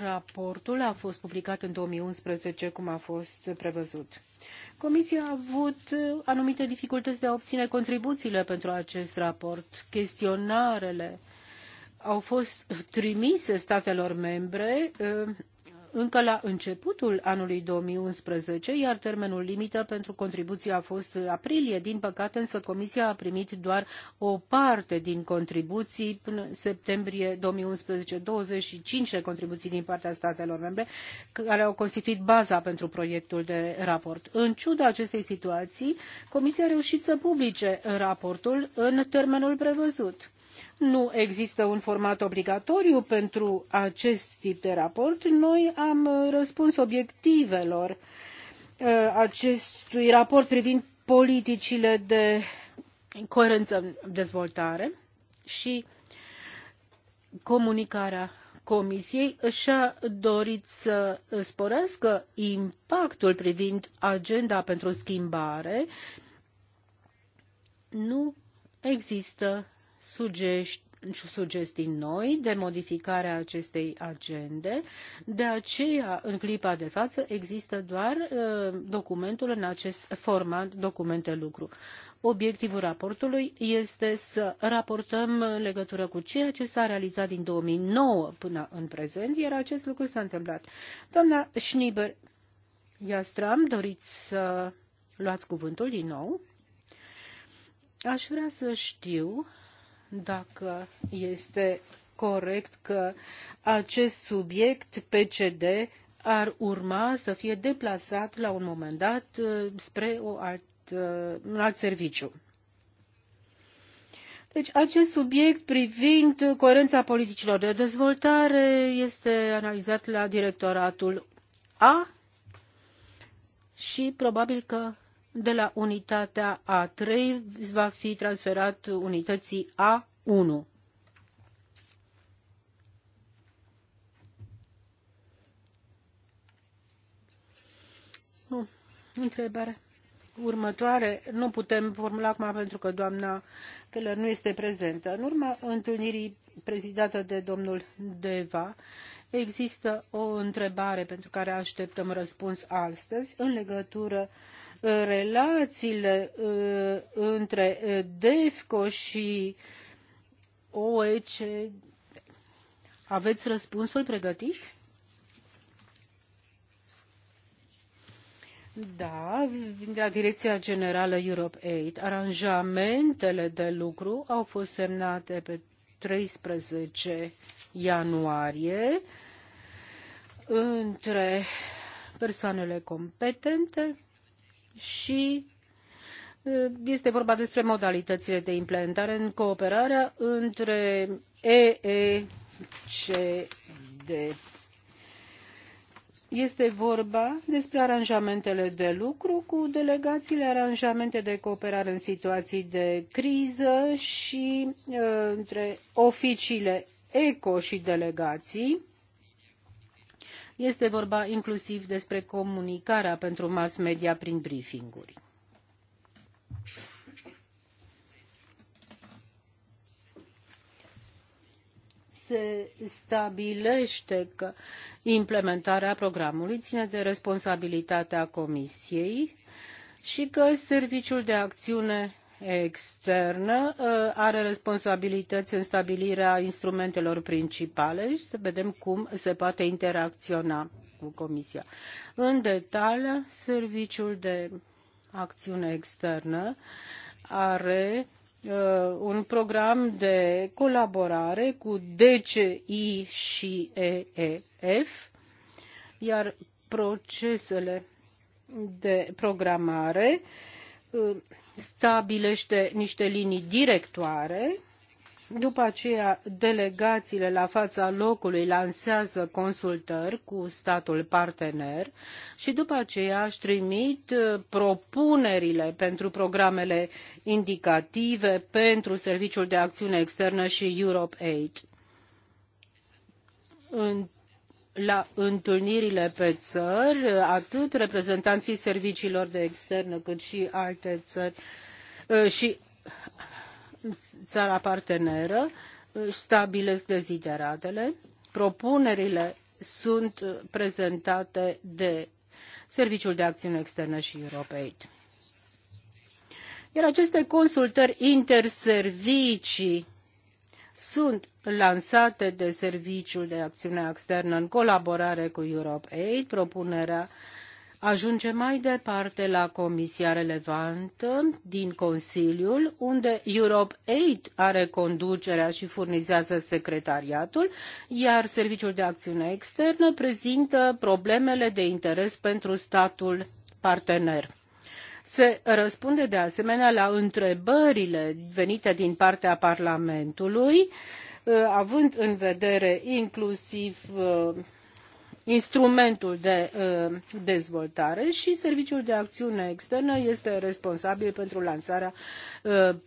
Raportul a fost publicat în 2011, cum a fost prevăzut. Comisia a avut anumite dificultăți de a obține contribuțiile pentru acest raport. Chestionarele au fost trimise statelor membre încă la începutul anului 2011, iar termenul limită pentru contribuții a fost aprilie. Din păcate, însă, Comisia a primit doar o parte din contribuții până septembrie 2011, 25 de contribuții din partea statelor membre, care au constituit baza pentru proiectul de raport. În ciuda acestei situații, Comisia a reușit să publice raportul în termenul prevăzut nu există un format obligatoriu pentru acest tip de raport. Noi am răspuns obiectivelor uh, acestui raport privind politicile de coerență în dezvoltare și comunicarea comisiei și a dorit să sporească impactul privind agenda pentru schimbare nu există sugestii noi de modificare a acestei agende. De aceea, în clipa de față, există doar uh, documentul în acest format, documente lucru. Obiectivul raportului este să raportăm legătură cu ceea ce s-a realizat din 2009 până în prezent, iar acest lucru s-a întâmplat. Doamna Schnieber, Iastram, doriți să luați cuvântul din nou? Aș vrea să știu dacă este corect că acest subiect PCD ar urma să fie deplasat la un moment dat uh, spre o alt, uh, un alt serviciu. Deci acest subiect privind coerența politicilor de dezvoltare este analizat la directoratul A și probabil că de la unitatea A3 va fi transferat unității A1. Nu. Întrebare următoare nu putem formula acum pentru că doamna Keller nu este prezentă. În urma întâlnirii prezidată de domnul Deva, există o întrebare pentru care așteptăm răspuns astăzi în legătură uh, relațiile uh, între uh, DEFCO și OEC. Aveți răspunsul pregătit? Da, de la Direcția Generală Europe Aid. Aranjamentele de lucru au fost semnate pe 13 ianuarie între persoanele competente și uh, este vorba despre modalitățile de implementare în cooperarea între EECD. Este vorba despre aranjamentele de lucru cu delegațiile, aranjamente de cooperare în situații de criză și uh, între oficiile ECO și delegații este vorba inclusiv despre comunicarea pentru mass media prin briefinguri. se stabilește că implementarea programului ține de responsabilitatea Comisiei și că Serviciul de Acțiune externă uh, are responsabilități în stabilirea instrumentelor principale și să vedem cum se poate interacționa cu Comisia. În detaliu, Serviciul de Acțiune Externă are uh, un program de colaborare cu DCI și EEF, iar procesele de programare uh, stabilește niște linii directoare, după aceea delegațiile la fața locului lansează consultări cu statul partener și după aceea își trimit uh, propunerile pentru programele indicative pentru Serviciul de Acțiune Externă și Europe Aid. În la întâlnirile pe țări, atât reprezentanții serviciilor de externă cât și alte țări uh, și țara parteneră uh, stabilesc dezideratele. Propunerile sunt prezentate de Serviciul de Acțiune Externă și Europeit. Iar aceste consultări interservicii sunt lansate de Serviciul de Acțiune Externă în colaborare cu Europe Propunerea ajunge mai departe la comisia relevantă din Consiliul, unde Europe are conducerea și furnizează secretariatul, iar Serviciul de Acțiune Externă prezintă problemele de interes pentru statul partener. Se răspunde de asemenea la întrebările venite din partea Parlamentului, uh, având în vedere inclusiv uh, instrumentul de uh, dezvoltare și serviciul de acțiune externă este responsabil pentru lansarea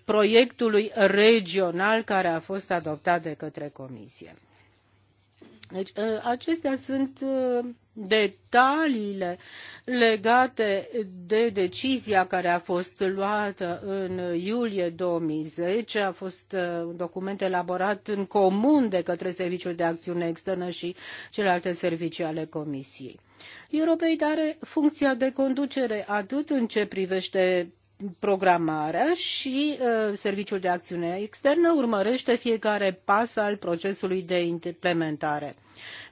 proiectului regional care a fost adoptat de către comisie. Deci, acestea sunt detaliile legate de decizia care a fost luată în iulie zece A fost uh, un document elaborat în comun de către Serviciul de Acțiune Externă și celelalte servicii ale Comisiei. Europei are funcția de conducere atât în ce privește programarea și uh, Serviciul de Acțiune Externă urmărește fiecare pas al procesului de implementare.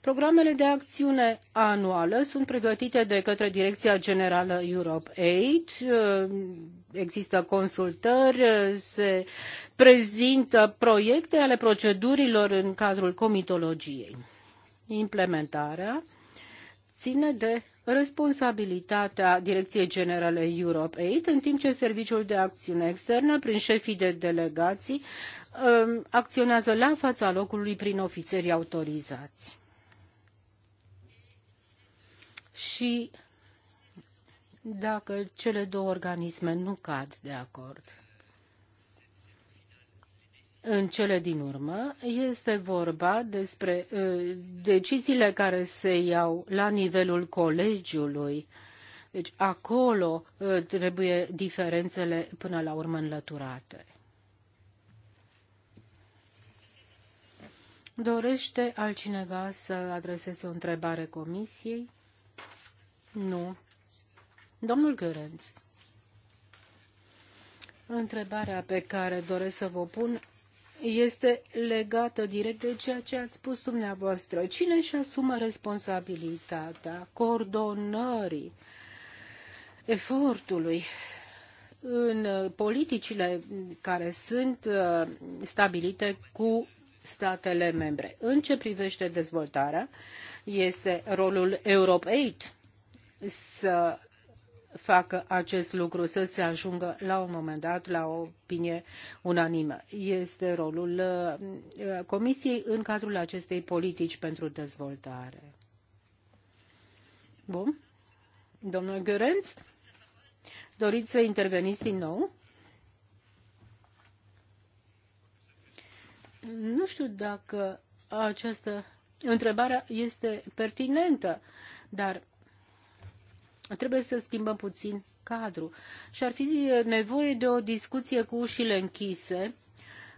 Programele de acțiune anuală sunt pregătite de către Direcția Generală Europe Aid. Uh, există consultări, uh, se prezintă proiecte ale procedurilor în cadrul comitologiei. Implementarea ține de responsabilitatea Direcției Generale Europe Aid, în timp ce Serviciul de Acțiune Externă, prin șefii de delegații, um, acționează la fața locului prin ofițerii autorizați. Și dacă cele două organisme nu cad de acord, în cele din urmă este vorba despre uh, deciziile care se iau la nivelul colegiului. Deci acolo uh, trebuie diferențele până la urmă înlăturate. Dorește altcineva să adreseze o întrebare comisiei? Nu. Domnul Gărenț, întrebarea pe care doresc să vă pun este legată direct de ceea ce ați spus dumneavoastră. Cine își asumă responsabilitatea coordonării efortului în politicile care sunt uh, stabilite cu statele membre. În ce privește dezvoltarea, este rolul Europe 8 să facă acest lucru, să se ajungă la un moment dat la o opinie unanimă. Este rolul uh, Comisiei în cadrul acestei politici pentru dezvoltare. Bun. Domnul Gărenț, doriți să interveniți din nou? Nu știu dacă această întrebare este pertinentă, dar trebuie să schimbăm puțin cadrul și ar fi nevoie de o discuție cu ușile închise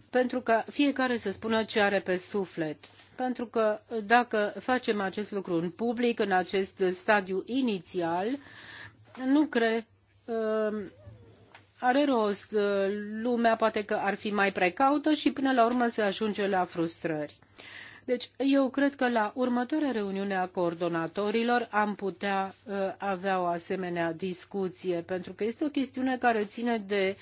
pentru ca fiecare să spună ce are pe suflet. Pentru că dacă facem acest lucru în public, în acest stadiu inițial, nu cred um, are rost. Uh, lumea poate că ar fi mai precaută și până la urmă se ajunge la frustrări. Deci eu cred că la următoarea reuniune a coordonatorilor am putea uh, avea o asemenea discuție, pentru că este o chestiune care ține de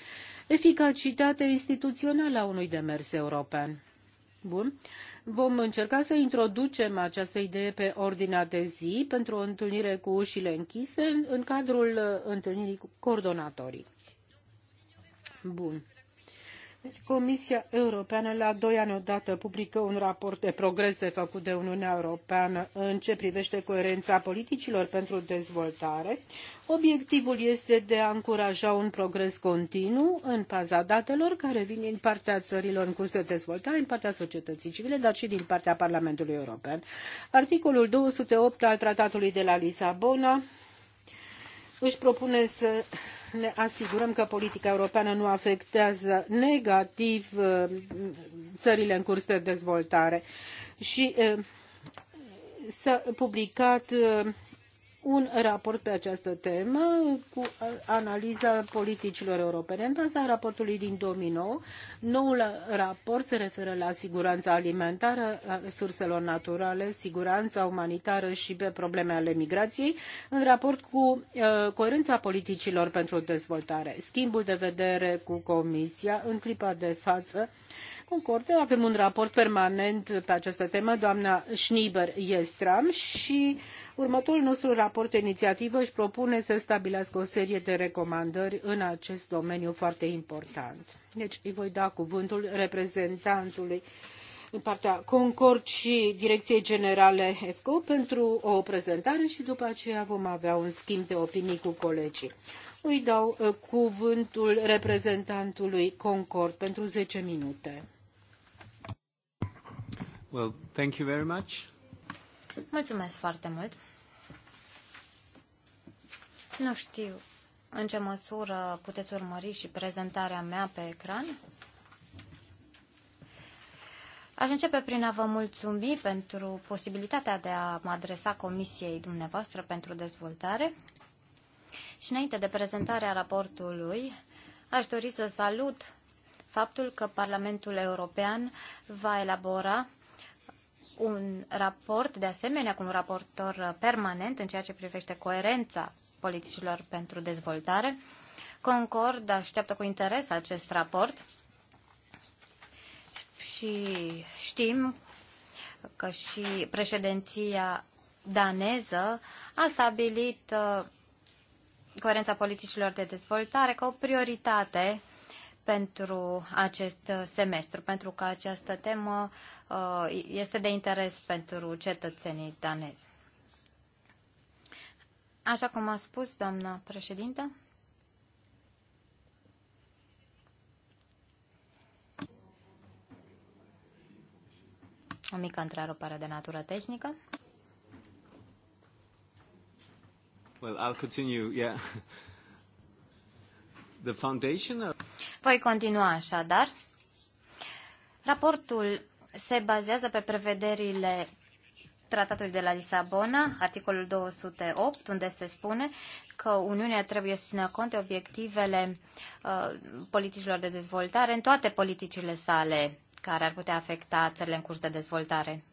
eficacitatea instituțională a unui demers european. Bun. Vom încerca să introducem această idee pe ordinea de zi pentru o întâlnire cu ușile închise în cadrul uh, întâlnirii cu coordonatorii. Bun. Deci, Comisia Europeană la doi ani odată publică un raport de progrese făcut de Uniunea Europeană în ce privește coerența politicilor pentru dezvoltare. Obiectivul este de a încuraja un progres continuu în baza datelor care vin din partea țărilor în curs de dezvoltare, din partea societății civile, dar și din partea Parlamentului European. Articolul 208 al Tratatului de la Lisabona își propune să ne asigurăm că politica europeană nu afectează negativ uh, țările în curs de dezvoltare. Și uh, s-a publicat uh, un raport pe această temă cu analiza politicilor europene. În baza raportului din 2009, noul raport se referă la siguranța alimentară, surselor naturale, siguranța umanitară și pe probleme ale migrației, în raport cu uh, coerența politicilor pentru dezvoltare. Schimbul de vedere cu Comisia în clipa de față concorde. Avem un raport permanent pe această temă. Doamna Schnieber-Jestram și uh, Următorul nostru raport de inițiativă își propune să stabilească o serie de recomandări în acest domeniu foarte important. Deci îi voi da cuvântul reprezentantului în partea Concord și Direcției Generale EFCO pentru o prezentare și după aceea vom avea un schimb de opinii cu colegii. Îi dau uh, cuvântul reprezentantului Concord pentru 10 minute. Well, thank you very much. Mulțumesc foarte mult. Nu știu în ce măsură puteți urmări și prezentarea mea pe ecran. Aș începe prin a vă mulțumi pentru posibilitatea de a mă adresa Comisiei dumneavoastră pentru dezvoltare. Și înainte de prezentarea raportului, aș dori să salut faptul că Parlamentul European va elabora un raport, de asemenea cu un raportor permanent în ceea ce privește coerența politicilor pentru dezvoltare. Concord așteaptă cu interes acest raport și știm că și președinția daneză a stabilit uh, coerența politicilor de dezvoltare ca o prioritate pentru acest semestru, pentru că această temă uh, este de interes pentru cetățenii danezi. Așa cum a spus doamna președintă, o mică întrerupere de natură tehnică. Well, I'll continue, yeah. The foundation of... Voi continua așadar. Raportul se bazează pe prevederile Tratatului de la Lisabona, articolul 208, unde se spune că Uniunea trebuie să țină cont de obiectivele uh, politicilor de dezvoltare în toate politicile sale care ar putea afecta țările în curs de dezvoltare.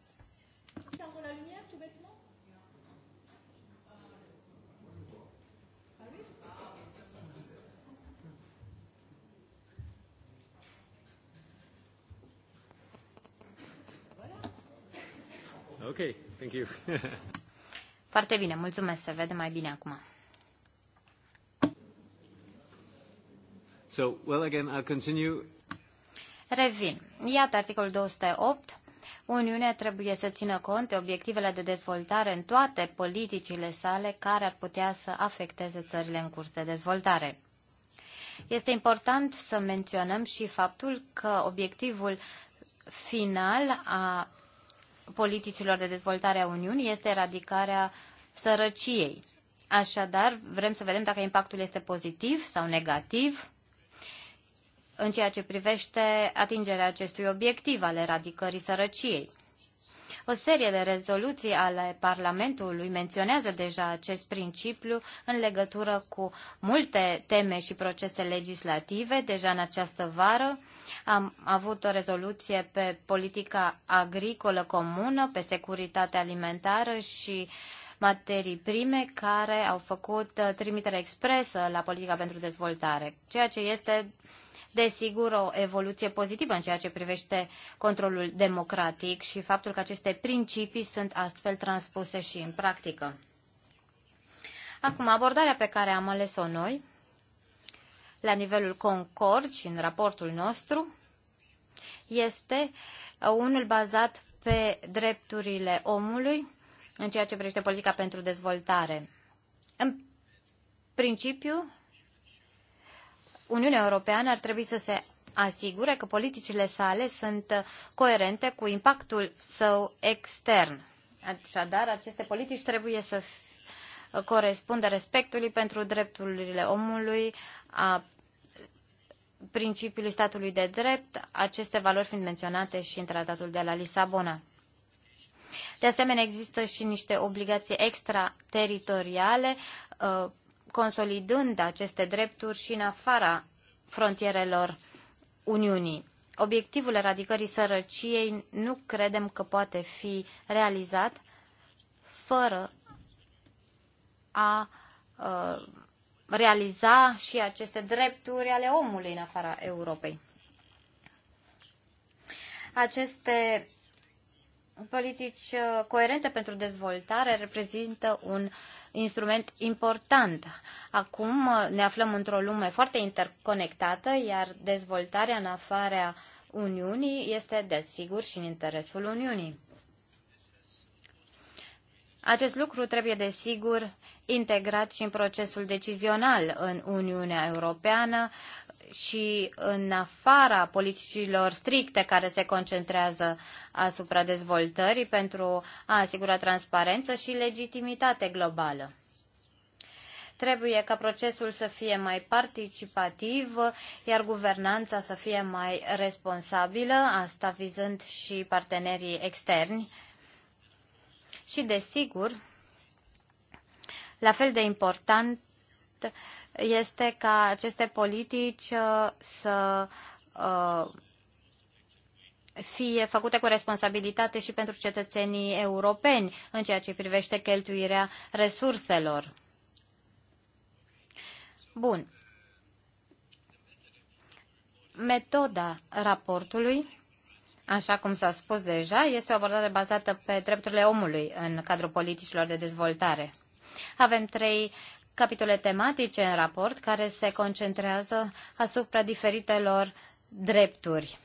Ok, thank you. Foarte bine, mulțumesc, se vede mai bine acum. So, well, again, I'll continue. Revin. Iată articolul 208. Uniunea trebuie să țină cont de obiectivele de dezvoltare în toate politicile sale care ar putea să afecteze țările în curs de dezvoltare. Este important să menționăm și faptul că obiectivul final a politicilor de dezvoltare a Uniunii este eradicarea sărăciei. Așadar, vrem să vedem dacă impactul este pozitiv sau negativ în ceea ce privește atingerea acestui obiectiv al eradicării sărăciei. O serie de rezoluții ale Parlamentului menționează deja acest principiu în legătură cu multe teme și procese legislative. Deja în această vară am avut o rezoluție pe politica agricolă comună, pe securitate alimentară și materii prime care au făcut trimitere expresă la politica pentru dezvoltare, ceea ce este Desigur, o evoluție pozitivă în ceea ce privește controlul democratic și faptul că aceste principii sunt astfel transpuse și în practică. Acum, abordarea pe care am ales-o noi, la nivelul Concord și în raportul nostru, este unul bazat pe drepturile omului în ceea ce privește politica pentru dezvoltare. În principiu, Uniunea Europeană ar trebui să se asigure că politicile sale sunt coerente cu impactul său extern. Așadar, aceste politici trebuie să corespundă respectului pentru drepturile omului, a principiului statului de drept, aceste valori fiind menționate și în tratatul de la Lisabona. De asemenea, există și niște obligații extrateritoriale uh, consolidând aceste drepturi și în afara frontierelor Uniunii. Obiectivul eradicării sărăciei nu credem că poate fi realizat fără a uh, realiza și aceste drepturi ale omului în afara Europei. Aceste politici uh, coerente pentru dezvoltare reprezintă un instrument important. Acum uh, ne aflăm într-o lume foarte interconectată, iar dezvoltarea în afara Uniunii este, desigur, și în interesul Uniunii. Acest lucru trebuie, desigur, integrat și în procesul decizional în Uniunea Europeană și în afara politicilor stricte care se concentrează asupra dezvoltării pentru a asigura transparență și legitimitate globală. Trebuie ca procesul să fie mai participativ, iar guvernanța să fie mai responsabilă, asta vizând și partenerii externi, și, desigur, la fel de important este ca aceste politici uh, să uh, fie făcute cu responsabilitate și pentru cetățenii europeni în ceea ce privește cheltuirea resurselor. Bun. Metoda raportului Așa cum s-a spus deja, este o abordare bazată pe drepturile omului în cadrul politicilor de dezvoltare. Avem trei capitole tematice în raport care se concentrează asupra diferitelor drepturi,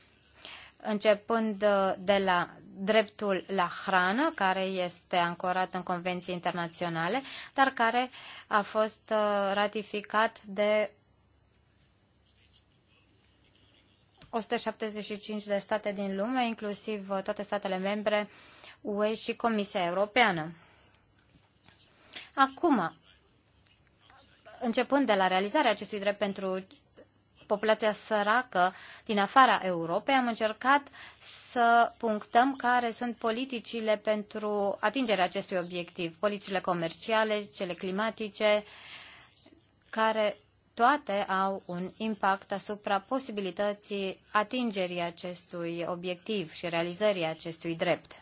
începând uh, de la dreptul la hrană, care este ancorat în convenții internaționale, dar care a fost uh, ratificat de cinci de state din lume, inclusiv uh, toate statele membre UE și Comisia Europeană. Acum, începând de la realizarea acestui drept pentru populația săracă din afara Europei, am încercat să punctăm care sunt politicile pentru atingerea acestui obiectiv, politicile comerciale, cele climatice, care toate au un impact asupra posibilității atingerii acestui obiectiv și realizării acestui drept.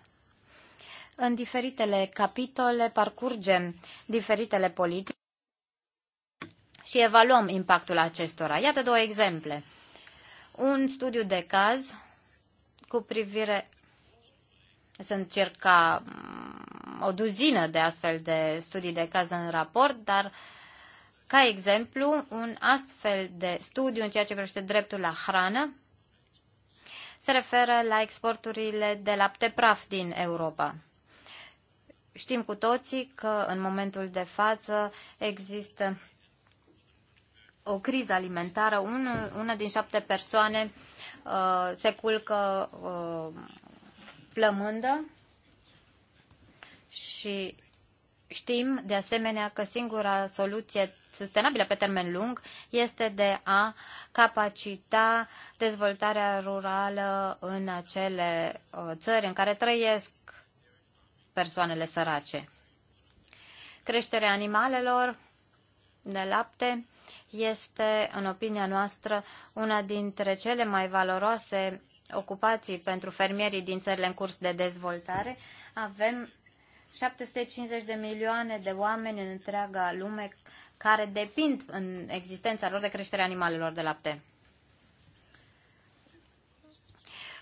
În diferitele capitole parcurgem diferitele politici și evaluăm impactul acestora. Iată două exemple. Un studiu de caz cu privire. Sunt circa mm, o duzină de astfel de studii de caz în raport, dar uh, ca exemplu, un astfel de studiu în ceea ce privește dreptul la hrană se referă la exporturile de lapte praf din Europa. Știm cu toții că în momentul de față există o criză alimentară. Una, una din șapte persoane uh, se culcă uh, plămândă și știm de asemenea că singura soluție sustenabilă pe termen lung este de a capacita dezvoltarea rurală în acele uh, țări în care trăiesc persoanele sărace. Creșterea animalelor de lapte este, în opinia noastră, una dintre cele mai valoroase ocupații pentru fermierii din țările în curs de dezvoltare. Avem 750 de milioane de oameni în întreaga lume care depind în existența lor de creșterea animalelor de lapte.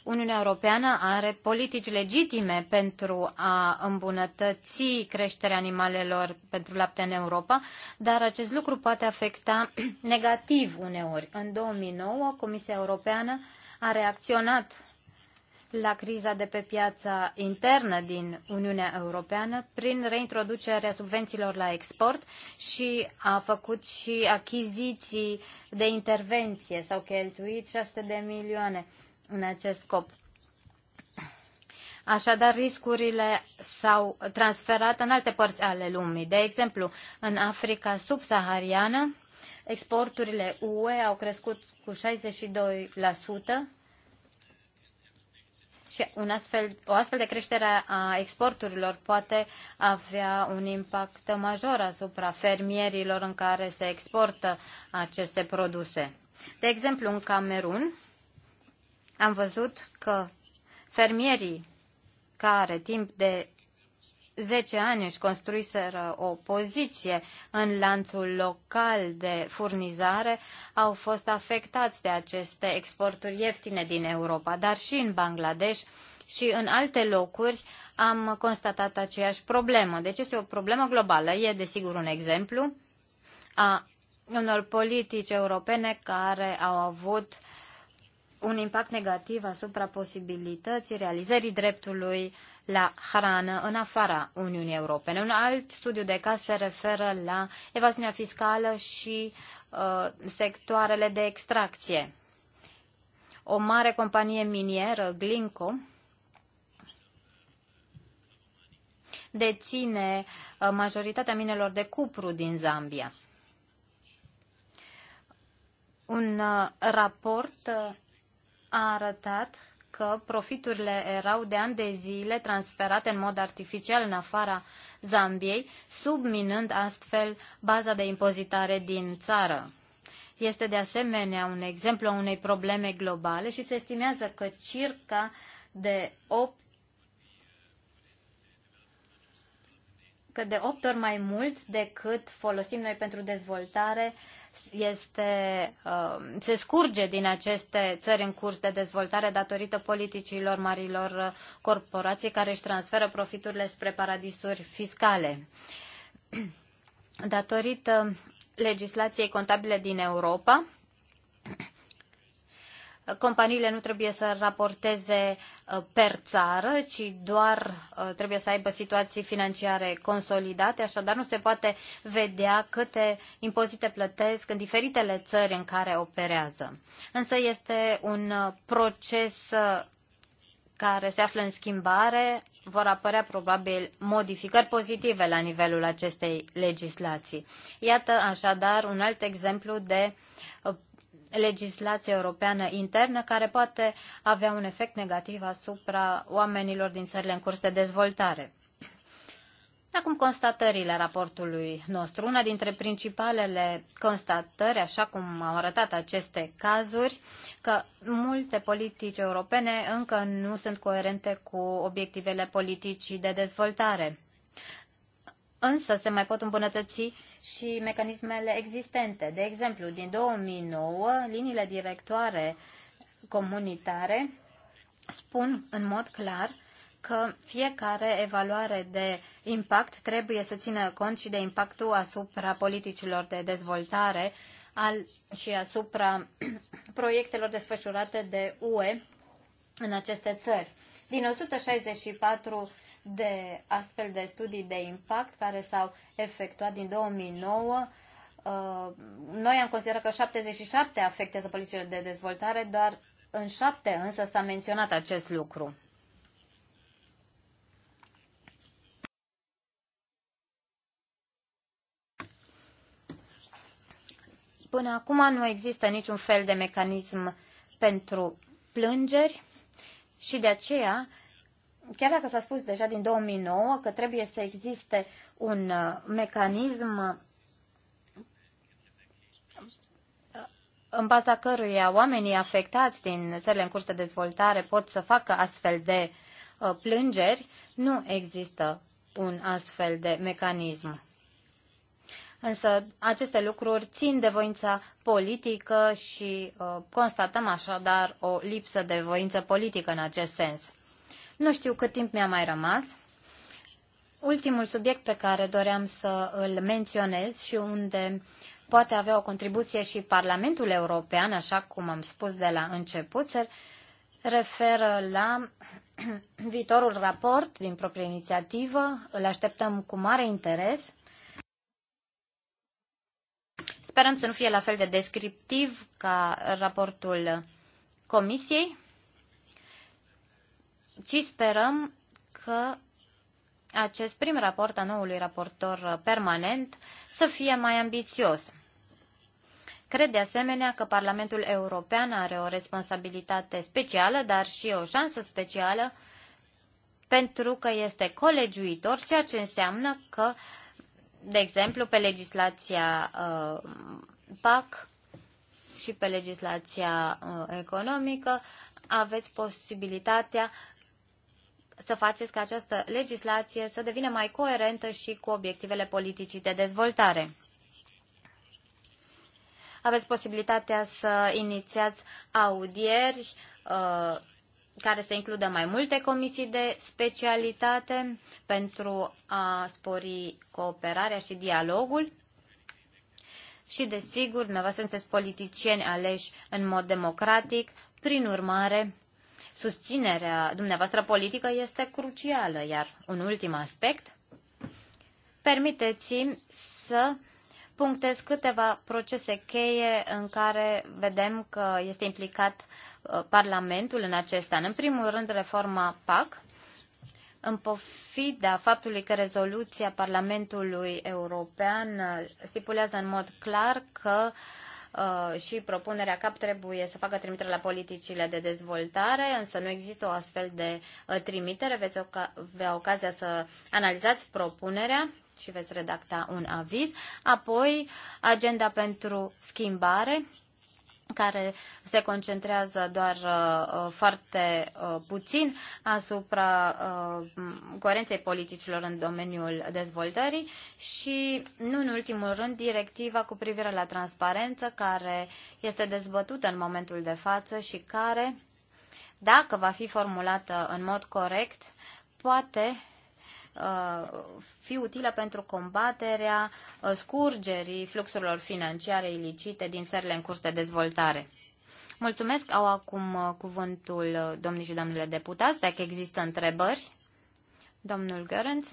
Uniunea Europeană are politici legitime pentru a îmbunătăți creșterea animalelor pentru lapte în Europa, dar acest lucru poate afecta negativ uneori. În 2009, Comisia Europeană a reacționat la criza de pe piața internă din Uniunea Europeană prin reintroducerea subvențiilor la export și a făcut și achiziții de intervenție. S-au cheltuit 600 de milioane în acest scop. Așadar, riscurile s-au transferat în alte părți ale lumii. De exemplu, în Africa subsahariană, exporturile UE au crescut cu 62%, și un astfel, o astfel de creștere a exporturilor poate avea un impact major asupra fermierilor în care se exportă aceste produse. De exemplu, în Camerun am văzut că fermierii care timp de 10 ani își construiseră o poziție în lanțul local de furnizare, au fost afectați de aceste exporturi ieftine din Europa, dar și în Bangladesh și în alte locuri am constatat aceeași problemă. Deci este o problemă globală. E, desigur, un exemplu a unor politici europene care au avut uh, un impact negativ asupra posibilității realizării dreptului la hrană în afara Uniunii Europene. Un alt studiu de caz se referă la evaziunea fiscală și uh, sectoarele de extracție. O mare companie minieră, Glinco, deține uh, majoritatea minelor de cupru din Zambia. Un uh, raport uh, a arătat că profiturile erau de ani de zile transferate în mod artificial în afara Zambiei, subminând astfel baza de impozitare din țară. Este de asemenea un exemplu a unei probleme globale și se estimează că circa de 8 că de 8 ori mai mult decât folosim noi pentru dezvoltare uh, este, um, se scurge din aceste țări în curs de dezvoltare datorită politicilor marilor corporații care își transferă profiturile spre paradisuri fiscale. Datorită legislației contabile din Europa, companiile nu trebuie să raporteze uh, per țară, ci doar uh, trebuie să aibă situații financiare consolidate, așadar nu se poate vedea câte impozite plătesc în diferitele țări în care operează. Însă este un uh, proces care se află în schimbare, vor apărea probabil modificări pozitive la nivelul acestei legislații. Iată așadar un alt exemplu de legislație europeană internă care poate avea un efect negativ asupra oamenilor din țările în curs de dezvoltare. Acum constatările raportului nostru. Una dintre principalele constatări, așa cum au arătat aceste cazuri, că multe politici europene încă nu sunt coerente cu obiectivele politicii de dezvoltare însă se mai pot îmbunătăți și mecanismele existente. De exemplu, din 2009, liniile directoare comunitare spun în mod clar că fiecare evaluare de impact trebuie să țină cont și de impactul asupra politicilor de dezvoltare al, și asupra proiectelor desfășurate de UE în aceste țări. Din 164 de astfel de studii de impact care s-au efectuat din 2009. Uh, noi am considerat că 77 afectează politicile de dezvoltare, doar în șapte însă s-a menționat acest lucru. Până acum nu există niciun fel de mecanism pentru plângeri și de aceea chiar dacă s-a spus deja din 2009 că trebuie să existe un uh, mecanism uh, în baza căruia oamenii afectați din țările în curs de dezvoltare pot să facă astfel de uh, plângeri, nu există un astfel de mecanism. Însă aceste lucruri țin de voința politică și uh, constatăm așadar o lipsă de voință politică în acest sens. Nu știu cât timp mi-a mai rămas. Ultimul subiect pe care doream să îl menționez și unde poate avea o contribuție și Parlamentul European, așa cum am spus de la început, se referă la viitorul raport din proprie inițiativă. Îl așteptăm cu mare interes. Sperăm să nu fie la fel de descriptiv ca raportul Comisiei ci sperăm că acest prim raport a noului raportor permanent să fie mai ambițios. Cred de asemenea că Parlamentul European are o responsabilitate specială, dar și o șansă specială, pentru că este colegiuitor, ceea ce înseamnă că, de exemplu, pe legislația uh, PAC și pe legislația uh, economică aveți posibilitatea să faceți ca această legislație să devină mai coerentă și cu obiectivele politicii de dezvoltare. Aveți posibilitatea să inițiați audieri uh, care să includă mai multe comisii de specialitate pentru a spori cooperarea și dialogul și, desigur, ne sunteți politicieni aleși în mod democratic, prin urmare, susținerea dumneavoastră politică este crucială. Iar un ultim aspect, permiteți-mi să punctez câteva procese cheie în care vedem că este implicat uh, Parlamentul în acest an. În primul rând, reforma PAC, în pofida faptului că rezoluția Parlamentului European uh, stipulează în mod clar că uh, Uh, și propunerea CAP trebuie să facă trimitere la politicile de dezvoltare, însă nu există o astfel de uh, trimitere. Veți avea ocazia să analizați propunerea și veți redacta un aviz. Apoi, agenda pentru schimbare care se concentrează doar uh, uh, foarte uh, puțin asupra uh, coerenței politicilor în domeniul dezvoltării și, nu în ultimul rând, directiva cu privire la transparență, care este dezbătută în momentul de față și care, dacă va fi formulată în mod corect, poate fi utilă pentru combaterea uh, scurgerii fluxurilor financiare ilicite din țările în curs de dezvoltare. Mulțumesc, au acum uh, cuvântul uh, domnii și domnule deputați, dacă există întrebări. Domnul Gărânț.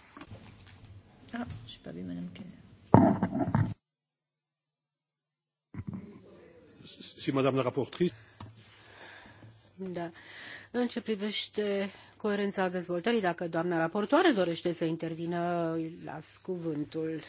Ah, și pe bine, Si, madame la raportrice. Da. În ce privește coerența dezvoltării, dacă doamna raportoare dorește să intervină, îi las cuvântul.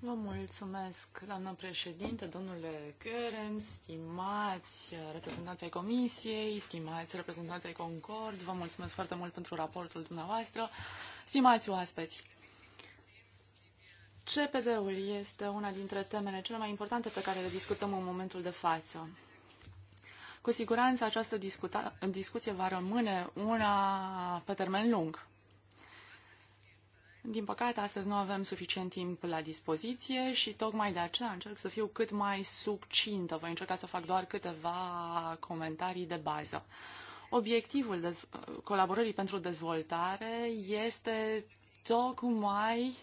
Vă mulțumesc, doamnă președinte, domnule Căren, stimați reprezentanții ai Comisiei, stimați reprezentanții ai Concord, vă mulțumesc foarte mult pentru raportul dumneavoastră, stimați oaspeți. CPD-ul este una dintre temele cele mai importante pe care le discutăm în momentul de față. Cu siguranță această discuta- discuție va rămâne una pe termen lung. Din păcate, astăzi nu avem suficient timp la dispoziție și tocmai de aceea încerc să fiu cât mai succintă. Voi încerca să fac doar câteva comentarii de bază. Obiectivul colaborării pentru dezvoltare este tocmai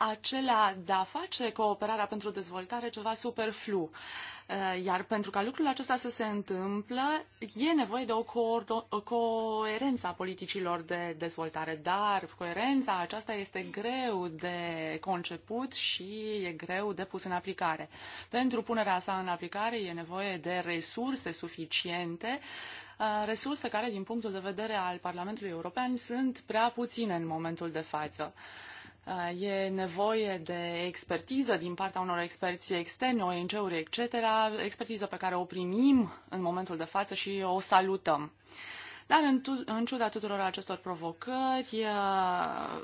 acela de a face cooperarea pentru dezvoltare ceva superflu. Eh, iar pentru ca lucrul acesta să se întâmplă, e nevoie de o, co- o coerență a politicilor de dezvoltare, dar coerența aceasta este greu de conceput și e greu de pus în aplicare. Pentru punerea sa în aplicare e nevoie de resurse suficiente, eh, resurse care, din punctul de vedere al Parlamentului European, sunt prea puține în momentul de față. Uh, e nevoie de expertiză din partea unor experți externi, ONG-uri, etc., expertiză pe care o primim în momentul de față și o salutăm. Dar în, tu, în ciuda tuturor acestor provocări, uh,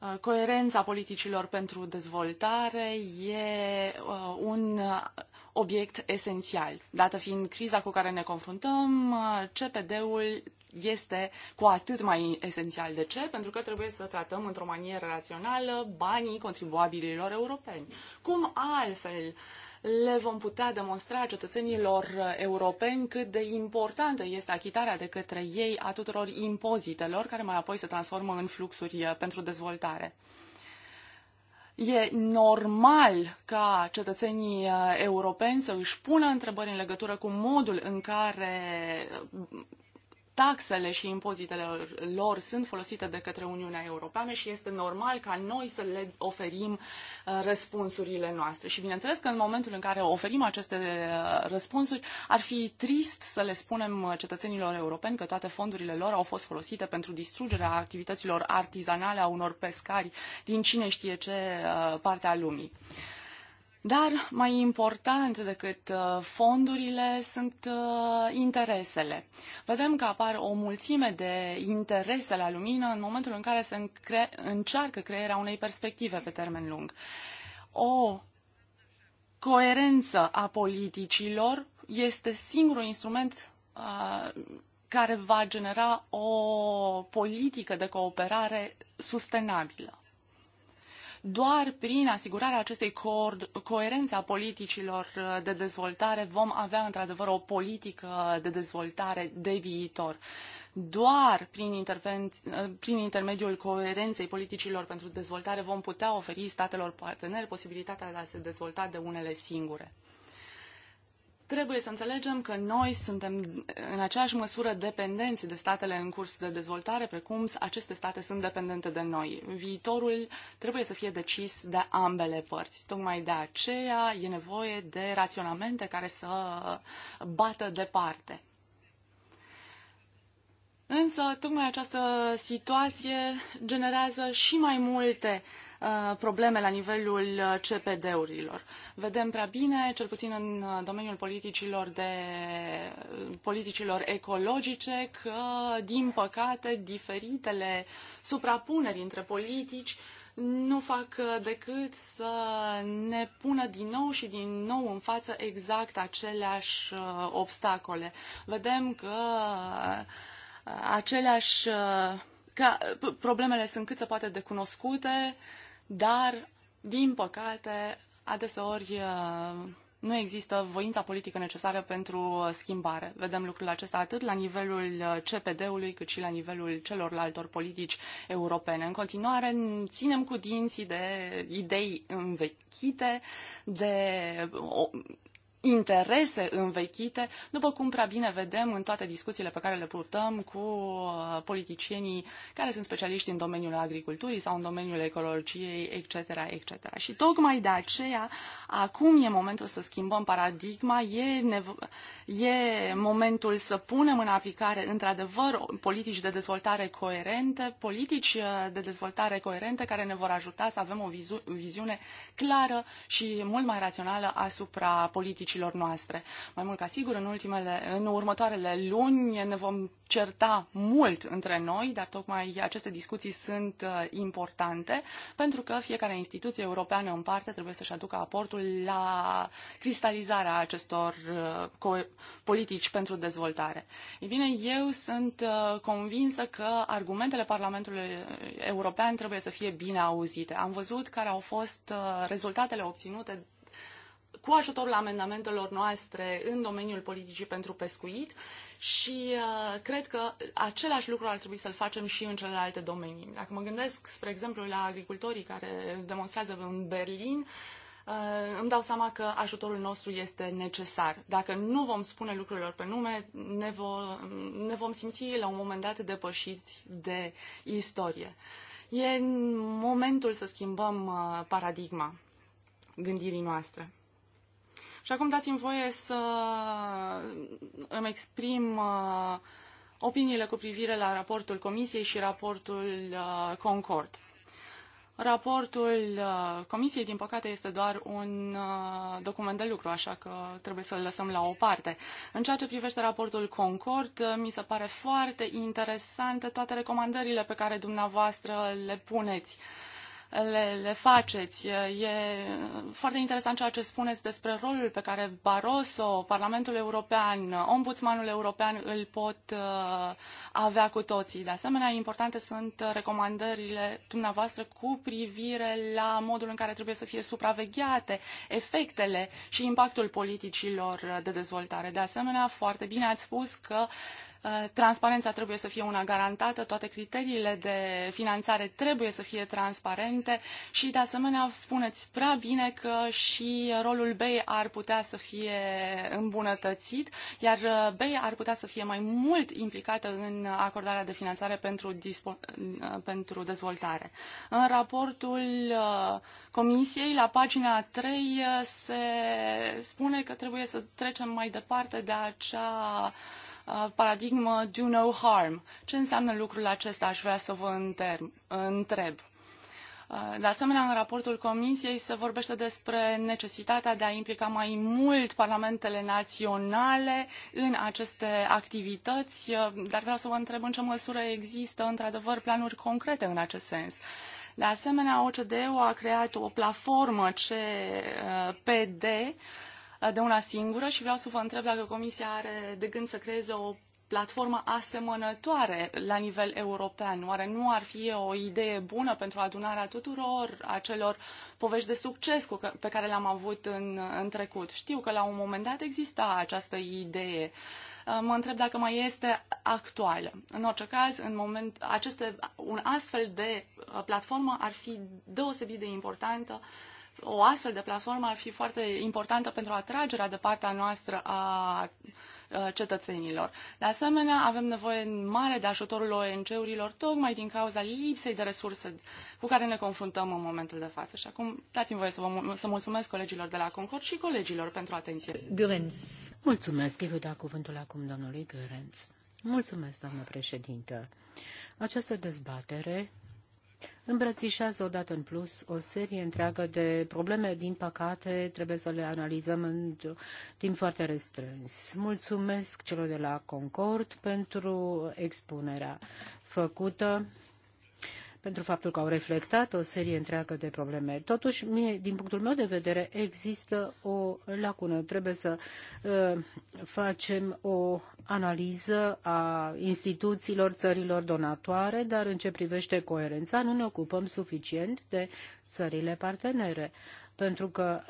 uh, coerența politicilor pentru dezvoltare e un obiect esențial. Dată fiind criza cu care ne confruntăm, CPD-ul este cu atât mai esențial. De ce? Pentru că trebuie să tratăm într-o manieră rațională banii contribuabililor europeni. Cum altfel le vom putea demonstra cetățenilor europeni cât de importantă este achitarea de către ei a tuturor impozitelor, care mai apoi se transformă în fluxuri pentru dezvoltare. E normal ca cetățenii uh, europeni să își pună întrebări în legătură cu modul în care taxele și impozitele lor sunt folosite de către Uniunea Europeană și este normal ca noi să le oferim uh, răspunsurile noastre. Și bineînțeles că în momentul în care oferim aceste uh, răspunsuri, ar fi trist să le spunem uh, cetățenilor europeni că toate fondurile lor au fost folosite pentru distrugerea activităților artizanale a unor pescari din cine știe ce parte a lumii. Dar mai important decât uh, fondurile sunt uh, interesele. Vedem că apar o mulțime de interese la lumină în momentul în care se cre- încearcă crearea unei perspective pe termen lung. O coerență a politicilor este singurul instrument uh, care va genera o politică de cooperare sustenabilă. Doar prin asigurarea acestei co- coerențe a politicilor uh, de dezvoltare vom avea într-adevăr o politică de dezvoltare de viitor. Doar prin, uh, prin intermediul coerenței politicilor pentru dezvoltare vom putea oferi statelor parteneri posibilitatea de a se dezvolta de unele singure. Trebuie să înțelegem că noi suntem în aceeași măsură dependenți de statele în curs de dezvoltare, precum aceste state sunt dependente de noi. Viitorul trebuie să fie decis de ambele părți. Tocmai de aceea e nevoie de raționamente care să bată departe. Însă, tocmai această situație generează și mai multe uh, probleme la nivelul uh, CPD-urilor. Vedem prea bine, cel puțin în uh, domeniul politicilor, de, politicilor ecologice, că, din păcate, diferitele suprapuneri între politici nu fac decât să ne pună din nou și din nou în față exact aceleași obstacole. Vedem că aceleași, uh, că problemele sunt cât se poate de cunoscute, dar, din păcate, adeseori uh, nu există voința politică necesară pentru uh, schimbare. Vedem lucrul acesta atât la nivelul CPD-ului, cât și la nivelul celorlaltor politici europene. În continuare, ținem cu dinții de idei învechite, de interese învechite, după cum prea bine vedem în toate discuțiile pe care le purtăm cu uh, politicienii care sunt specialiști în domeniul agriculturii sau în domeniul ecologiei, etc., etc. Și tocmai de aceea, acum e momentul să schimbăm paradigma, e, e momentul să punem în aplicare, într-adevăr, politici de dezvoltare coerente, politici uh, de dezvoltare coerente care ne vor ajuta să avem o viziune clară și mult mai rațională asupra politicii politicilor noastre. Mai mult ca sigur, în, ultimele, în următoarele luni ne vom certa mult între noi, dar tocmai aceste discuții sunt uh, importante, pentru că fiecare instituție europeană în parte trebuie să-și aducă aportul la cristalizarea acestor uh, politici pentru dezvoltare. Ei bine, eu sunt uh, convinsă că argumentele Parlamentului European trebuie să fie bine auzite. Am văzut care au fost rezultatele obținute cu ajutorul amendamentelor noastre în domeniul politicii pentru pescuit și uh, cred că același lucru ar trebui să-l facem și în celelalte domenii. Dacă mă gândesc, spre exemplu, la agricultorii care demonstrează în Berlin, uh, îmi dau seama că ajutorul nostru este necesar. Dacă nu vom spune lucrurilor pe nume, ne, vo, ne vom simți la un moment dat depășiți de istorie. E momentul să schimbăm uh, paradigma gândirii noastre. Și acum dați-mi voie să îmi exprim uh, opiniile cu privire la raportul Comisiei și raportul uh, Concord. Raportul uh, Comisiei, din păcate, este doar un document de lucru, așa că trebuie să-l lăsăm la o parte. În ceea ce privește raportul Concord, mi se pare foarte interesante toate recomandările pe care dumneavoastră le puneți uh, le, le faceți. E foarte interesant ceea ce spuneți despre rolul pe care Barroso, Parlamentul European, Ombudsmanul European îl pot uh, avea cu toții. De asemenea, importante sunt recomandările dumneavoastră cu privire la modul în care trebuie să fie supravegheate efectele și impactul politicilor de dezvoltare. De asemenea, foarte bine ați spus că Uh, transparența trebuie să fie una garantată, toate criteriile de finanțare trebuie să fie transparente și, de asemenea, spuneți prea bine că și rolul BEI ar putea să fie îmbunătățit, iar uh, BEI ar putea să fie mai mult implicată în acordarea de finanțare pentru, uh, pentru dezvoltare. În raportul Comisiei, la pagina 3, se spune că trebuie să trecem mai departe de acea Uh, paradigmă do no harm. Ce înseamnă lucrul acesta, aș vrea să vă întreb. Uh, de asemenea, în raportul Comisiei se vorbește despre necesitatea de a implica mai mult parlamentele naționale în aceste activități, uh, dar vreau să vă întreb în ce măsură există într-adevăr planuri concrete în acest sens. De asemenea, OCDE-ul a creat o platformă CPD Eh, de una singură și vreau să vă întreb dacă Comisia are de gând să creeze o platformă asemănătoare la nivel european. Oare nu ar fi o idee bună pentru adunarea tuturor acelor povești de succes pe care le-am avut în, în trecut? Știu că la un moment dat exista această idee. Eh, mă întreb dacă mai este actuală. În orice caz, în moment, aceste, un astfel de eh, platformă ar fi deosebit de importantă uh, o astfel de platformă ar fi foarte importantă pentru atragerea de partea noastră a cetățenilor. De asemenea, avem nevoie mare de ajutorul ONG-urilor, tocmai din cauza lipsei de resurse cu care ne confruntăm în momentul de față. Și acum dați-mi voie să, vă, să mulțumesc colegilor de la Concord și colegilor pentru atenție. Gurenț. Mulțumesc. Eu dau cuvântul acum domnului Gurenț. Mulțumesc, doamnă președintă. Această dezbatere îmbrățișează odată în plus o serie întreagă de probleme. Din păcate, trebuie să le analizăm în timp foarte restrâns. Mulțumesc celor de la Concord pentru expunerea făcută pentru faptul că au reflectat o serie întreagă de probleme. Totuși, mie, din punctul meu de vedere, există o lacună. Trebuie să uh, facem o analiză a instituțiilor țărilor donatoare, dar în ce privește coerența nu ne ocupăm suficient de țările partenere pentru că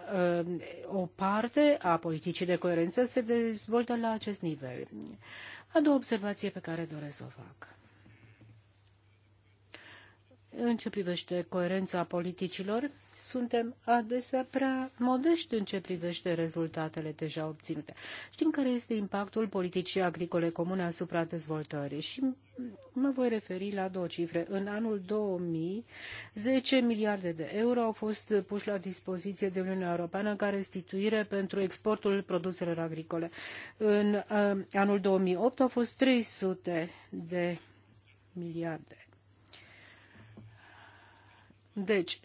uh, o parte a politicii de coerență se dezvoltă la acest nivel. A doua observație pe care doresc să o fac. În ce privește coerența politicilor, suntem adesea prea modești în ce privește rezultatele deja obținute. Știm care este impactul politicii agricole comune asupra dezvoltării și mă voi referi la două cifre. În anul 2000, 10 miliarde de euro au fost puși la dispoziție de Uniunea Europeană ca restituire pentru exportul produselor agricole. În uh, anul 2008 au fost 300 de miliarde deci,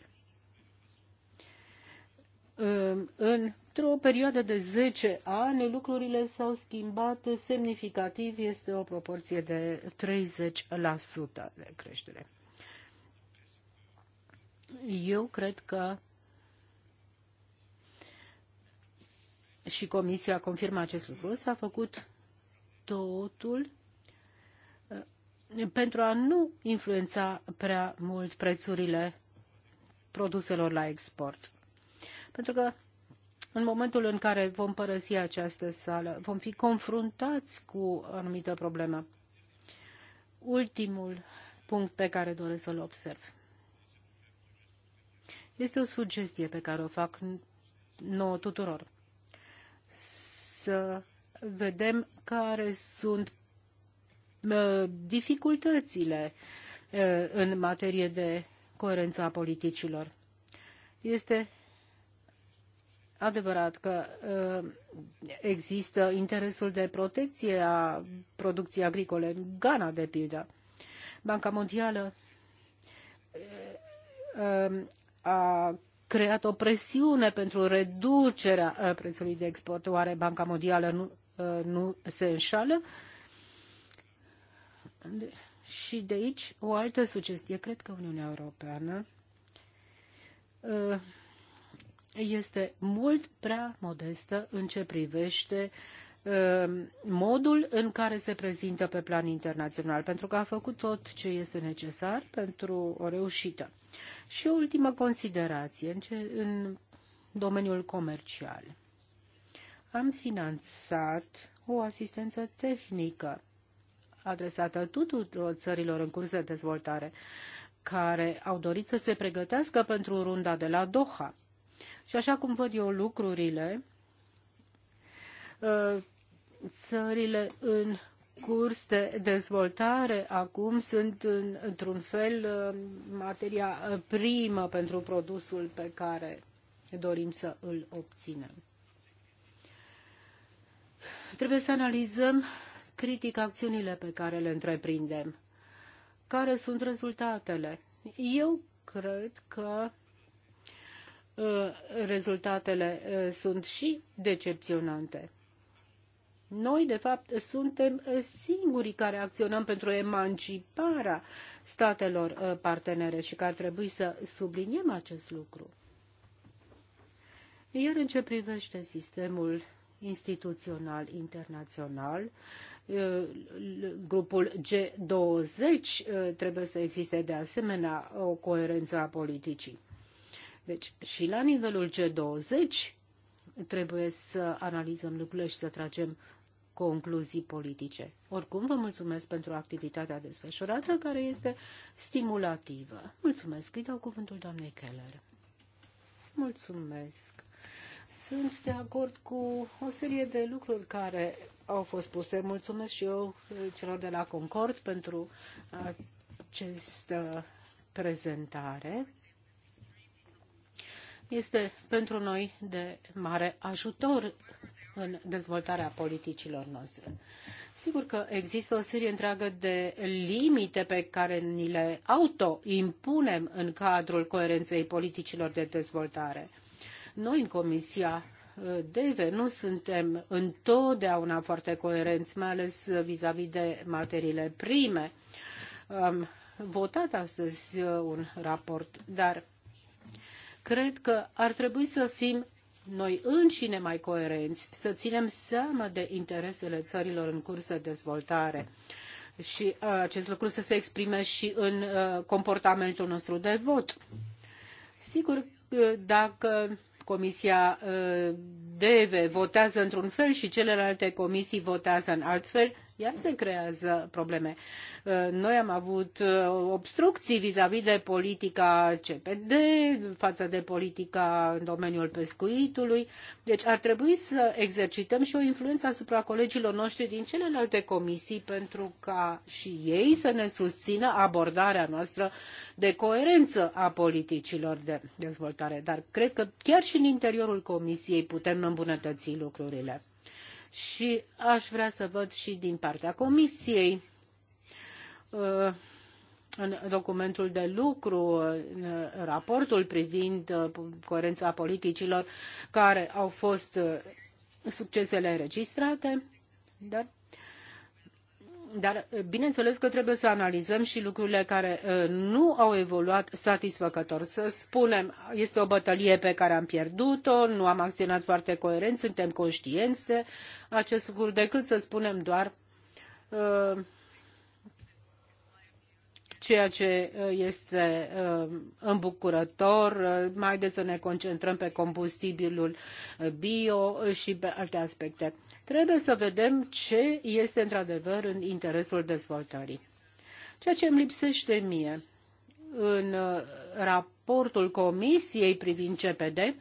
um, într-o perioadă de 10 ani lucrurile s-au schimbat semnificativ, este o proporție de 30% de creștere. Eu cred că și Comisia confirmă acest lucru, s-a făcut totul uh, pentru a nu influența prea mult prețurile produselor la export. Pentru că în momentul în care vom părăsi această sală, vom fi confruntați cu anumită problemă. Ultimul punct pe care doresc să-l observ. Este o sugestie pe care o fac nouă tuturor. Să vedem care sunt uh, dificultățile uh, în materie de coerența politicilor. Este adevărat că uh, există interesul de protecție a producției agricole, în Ghana de pildă. Banca Mondială uh, a creat o presiune pentru reducerea uh, prețului de export. Oare Banca Mondială nu, nu se înșală? Și de aici o altă sugestie. Cred că Uniunea Europeană uh, este mult prea modestă în ce privește uh, modul în care se prezintă pe plan internațional, pentru că a făcut tot ce este necesar pentru o reușită. Și o ultimă considerație în, ce, în domeniul comercial. Am finanțat o asistență tehnică adresată tuturor țărilor în curs de dezvoltare care au dorit să se pregătească pentru runda de la Doha. Și așa cum văd eu lucrurile, uh, țările în curs de dezvoltare acum sunt într-un fel uh, materia uh, primă pentru produsul pe care dorim să îl obținem. Trebuie să analizăm critic acțiunile pe care le întreprindem. Care sunt rezultatele? Eu cred că uh, rezultatele uh, sunt și decepționante. Noi, de fapt, suntem uh, singurii care acționăm pentru emanciparea statelor partenere și că ar trebui să subliniem acest lucru. Iar în ce privește sistemul instituțional internațional, grupul G20 uh, trebuie să existe de asemenea o coerență a politicii. Deci și la nivelul G20 trebuie să analizăm lucrurile și să tragem concluzii politice. Oricum, vă mulțumesc pentru activitatea desfășurată, care este stimulativă. Mulțumesc. Îi dau cuvântul doamnei Keller. Mulțumesc. Sunt de acord cu o serie de lucruri care au fost puse. Mulțumesc și eu eh, celor de la Concord pentru această prezentare. Este pentru noi de mare ajutor în dezvoltarea politicilor noastre. Sigur că există o serie întreagă de limite pe care ni le autoimpunem în cadrul coerenței politicilor de dezvoltare. Noi, în Comisia DEVE nu suntem întotdeauna foarte coerenți, mai ales vis-a-vis -vis de materiile prime. Am votat astăzi uh, un raport, dar cred că ar trebui să fim noi înșine mai coerenți, să ținem seama de interesele țărilor în curs de dezvoltare și uh, acest lucru să se exprime și în uh, comportamentul nostru de vot. Sigur, dacă Comisia uh, DEVE votează într-un fel și celelalte comisii votează în alt fel, iar se creează probleme. Uh, noi am avut uh, obstrucții vis-a-vis -vis de politica CPD, față de politica în domeniul pescuitului, deci ar trebui să exercităm și o influență asupra colegilor noștri din celelalte comisii pentru ca și ei să ne susțină abordarea noastră de coerență a politicilor de dezvoltare. Dar cred că chiar și în interiorul comisiei putem îmbunătăți lucrurile și aș vrea să văd și din partea Comisiei uh, în documentul de lucru, în uh, raportul privind uh, coerența politicilor care au fost succesele înregistrate, dar dar bineînțeles că trebuie să analizăm și lucrurile care nu au evoluat satisfăcător. Să spunem, este o bătălie pe care am pierdut-o, nu am acționat foarte coerent, suntem conștienți de acest lucru, decât să spunem doar ceea ce uh, este uh, îmbucurător. Haideți uh, să ne concentrăm pe combustibilul bio și pe alte aspecte. Trebuie să vedem ce este într-adevăr în interesul dezvoltării. Ceea ce îmi lipsește mie în raportul Comisiei privind CPD,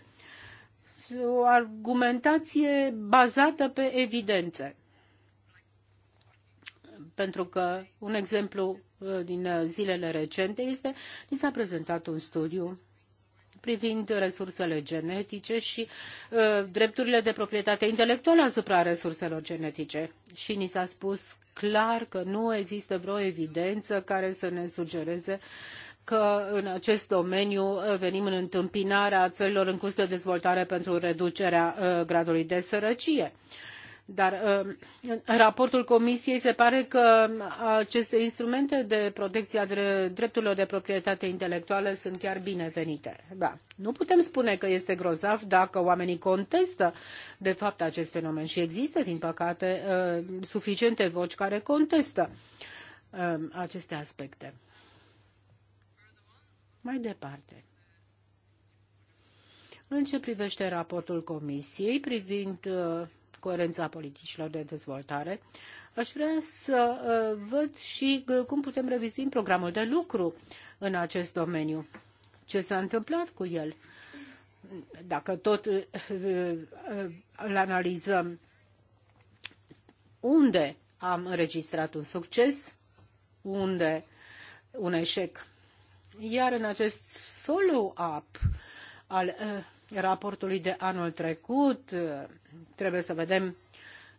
o argumentație bazată pe evidențe. Pentru că un exemplu Uh, din uh, zilele recente este ni s-a prezentat un studiu privind resursele genetice și uh, drepturile de proprietate intelectuală asupra resurselor genetice. Și ni s-a spus clar că nu există vreo evidență care să ne sugereze că în acest domeniu uh, venim în întâmpinarea țărilor în curs de dezvoltare pentru reducerea uh, gradului de sărăcie. Uh, dar uh, în raportul Comisiei se pare că aceste instrumente de protecție a drepturilor de proprietate intelectuală sunt chiar binevenite. Da. Nu putem spune că este grozav dacă oamenii contestă de fapt acest fenomen și există, din păcate, uh, suficiente voci care contestă uh, aceste aspecte. Mai departe. În ce privește raportul Comisiei privind coerența politicilor de dezvoltare, aș vrea să uh, văd și uh, cum putem revizui programul de lucru în acest domeniu. Ce s-a întâmplat cu el? Dacă tot uh, îl analizăm, unde am înregistrat un succes, unde un eșec. Iar în acest follow-up al raportului de anul trecut. Trebuie să vedem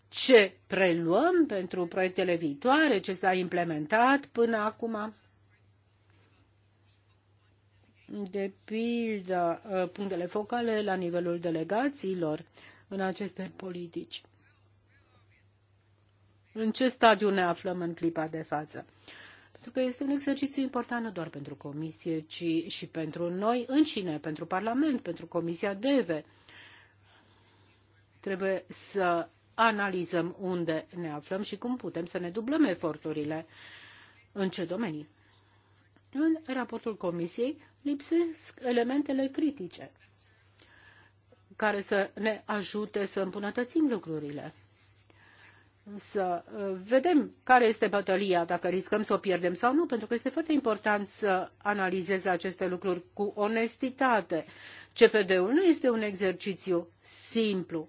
ce preluăm pentru proiectele viitoare, ce s-a implementat până acum. De pildă, punctele focale la nivelul delegațiilor în aceste politici. În ce stadiu ne aflăm în clipa de față? Pentru că este un exercițiu important nu doar pentru Comisie, ci și pentru noi înșine, pentru Parlament, pentru Comisia DEVE. Trebuie să analizăm unde ne aflăm și cum putem să ne dublăm eforturile, în ce domenii. În raportul Comisiei lipsesc elementele critice care să ne ajute să îmbunătățim lucrurile să uh, vedem care este bătălia, dacă riscăm să o pierdem sau nu, pentru că este foarte important să analizeze aceste lucruri cu onestitate. CPD-ul nu este un exercițiu simplu.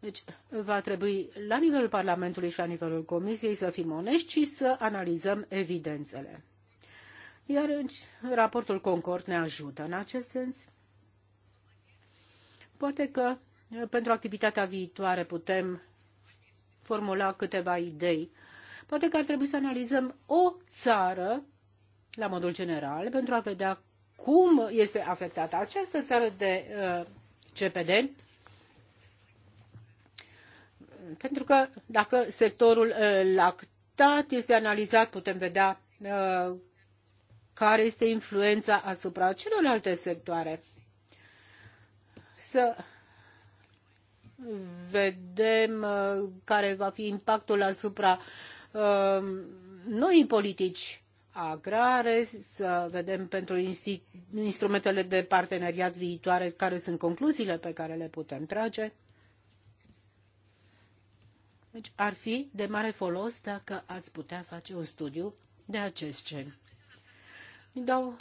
Deci va trebui la nivelul Parlamentului și la nivelul Comisiei să fim onești și să analizăm evidențele. Iar raportul Concord ne ajută în acest sens. Poate că uh, pentru activitatea viitoare putem formula câteva idei. Poate că ar trebui să analizăm o țară, la modul general, pentru a vedea cum este afectată această țară de uh, CPD, pentru că dacă sectorul uh, lactat este analizat, putem vedea uh, care este influența asupra celorlalte sectoare. Să vedem uh, care va fi impactul asupra uh, noi politici agrare, să vedem pentru instrumentele de parteneriat viitoare care sunt concluziile pe care le putem trage. Deci ar fi de mare folos dacă ați putea face un studiu de acest gen. Îi dau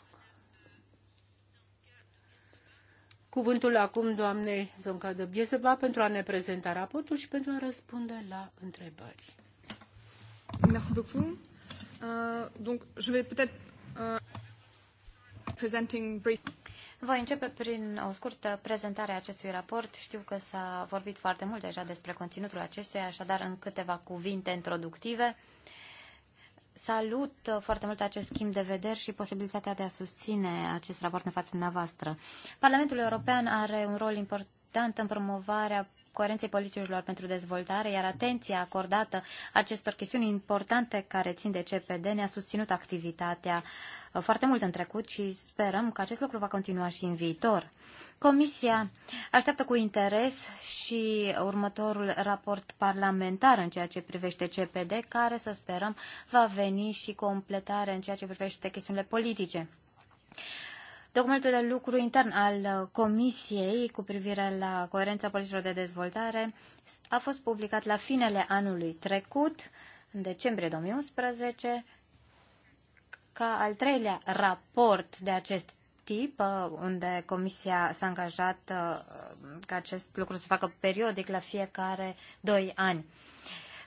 cuvântul acum doamnei Zonca de Biezeva pentru a ne prezenta raportul și pentru a răspunde la întrebări. Merci beaucoup. Uh, donc, je vais peut-être uh, presenting brief. Voi începe prin o scurtă prezentare a acestui raport. Știu că s-a vorbit foarte mult deja despre conținutul acestuia, așadar în câteva cuvinte introductive. Uh, salut uh, foarte mult acest schimb de vederi și posibilitatea de a susține acest raport în fața dumneavoastră. Parlamentul European are un rol important în promovarea coerenței politicilor pentru dezvoltare, iar atenția acordată acestor chestiuni importante care țin de CPD ne-a susținut activitatea uh, foarte mult în trecut și sperăm că acest lucru va continua și în viitor. Comisia așteaptă cu interes și următorul raport parlamentar în ceea ce privește CPD, care să sperăm va veni și completare în ceea ce privește chestiunile politice. Documentul de lucru intern al uh, Comisiei cu privire la coerența politicilor de dezvoltare a fost publicat la finele anului trecut, în decembrie 2011, ca al treilea raport de acest tip, uh, unde Comisia s-a angajat uh, ca acest lucru să facă periodic la fiecare doi ani.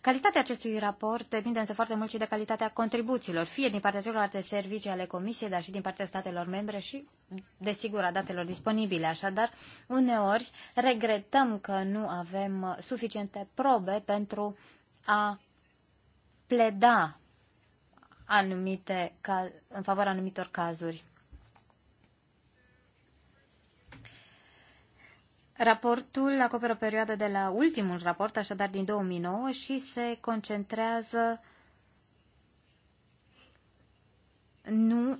Calitatea acestui raport depinde însă foarte mult și de calitatea contribuțiilor, fie din partea celorlalte servicii ale Comisiei, dar și din partea statelor membre și desigur, a datelor disponibile. Așadar, uneori regretăm că nu avem suficiente probe pentru a pleda anumite, în favoarea anumitor cazuri. Raportul acoperă perioadă de la ultimul raport, așadar din 2009, și se concentrează nu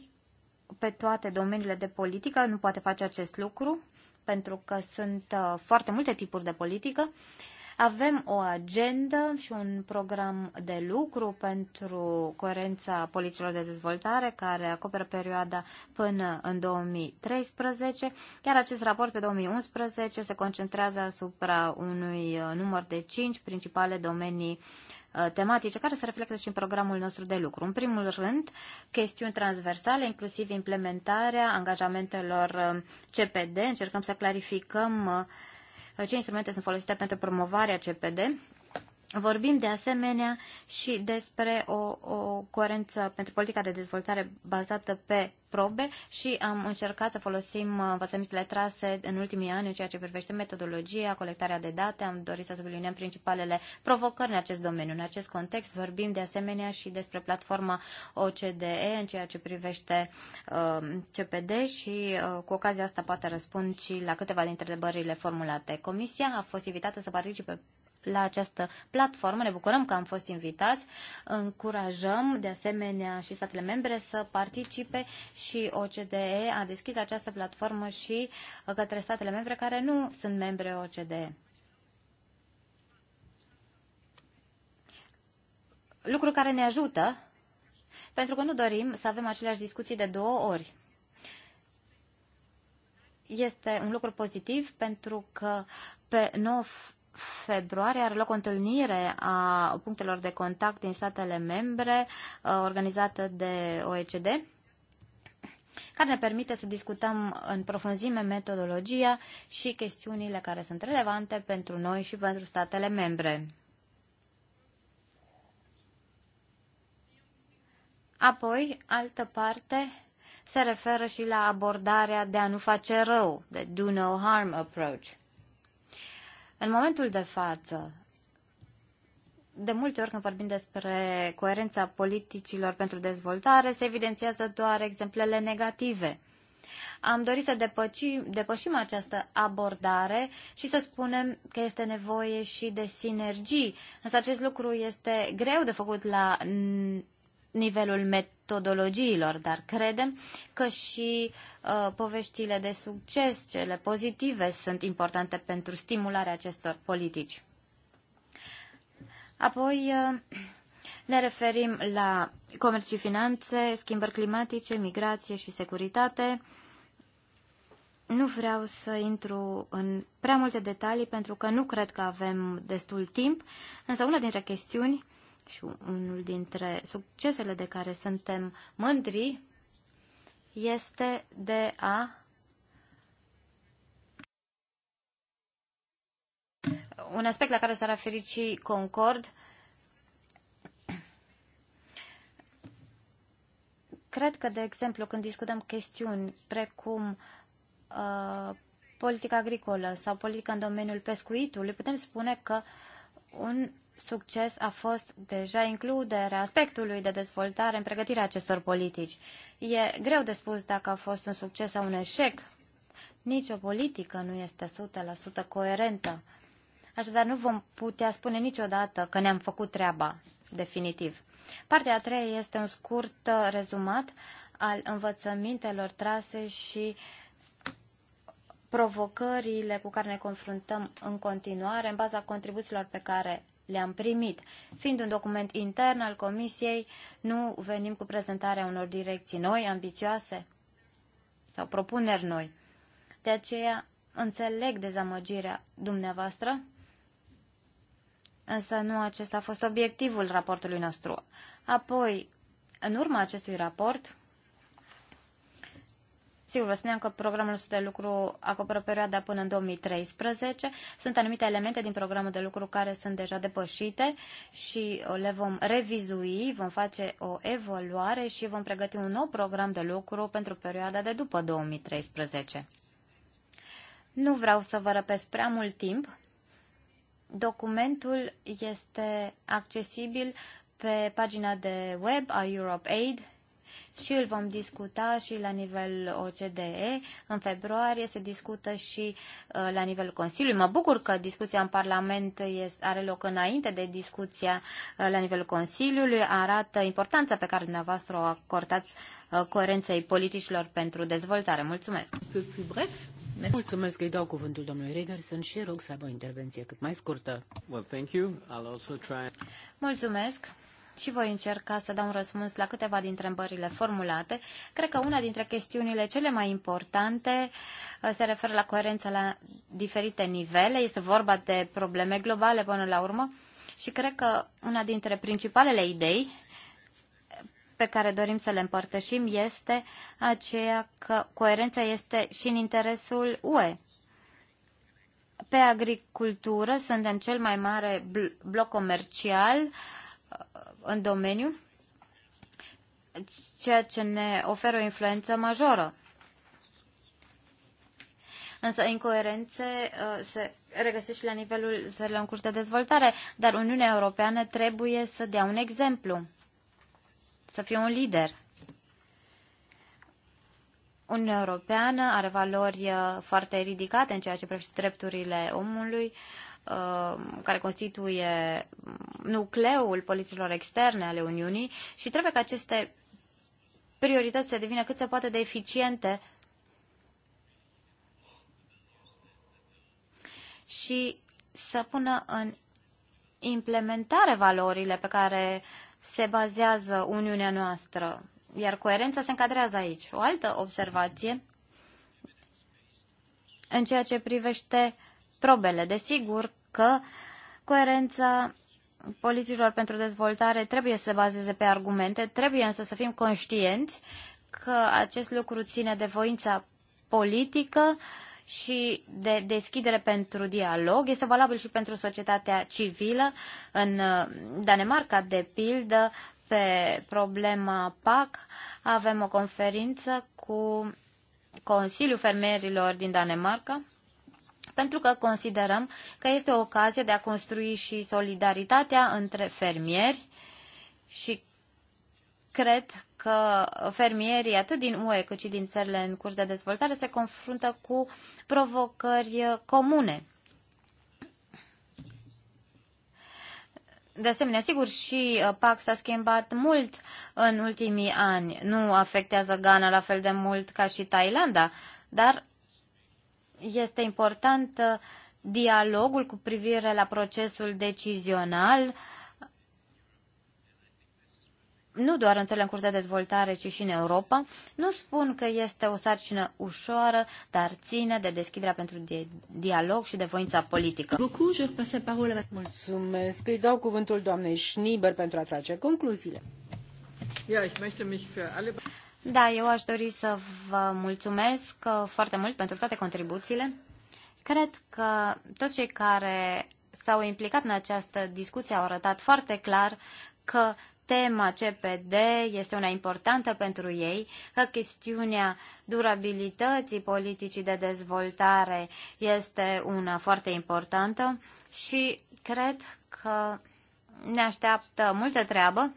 pe toate domeniile de politică, nu poate face acest lucru, pentru că sunt uh, foarte multe tipuri de politică. Uh, avem o agendă și un program de lucru pentru coerența politicilor de dezvoltare care acoperă perioada până în 2013, iar acest raport pe 2011 se concentrează asupra unui uh, număr de cinci principale domenii uh, tematice care se reflectă și în programul nostru de lucru. În primul rând, chestiuni transversale, inclusiv implementarea angajamentelor uh, CPD. Încercăm să clarificăm uh, ce instrumente sunt folosite pentru promovarea CPD Vorbim de asemenea și despre o, o coerență pentru politica de dezvoltare bazată pe probe și am încercat să folosim învățămintele trase în ultimii ani în ceea ce privește metodologia, colectarea de date. Am dorit să subliniem principalele provocări în acest domeniu. În acest context vorbim de asemenea și despre platforma OCDE în ceea ce privește uh, CPD și uh, cu ocazia asta poate răspund și la câteva dintre întrebările formulate. Comisia a fost invitată să participe la această platformă. Ne bucurăm că am fost invitați. Încurajăm de asemenea și statele membre să participe și OCDE a deschis această platformă și uh, către statele membre care nu sunt membre OCDE. Lucru care ne ajută pentru că nu dorim să avem aceleași discuții de două ori este un lucru pozitiv pentru că pe 9 februarie are loc o întâlnire a punctelor de contact din statele membre uh, organizată de OECD care ne permite să discutăm în profunzime metodologia și chestiunile care sunt relevante pentru noi și pentru statele membre. Apoi, altă parte se referă și la abordarea de a nu face rău, de do no harm approach. În momentul de față, de multe ori când vorbim despre coerența politicilor pentru dezvoltare, se evidențiază doar exemplele negative. Am dorit să depășim, depășim această abordare și să spunem că este nevoie și de sinergii. Însă acest lucru este greu de făcut la nivelul met- metodologiilor, dar credem că și uh, poveștile de succes, cele pozitive, sunt importante pentru stimularea acestor politici. Apoi uh, ne referim la comerț și finanțe, schimbări climatice, migrație și securitate. Nu vreau să intru în prea multe detalii pentru că nu cred că avem destul timp, însă una dintre chestiuni și unul dintre succesele de care suntem mândri este de a un aspect la care s-a referit și Concord cred că, de exemplu, când discutăm chestiuni precum uh, politica agricolă sau politica în domeniul pescuitului, putem spune că un succes a fost deja includerea aspectului de dezvoltare în pregătirea acestor politici. E greu de spus dacă a fost un succes sau un eșec. Nici o politică nu este 100% coerentă. Așadar, nu vom putea spune niciodată că ne-am făcut treaba, definitiv. Partea a treia este un scurt rezumat al învățămintelor trase și provocările cu care ne confruntăm în continuare în baza contribuțiilor pe care le-am primit. Fiind un document intern al Comisiei, nu venim cu prezentarea unor direcții noi, ambițioase sau propuneri noi. De aceea înțeleg dezamăgirea dumneavoastră, însă nu acesta a fost obiectivul raportului nostru. Apoi, în urma acestui raport, Sigur, vă spuneam că programul nostru de lucru acoperă perioada până în 2013. Sunt anumite elemente din programul de lucru care sunt deja depășite și uh, le vom revizui, vom face o evaluare și vom pregăti un nou program de lucru pentru perioada de după 2013. Nu vreau să vă răpesc prea mult timp. Documentul este accesibil pe pagina de web a Europe Aid și îl vom discuta și la nivel OCDE. În februarie se discută și uh, la nivelul Consiliului. Mă bucur că discuția în Parlament are loc înainte de discuția uh, la nivelul Consiliului. Arată importanța pe care dumneavoastră o acordați uh, coerenței politicilor pentru dezvoltare. Mulțumesc! Mulțumesc că îi dau cuvântul domnului Regerson și rog să aibă o intervenție cât mai scurtă. Well, thank you. I'll also try... Mulțumesc! și voi încerca să dau un răspuns la câteva dintre întrebările formulate. Cred că una dintre chestiunile cele mai importante uh, se referă la coerența la diferite nivele. Este vorba de probleme globale până la urmă și cred că una dintre principalele idei pe care dorim să le împărtășim este aceea că coerența este și în interesul UE. Pe agricultură suntem cel mai mare bloc comercial uh, în domeniu, ceea ce ne oferă o influență majoră. Însă incoerențe uh, se regăsesc și la nivelul țărilor în curs de dezvoltare, dar Uniunea Europeană trebuie să dea un exemplu, să fie un lider. Uniunea Europeană are valori uh, foarte ridicate în ceea ce privește drepturile omului, uh, Uh, care constituie nucleul politicilor externe ale Uniunii și trebuie ca aceste priorități să devină cât se poate de eficiente și să pună în implementare valorile pe care se bazează Uniunea noastră. Iar coerența se încadrează aici. O altă observație în ceea ce privește probele. Desigur că coerența politicilor pentru dezvoltare trebuie să se bazeze pe argumente, trebuie însă să fim conștienți că acest lucru ține de voința politică și de deschidere pentru dialog. Este valabil și pentru societatea civilă. În uh, Danemarca, de pildă, pe problema PAC avem o conferință cu Consiliul Fermierilor din Danemarca pentru că considerăm că este o ocazie de a construi și solidaritatea între fermieri și cred că fermierii atât din UE cât și din țările în curs de dezvoltare se confruntă cu provocări comune. De asemenea, sigur, și uh, PAC s-a schimbat mult în ultimii ani. Nu afectează Ghana la fel de mult ca și Thailanda, dar este important uh, dialogul cu privire la procesul decizional, nu doar în țările în curs de dezvoltare, ci și în Europa. Nu spun că este o sarcină ușoară, dar ține de deschiderea pentru di- dialog și de voința politică. Mulțumesc. Îi dau cuvântul doamnei Schnieber pentru a trage concluziile. Ja, ich möchte mich für alle... Da, eu aș dori să vă mulțumesc uh, foarte mult pentru toate contribuțiile. Cred că toți cei care s-au implicat în această discuție au arătat foarte clar că tema CPD este una importantă pentru ei, că chestiunea durabilității politicii de dezvoltare este una foarte importantă și cred că ne așteaptă multă treabă.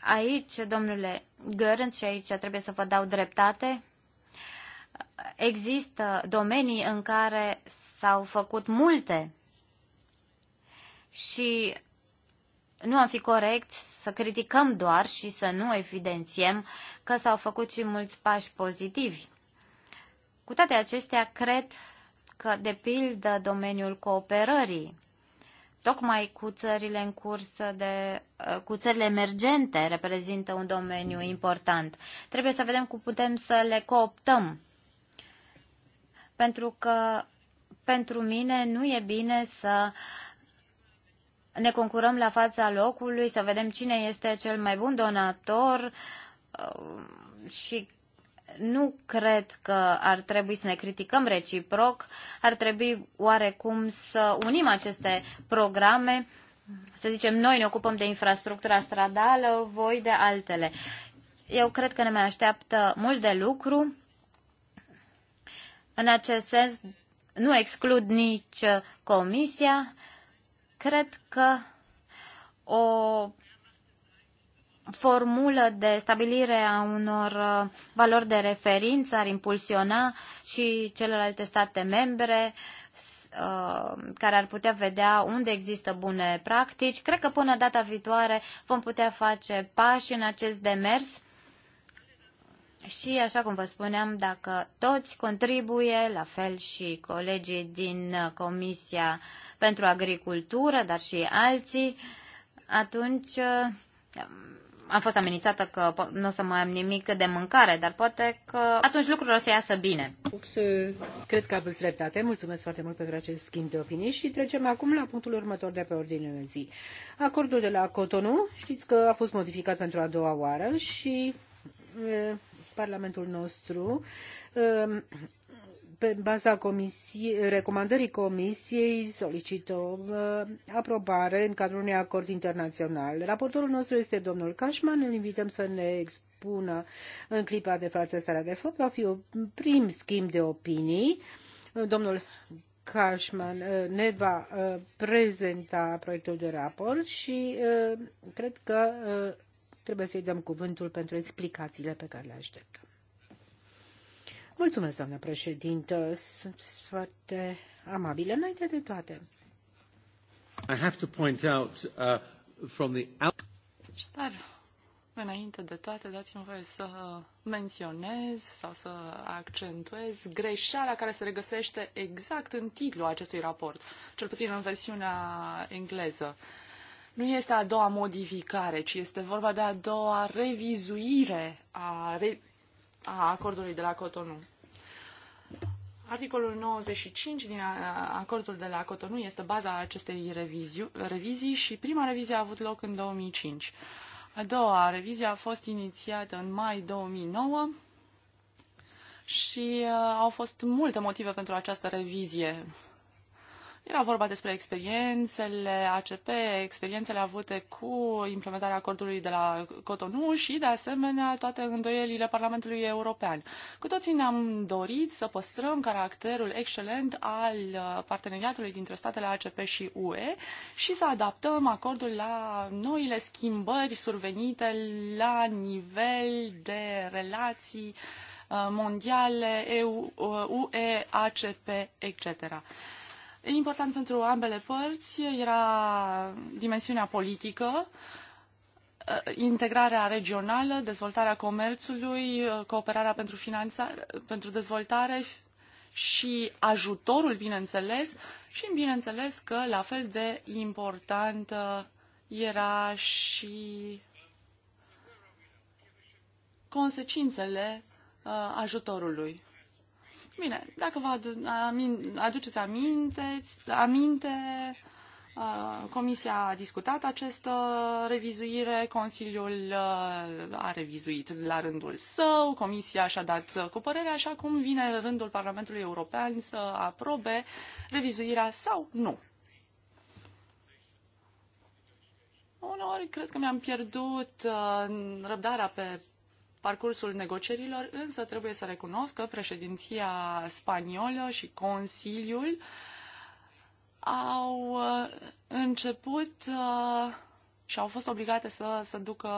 Aici, domnule Gărând și aici trebuie să vă dau dreptate, există domenii în care s-au făcut multe și nu am fi corect să criticăm doar și să nu evidențiem că s-au făcut și mulți pași pozitivi. Cu toate acestea, cred că, de pildă, domeniul cooperării tocmai cu țările în curs de, uh, cu țările emergente reprezintă un domeniu important. Trebuie să vedem cum putem să le cooptăm. Pentru că pentru mine nu e bine să ne concurăm la fața locului, să vedem cine este cel mai bun donator uh, și nu cred că ar trebui să ne criticăm reciproc, ar trebui oarecum să unim aceste programe, să zicem, noi ne ocupăm de infrastructura stradală, voi de altele. Eu cred că ne mai așteaptă mult de lucru. În acest sens, nu exclud nici comisia. Cred că o formulă de stabilire a unor uh, valori de referință ar impulsiona și celelalte state membre uh, care ar putea vedea unde există bune practici. Cred că până data viitoare vom putea face pași în acest demers și, așa cum vă spuneam, dacă toți contribuie, la fel și colegii din uh, Comisia pentru Agricultură, dar și alții, atunci am fost amenințată că nu o să mai am nimic de mâncare, dar poate că atunci lucrurile o să iasă bine. Cred că aveți dreptate. Mulțumesc foarte mult pentru acest schimb de opinii și trecem acum la punctul următor de pe ordine de zi. Acordul de la Cotonou, știți că a fost modificat pentru a doua oară și eh, Parlamentul nostru eh, pe baza comisie, recomandării Comisiei solicităm uh, aprobare în cadrul unui acord internațional. Raportorul nostru este domnul Cashman, îl invităm să ne expună în clipa de față starea de fapt. Va fi un prim schimb de opinii. Domnul Cashman uh, ne va uh, prezenta proiectul de raport și uh, cred că trebuie să-i dăm cuvântul pentru explicațiile pe care le așteptăm. Mulțumesc, doamnă președintă. Sunt foarte amabilă înainte de toate. I have to point out uh, from the Dar, înainte de toate, dați-mi voie să uh, menționez sau să accentuez greșeala care se regăsește exact în titlul acestui raport, cel puțin în versiunea engleză. Nu este a doua modificare, ci este vorba de a doua revizuire a re- a acordului de la Cotonou. Articolul 95 din uh, acordul de la Cotonou este baza acestei reviziu, revizii și prima revizie a avut loc în 2005. A doua revizie a fost inițiată în mai 2009 și uh, au fost multe motive pentru această revizie era vorba despre experiențele ACP, experiențele avute cu implementarea acordului de la Cotonou și, de asemenea, toate îndoielile Parlamentului European. Cu toții ne-am dorit să păstrăm caracterul excelent al parteneriatului dintre statele ACP și UE și să adaptăm acordul la noile schimbări survenite la nivel de relații uh, mondiale, UE, uh, ACP, etc. Important pentru ambele părți era dimensiunea politică, eh, integrarea regională, dezvoltarea comerțului, eh, cooperarea pentru, finanțare, pentru dezvoltare și ajutorul, bineînțeles, și bineînțeles că la fel de importantă era și consecințele eh, ajutorului. Bine, dacă vă aduceți aminte, aminte Comisia a discutat această revizuire, Consiliul a revizuit la rândul său, Comisia și-a dat cu părere, așa cum vine rândul Parlamentului European să aprobe revizuirea sau nu. Uneori cred că mi-am pierdut răbdarea pe parcursul negocierilor, însă trebuie să recunosc că președinția spaniolă și Consiliul au uh, început uh, și au fost obligate să, să, ducă,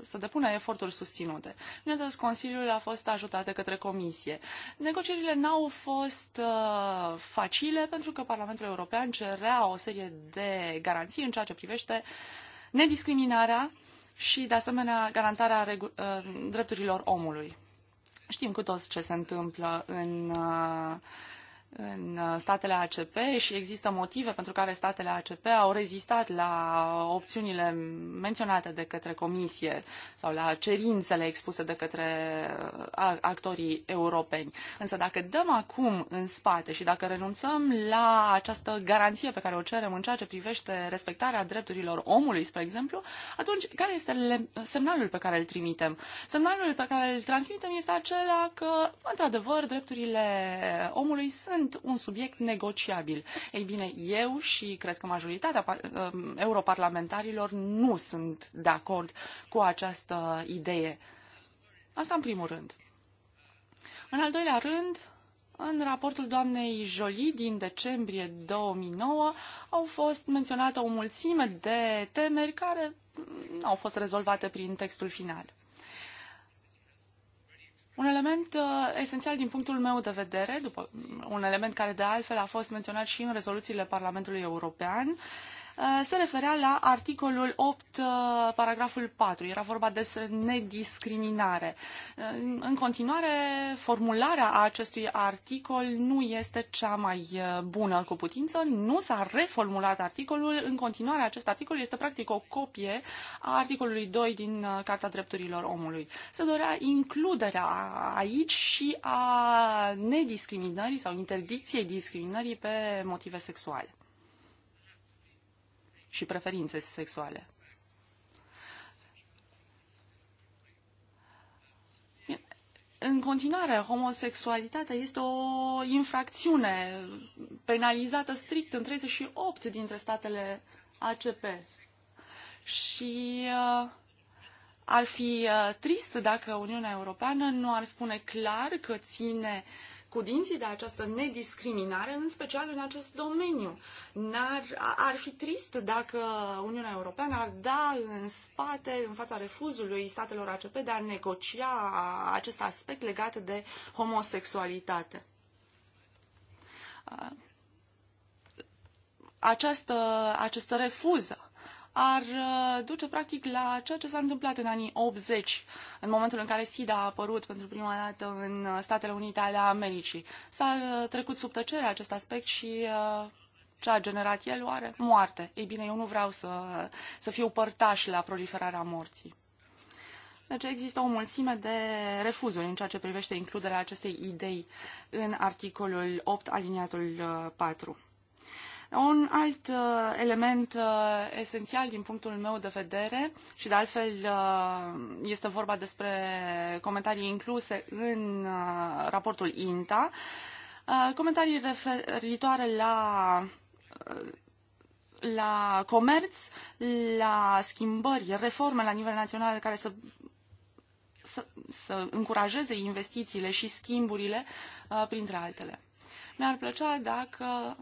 să depună eforturi susținute. Bineînțeles, Consiliul a fost ajutat de către Comisie. Negocierile n-au fost uh, facile pentru că Parlamentul European cerea o serie de garanții în ceea ce privește nediscriminarea, și, de asemenea, garantarea uh, drepturilor omului. Știm cu toți ce se întâmplă în uh, în uh, statele ACP și există motive pentru care statele ACP au rezistat la opțiunile menționate de către Comisie sau la cerințele expuse de către uh, actorii europeni. Însă dacă dăm acum în spate și dacă renunțăm la această garanție pe care o cerem în ceea ce privește respectarea drepturilor omului, spre exemplu, atunci care este semnalul pe care îl trimitem? Semnalul pe care îl transmitem este acela că, într-adevăr, drepturile omului sunt sunt un subiect negociabil. Ei bine, eu și cred că majoritatea um, europarlamentarilor nu sunt de acord cu această idee. Asta în primul rând. În al doilea rând, în raportul doamnei Jolie din decembrie 2009 au fost menționate o mulțime de temeri care nu au fost rezolvate prin textul final. Un element uh, esențial din punctul meu de vedere, după, un element care de altfel a fost menționat și în rezoluțiile Parlamentului European, uh, Uh, se referea la articolul 8, uh, paragraful 4. Era vorba despre nediscriminare. Uh, în continuare, formularea acestui articol nu este cea mai bună cu putință. Nu s-a reformulat articolul. În continuare, acest articol este practic o copie a articolului 2 din Carta Drepturilor Omului. Se dorea includerea aici și a nediscriminării sau interdicției discriminării pe motive sexuale și preferințe sexuale. În continuare, homosexualitatea este o infracțiune penalizată strict în 38 dintre statele ACP. Și uh, ar fi uh, trist dacă Uniunea Europeană nu ar spune clar că ține uh, cu dinții de această nediscriminare, în special în acest domeniu. N-ar, ar fi trist dacă Uniunea Europeană ar da în spate, în fața refuzului statelor ACP de a negocia acest aspect legat de homosexualitate această, acest refuz ar uh, duce practic la ceea ce s-a întâmplat în anii 80, în momentul în care SIDA a apărut pentru prima dată în uh, Statele Unite ale Americii. S-a uh, trecut sub tăcere acest aspect și ce a generat el oare? Moarte. Ei bine, eu nu vreau să, să fiu părtaș la proliferarea morții. Deci există o mulțime de refuzuri în ceea ce privește includerea acestei idei în articolul 8, aliniatul 4. Un alt uh, element uh, esențial din punctul meu de vedere și de altfel uh, este vorba despre comentarii incluse în uh, raportul INTA, uh, comentarii referitoare la uh, la comerț, la schimbări, reforme la nivel național care să, să, să încurajeze investițiile și schimburile, uh, printre altele. Mi-ar plăcea dacă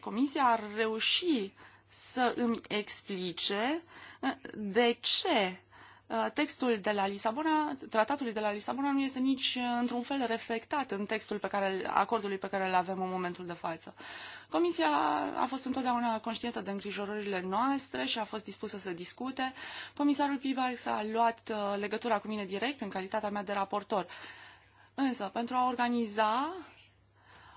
Comisia ar reuși să îmi explice uh, de ce uh, textul de la Lisabona, tratatul de la Lisabona nu este nici uh, într-un fel reflectat în textul pe care, acordului pe care îl avem în momentul de față. Comisia a fost întotdeauna conștientă de îngrijorările noastre și a fost dispusă să discute. Comisarul Pivax a luat legătura cu mine direct în calitatea mea de raportor. Însă, pentru a organiza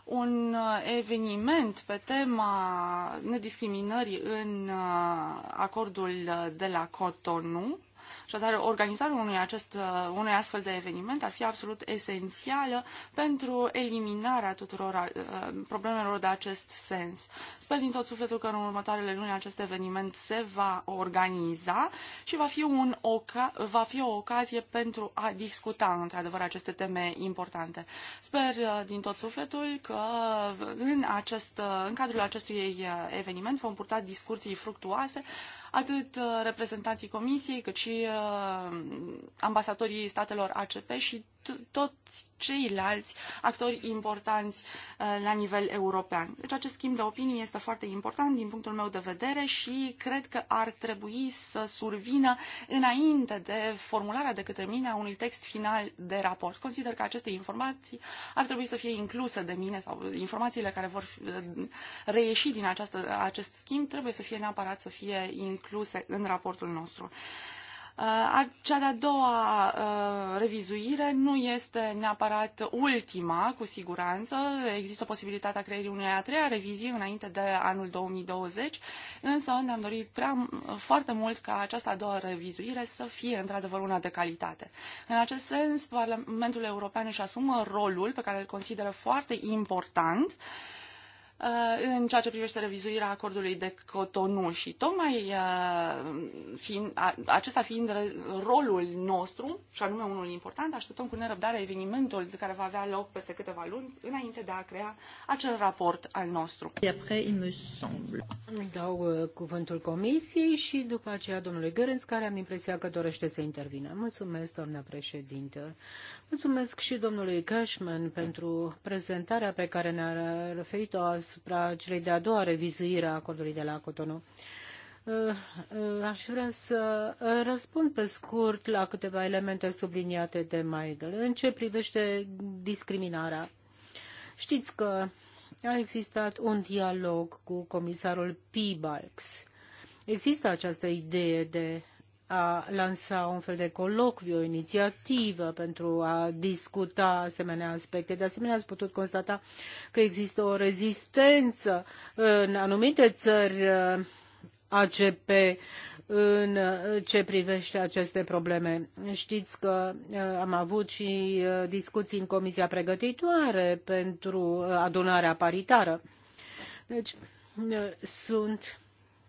un uh, eveniment pe tema nediscriminării în uh, acordul uh, de la Cotonou, Așadar, organizarea unui, acest, uh, unui astfel de eveniment ar fi absolut esențială pentru eliminarea tuturor uh, problemelor de acest sens. Sper din tot sufletul că în următoarele luni acest eveniment se va organiza și va fi, un oca- va fi o ocazie pentru a discuta într-adevăr aceste teme importante. Sper uh, din tot sufletul că în, acest, în cadrul acestui eveniment vom purta discuții fructuoase atât uh, reprezentanții Comisiei, cât și uh, ambasadorii statelor ACP și toți ceilalți actori importanți uh, la nivel european. Deci acest schimb de opinii este foarte important din punctul meu de vedere și cred că ar trebui să survină înainte de formularea de către mine a unui text final de raport. Consider că aceste informații ar trebui să fie incluse de mine sau informațiile care vor reieși din această, acest schimb trebuie să fie neapărat să fie incluse incluse în raportul nostru. Uh, cea de-a doua uh, revizuire nu este neapărat ultima, cu siguranță. Există posibilitatea creierii unei a treia revizii înainte de anul 2020, însă ne-am dorit prea, foarte mult ca această a doua revizuire să fie într-adevăr una de calitate. În acest sens, Parlamentul European își asumă rolul pe care îl consideră foarte important Uh, în ceea ce privește revizuirea acordului de Cotonou și tocmai uh, fiind, acesta fiind rolul nostru, și anume unul important, așteptăm cu nerăbdare evenimentul care va avea loc peste câteva luni înainte de a crea acel raport al nostru. Dau uh, cuvântul comisiei și după aceea domnului Gărenț, care am impresia că dorește să intervină. Mulțumesc, doamna președintă. Mulțumesc și domnului Cashman pentru prezentarea pe care ne-a referit-o azi asupra celei de-a doua revizuire a acordului de la Cotonou. Uh, uh, aș vrea să răspund pe scurt la câteva elemente subliniate de Michael. În ce privește discriminarea, știți că a existat un dialog cu comisarul Pibalx. Există această idee de a lansa un fel de colocviu, o inițiativă pentru a discuta asemenea aspecte. De asemenea, ați putut constata că există o rezistență în anumite țări uh, ACP în uh, ce privește aceste probleme. Știți că uh, am avut și discuții în Comisia Pregătitoare pentru adunarea paritară. Deci, sunt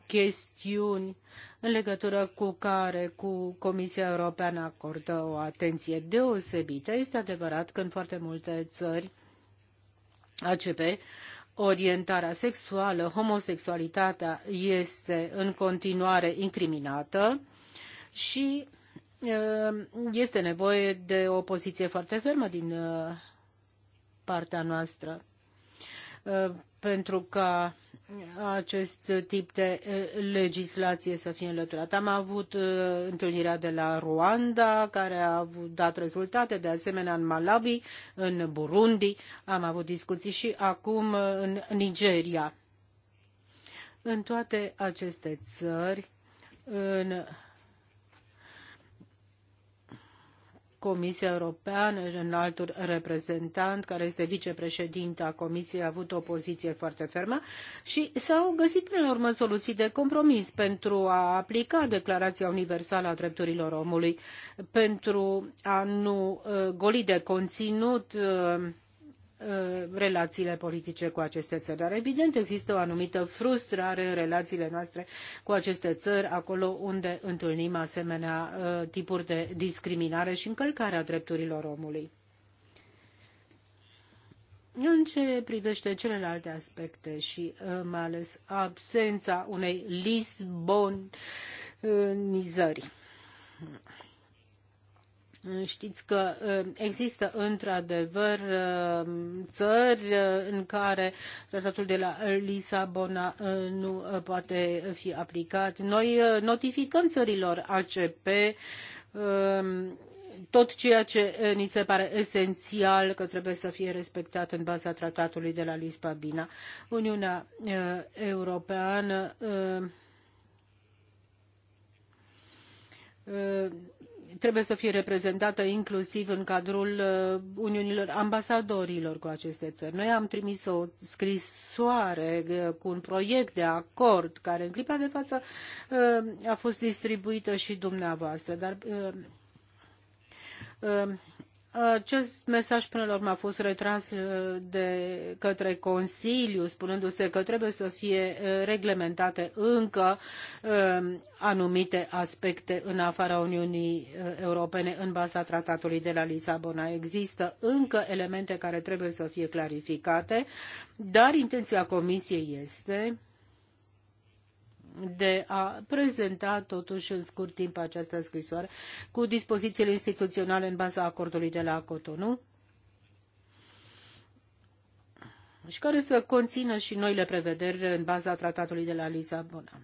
chestiuni în legătură cu care cu Comisia Europeană acordă o atenție deosebită. Este adevărat că în foarte multe țări ACP orientarea sexuală, homosexualitatea este în continuare incriminată și este nevoie de o poziție foarte fermă din partea noastră pentru ca acest tip de legislație să fie înlăturat. Am avut întâlnirea de la Rwanda, care a dat rezultate, de asemenea în Malawi, în Burundi, am avut discuții și acum în Nigeria. În toate aceste țări, în Comisia Europeană, în altul reprezentant, care este vicepreședinta Comisiei, a avut o poziție foarte fermă și s-au găsit până la urmă soluții de compromis pentru a aplica Declarația Universală a Drepturilor Omului, pentru a nu uh, goli de conținut uh, Uh, relațiile politice cu aceste țări. Dar evident există o anumită frustrare în relațiile noastre cu aceste țări, acolo unde întâlnim asemenea uh, tipuri de discriminare și încălcare a drepturilor omului. În ce privește celelalte aspecte și uh, mai ales absența unei lisbonizări Știți că uh, există într-adevăr uh, țări uh, în care tratatul de la Lisabona nu poate fi aplicat. Noi notificăm țărilor ACP um, tot ceea ce ni se pare esențial că trebuie să fie respectat în baza tratatului de la Lisabona. Uniunea Europeană trebuie să fie reprezentată inclusiv în cadrul uh, uniunilor ambasadorilor cu aceste țări. Noi am trimis o scrisoare uh, cu un proiect de acord care în clipa de față uh, a fost distribuită și dumneavoastră, dar acest mesaj până la urmă a fost retras uh, de către Consiliu, spunându-se că trebuie să fie uh, reglementate încă uh, anumite aspecte în afara Uniunii Europene în baza tratatului de la Lisabona. Există încă elemente care trebuie să fie clarificate, dar intenția Comisiei este de a prezenta totuși în scurt timp această scrisoare cu dispozițiile instituționale în baza acordului de la Cotonou și care să conțină și noile prevederi în baza tratatului de la Lisabona.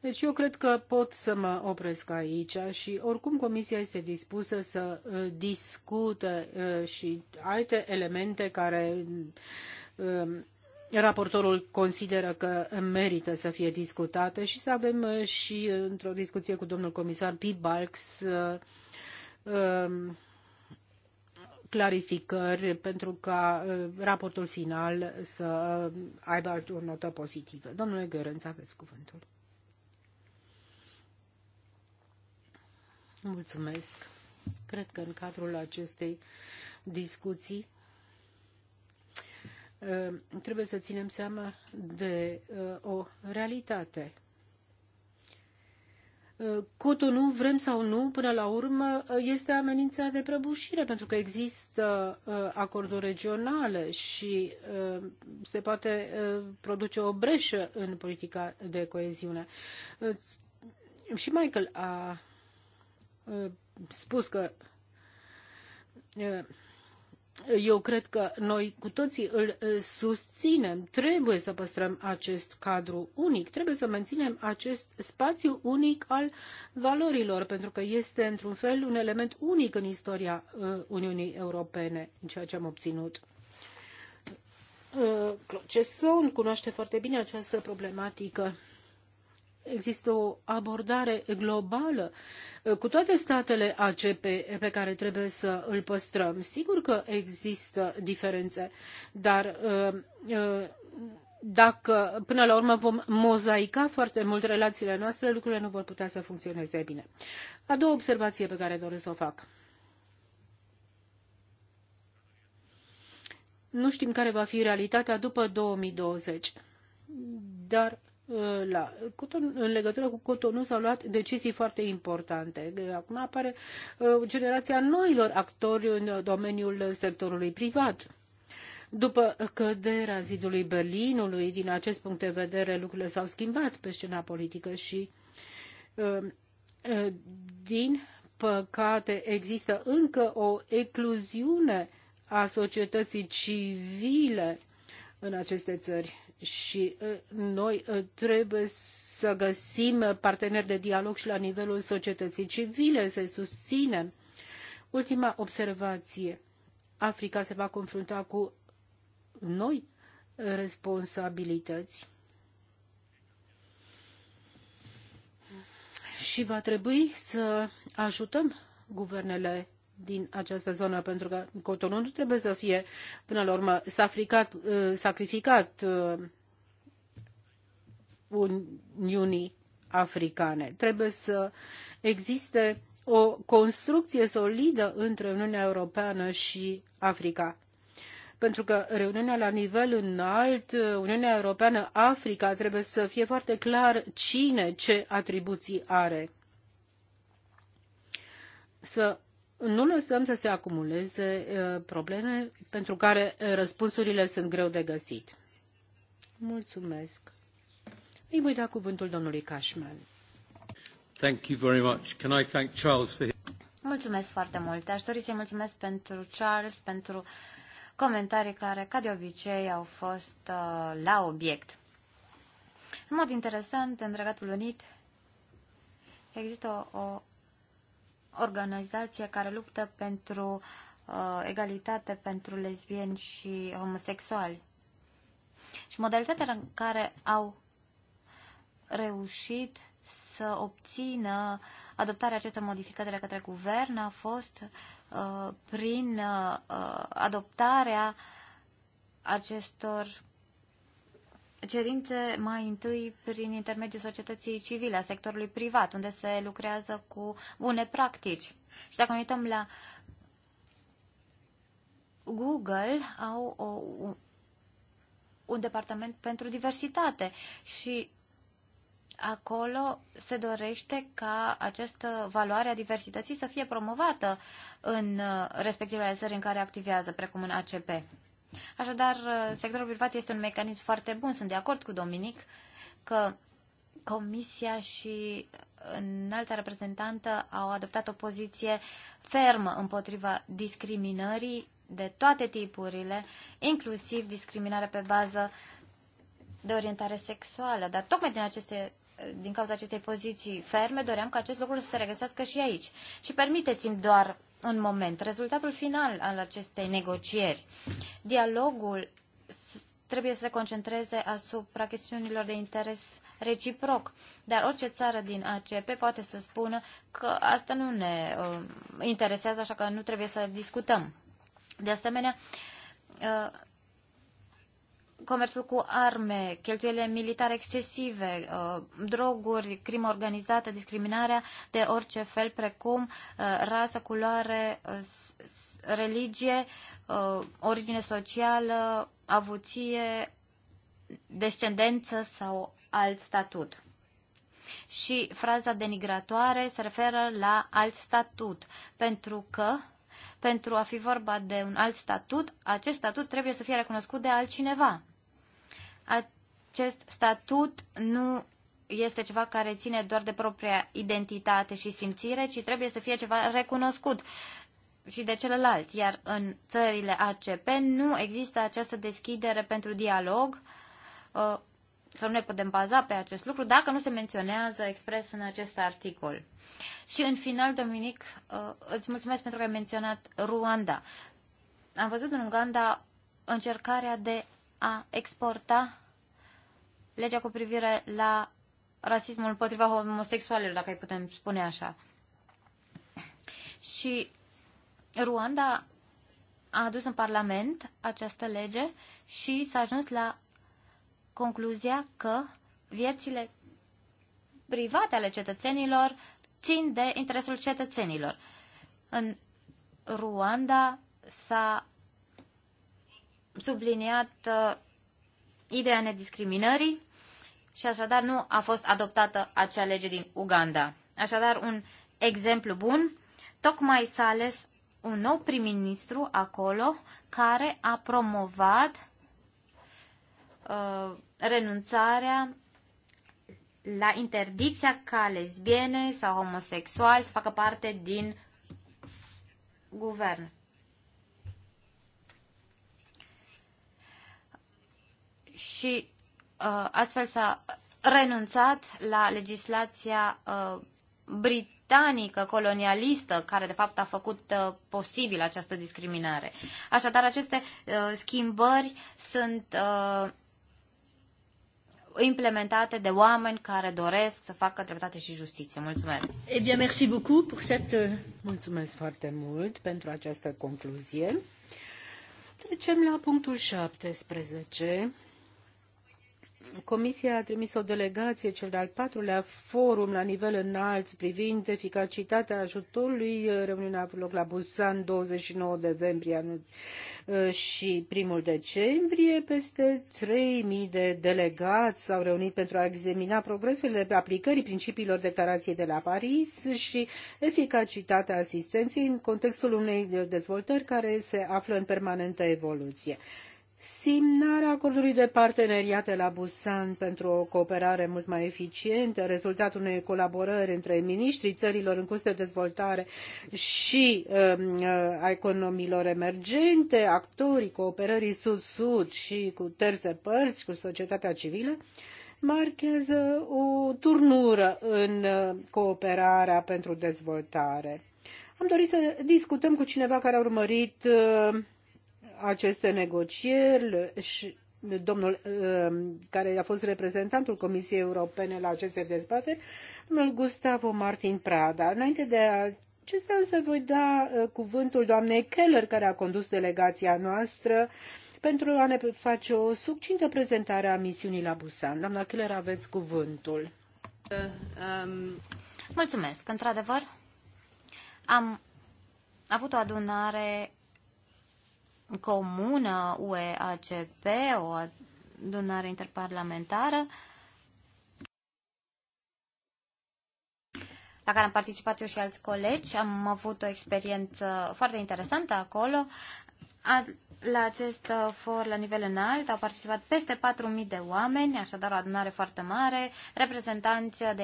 Deci eu cred că pot să mă opresc aici și oricum Comisia este dispusă să uh, discute uh, și alte elemente care uh, raportorul consideră că merită să fie discutate și să avem uh, și uh, într-o discuție cu domnul comisar Pibalks uh, um, clarificări pentru ca raportul final să aibă o notă pozitivă. Domnule Gărânț, aveți cuvântul. Mulțumesc. Cred că în cadrul acestei discuții Uh, trebuie să ținem seama de uh, o realitate. Uh, nu vrem sau nu, până la urmă, este amenința de prăbușire, pentru că există acorduri regionale și se poate produce o breșă în politica de coeziune. Și Michael a spus că eu cred că noi cu toții îl susținem. Trebuie să păstrăm acest cadru unic, trebuie să menținem acest spațiu unic al valorilor, pentru că este, într-un fel, un element unic în istoria Uniunii Europene, în ceea ce am obținut. Cloceson cunoaște foarte bine această problematică există o abordare globală uh, cu toate statele ACP pe care trebuie să îl păstrăm. Sigur că există diferențe, dar uh, uh, dacă până la urmă vom mozaica foarte mult relațiile noastre, lucrurile nu vor putea să funcționeze bine. A doua observație pe care doresc să o fac. Nu știm care va fi realitatea după 2020, dar Uh, la Coton, în legătură cu Cotonou s-au luat decizii foarte importante. Acum apare uh, generația noilor actori în domeniul sectorului privat. După căderea zidului Berlinului, din acest punct de vedere, lucrurile s-au schimbat pe scena politică și, uh, din păcate, există încă o ecluziune a societății civile în aceste țări și uh, noi uh, trebuie să găsim parteneri de dialog și la nivelul societății civile, să susținem. Ultima observație. Africa se va confrunta cu noi responsabilități și va trebui să ajutăm guvernele din această zonă, pentru că cotonul nu trebuie să fie, până la urmă, sacrificat, uh, sacrificat uh, Uniunii Africane. Trebuie să existe o construcție solidă între Uniunea Europeană și Africa pentru că reuniunea la nivel înalt, uh, Uniunea Europeană, Africa, trebuie să fie foarte clar cine ce atribuții are. Să nu lăsăm să se acumuleze probleme pentru care răspunsurile sunt greu de găsit. Mulțumesc. Îi voi da cuvântul domnului Cashman. Thank you very much. Can I thank Charles for Mulțumesc foarte mult. Aș dori să-i mulțumesc pentru Charles, pentru comentarii care, ca de obicei, au fost uh, la obiect. În mod interesant, în Regatul Unit există o, o organizație care luptă pentru uh, egalitate pentru lesbieni și homosexuali. Și modalitatea în care au reușit să obțină adoptarea acestor modificări de către guvern a fost uh, prin uh, adoptarea acestor cerințe mai întâi prin intermediul societății civile, a sectorului privat, unde se lucrează cu bune practici. Și dacă ne uităm la Google, au o, un departament pentru diversitate și acolo se dorește ca această valoare a diversității să fie promovată în uh, respectivele țări în care activează, precum în ACP. Așadar, uh, sectorul privat este un mecanism foarte bun. Sunt de acord cu Dominic că Comisia și înalta reprezentantă au adoptat o poziție fermă împotriva discriminării de toate tipurile, inclusiv discriminarea pe bază de orientare sexuală. Dar tocmai din aceste din cauza acestei poziții ferme, doream ca acest lucru să se regăsească și aici. Și permiteți-mi doar în moment. Rezultatul final al acestei negocieri, dialogul trebuie să se concentreze asupra chestiunilor de interes reciproc. Dar orice țară din ACP poate să spună că asta nu ne uh, interesează, așa că nu trebuie să discutăm. De asemenea, uh, comerțul cu arme, cheltuielile militare excesive, uh, droguri, crimă organizată, discriminarea de orice fel, precum uh, rasă, culoare, uh, religie, origine socială, avuție, descendență sau alt statut. Și fraza denigratoare se referă la alt statut, pentru că pentru a fi vorba de un alt statut, acest statut trebuie să fie recunoscut de altcineva acest statut nu este ceva care ține doar de propria identitate și simțire, ci trebuie să fie ceva recunoscut și de celălalt. Iar în țările ACP nu există această deschidere pentru dialog, uh, sau nu ne putem baza pe acest lucru, dacă nu se menționează expres în acest articol. Și în final, Dominic, uh, îți mulțumesc pentru că ai menționat Ruanda. Am văzut în Uganda încercarea de a exporta legea cu privire la rasismul împotriva homosexualilor, dacă îi putem spune așa. Și Ruanda a adus în Parlament această lege și s-a ajuns la concluzia că viețile private ale cetățenilor țin de interesul cetățenilor. În Ruanda s-a subliniat uh, ideea nediscriminării și așadar nu a fost adoptată acea lege din Uganda. Așadar, un exemplu bun, tocmai s-a ales un nou prim-ministru acolo care a promovat uh, renunțarea la interdicția ca lesbiene sau homosexuali să facă parte din guvern. și uh, astfel s-a renunțat la legislația uh, britanică, colonialistă, care de fapt a făcut uh, posibil această discriminare. Așadar, aceste uh, schimbări sunt uh, implementate de oameni care doresc să facă dreptate și justiție. Mulțumesc. Eh bien, merci beaucoup pour cette... Euh, Mulțumesc foarte mult pentru această concluzie. Trecem la punctul 17 Comisia a trimis o delegație, cel de-al patrulea forum la nivel înalt privind eficacitatea ajutorului. Uh, reuniunea a avut loc la Busan 29 decembrie, uh, și 1 decembrie. Peste 3.000 de delegați s-au reunit pentru a examina progresurile pe aplicării principiilor declarației de la Paris și eficacitatea asistenței în contextul unei dezvoltări care se află în permanentă evoluție. Simnarea acordului de parteneriate la Busan pentru o cooperare mult mai eficientă, rezultatul unei colaborări între miniștrii țărilor în curs de dezvoltare și um, uh, a economiilor emergente, actorii cooperării sud-sud și cu terțe părți, cu societatea civilă, marchează o turnură în uh, cooperarea pentru dezvoltare. Am dorit să discutăm cu cineva care a urmărit uh, aceste negocieri și domnul um, care a fost reprezentantul Comisiei Europene la aceste dezbateri, domnul Gustavo Martin Prada. Înainte de acestea, acesta însă voi da uh, cuvântul doamnei Keller, care a condus delegația noastră, pentru a ne face o succintă prezentare a misiunii la Busan. Doamna Keller, aveți cuvântul. Um, mulțumesc. Într-adevăr, am avut o adunare comună UE-ACP, o adunare interparlamentară, la care am participat eu și alți colegi. Am avut o experiență foarte interesantă acolo. La acest uh, for la nivel înalt au participat peste 4.000 de oameni, așadar o adunare foarte mare, reprezentanți de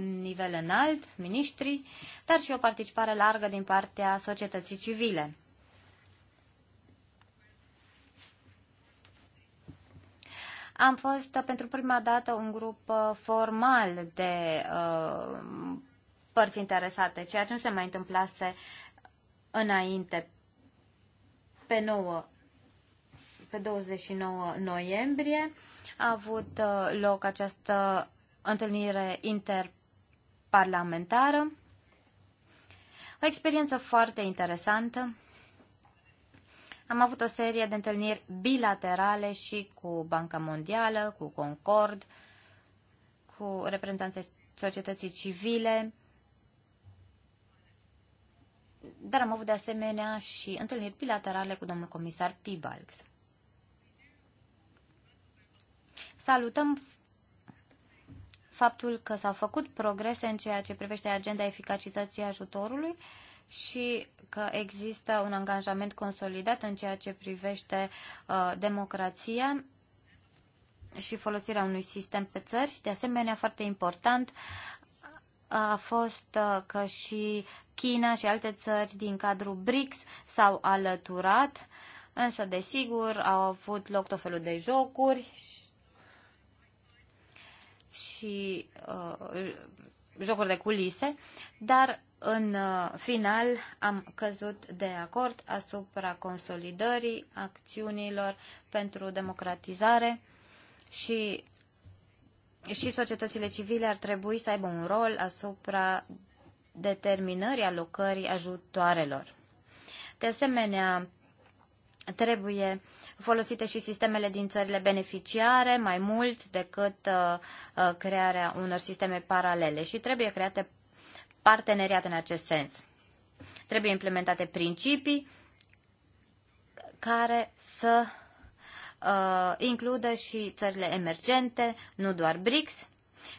nivel înalt, miniștri, dar și o participare largă din partea societății civile. Am fost uh, pentru prima dată un grup uh, formal de uh, părți interesate, ceea ce nu se mai întâmplase înainte pe 9 pe 29 noiembrie a avut loc această întâlnire interparlamentară. O experiență foarte interesantă am avut o serie de întâlniri bilaterale și cu Banca Mondială, cu Concord, cu reprezentanțe societății civile, dar am avut de asemenea și întâlniri bilaterale cu domnul comisar Pibalgs. Salutăm faptul că s-au făcut progrese în ceea ce privește agenda eficacității ajutorului și că există un angajament consolidat în ceea ce privește uh, democrația și folosirea unui sistem pe țări. De asemenea, foarte important uh, a fost uh, că și China și alte țări din cadrul BRICS s-au alăturat, însă, desigur, au avut loc tot felul de jocuri și, și uh, jocuri de culise, dar în uh, final, am căzut de acord asupra consolidării acțiunilor pentru democratizare și și societățile civile ar trebui să aibă un rol asupra determinării alocării ajutoarelor. De asemenea, trebuie folosite și sistemele din țările beneficiare mai mult decât uh, uh crearea unor sisteme paralele și trebuie create parteneriat în acest sens. Trebuie implementate principii care să uh, includă și țările emergente, nu doar BRICS,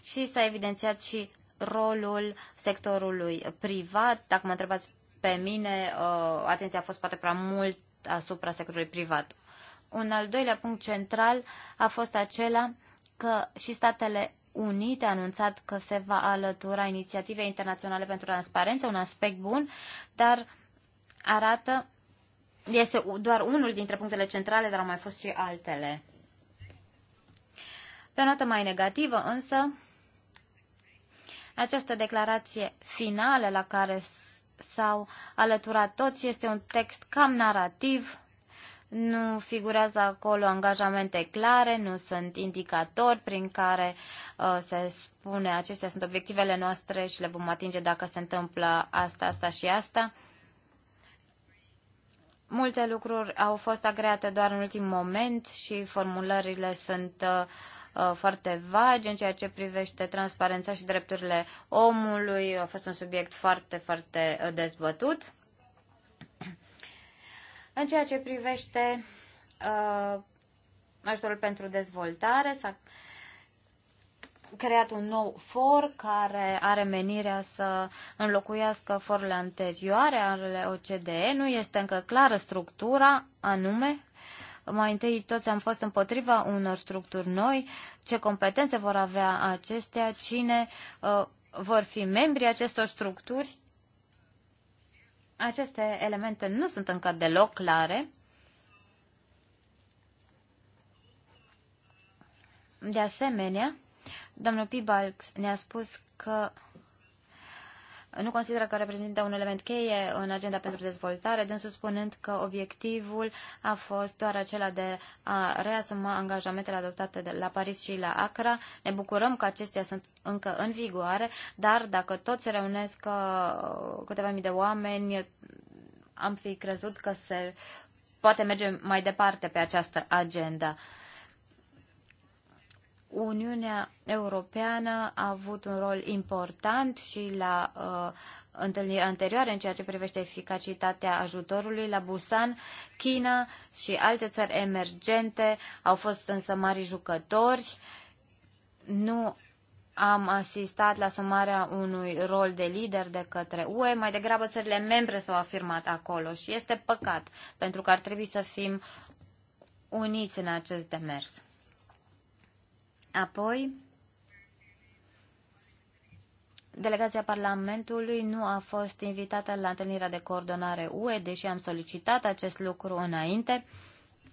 și s-a evidențiat și rolul sectorului privat. Dacă mă întrebați pe mine, uh, atenția a fost poate prea mult asupra sectorului privat. Un al doilea punct central a fost acela că și statele Unit a anunțat că se va alătura inițiativei internaționale pentru transparență, un aspect bun, dar arată, este doar unul dintre punctele centrale, dar au mai fost și altele. Pe o notă mai negativă, însă, această declarație finală la care s-au alăturat toți este un text cam narativ nu figurează acolo angajamente clare, nu sunt indicatori prin care uh, se spune acestea sunt obiectivele noastre și le vom atinge dacă se întâmplă asta, asta și asta. Multe lucruri au fost agreate doar în ultim moment și formulările sunt uh, uh foarte vagi în ceea ce privește transparența și drepturile omului. A fost un subiect foarte, foarte uh, dezbătut. În ceea ce privește uh, ajutorul pentru dezvoltare, s-a creat un nou for care are menirea să înlocuiască forurile anterioare ale OCDE. Nu este încă clară structura anume. Mai întâi toți am fost împotriva unor structuri noi, ce competențe vor avea acestea, cine uh, vor fi membrii acestor structuri aceste elemente nu sunt încă deloc clare. De asemenea, domnul Pibalx ne-a spus că nu consideră că reprezintă un element cheie în agenda pentru dezvoltare, dânsul spunând că obiectivul a fost doar acela de a reasuma angajamentele adoptate de la Paris și la Accra. Ne bucurăm că acestea sunt încă în vigoare, dar dacă tot se reunesc uh, câteva mii de oameni, am fi crezut că se poate merge mai departe pe această agenda. Uniunea Europeană a avut un rol important și la uh, întâlnirea anterioară în ceea ce privește eficacitatea ajutorului la Busan, China și alte țări emergente au fost însă mari jucători. Nu am asistat la somarea unui rol de lider de către UE, mai degrabă țările membre s-au afirmat acolo și este păcat, pentru că ar trebui să fim uniți în acest demers. Apoi, delegația Parlamentului nu a fost invitată la întâlnirea de coordonare UE, deși am solicitat acest lucru înainte,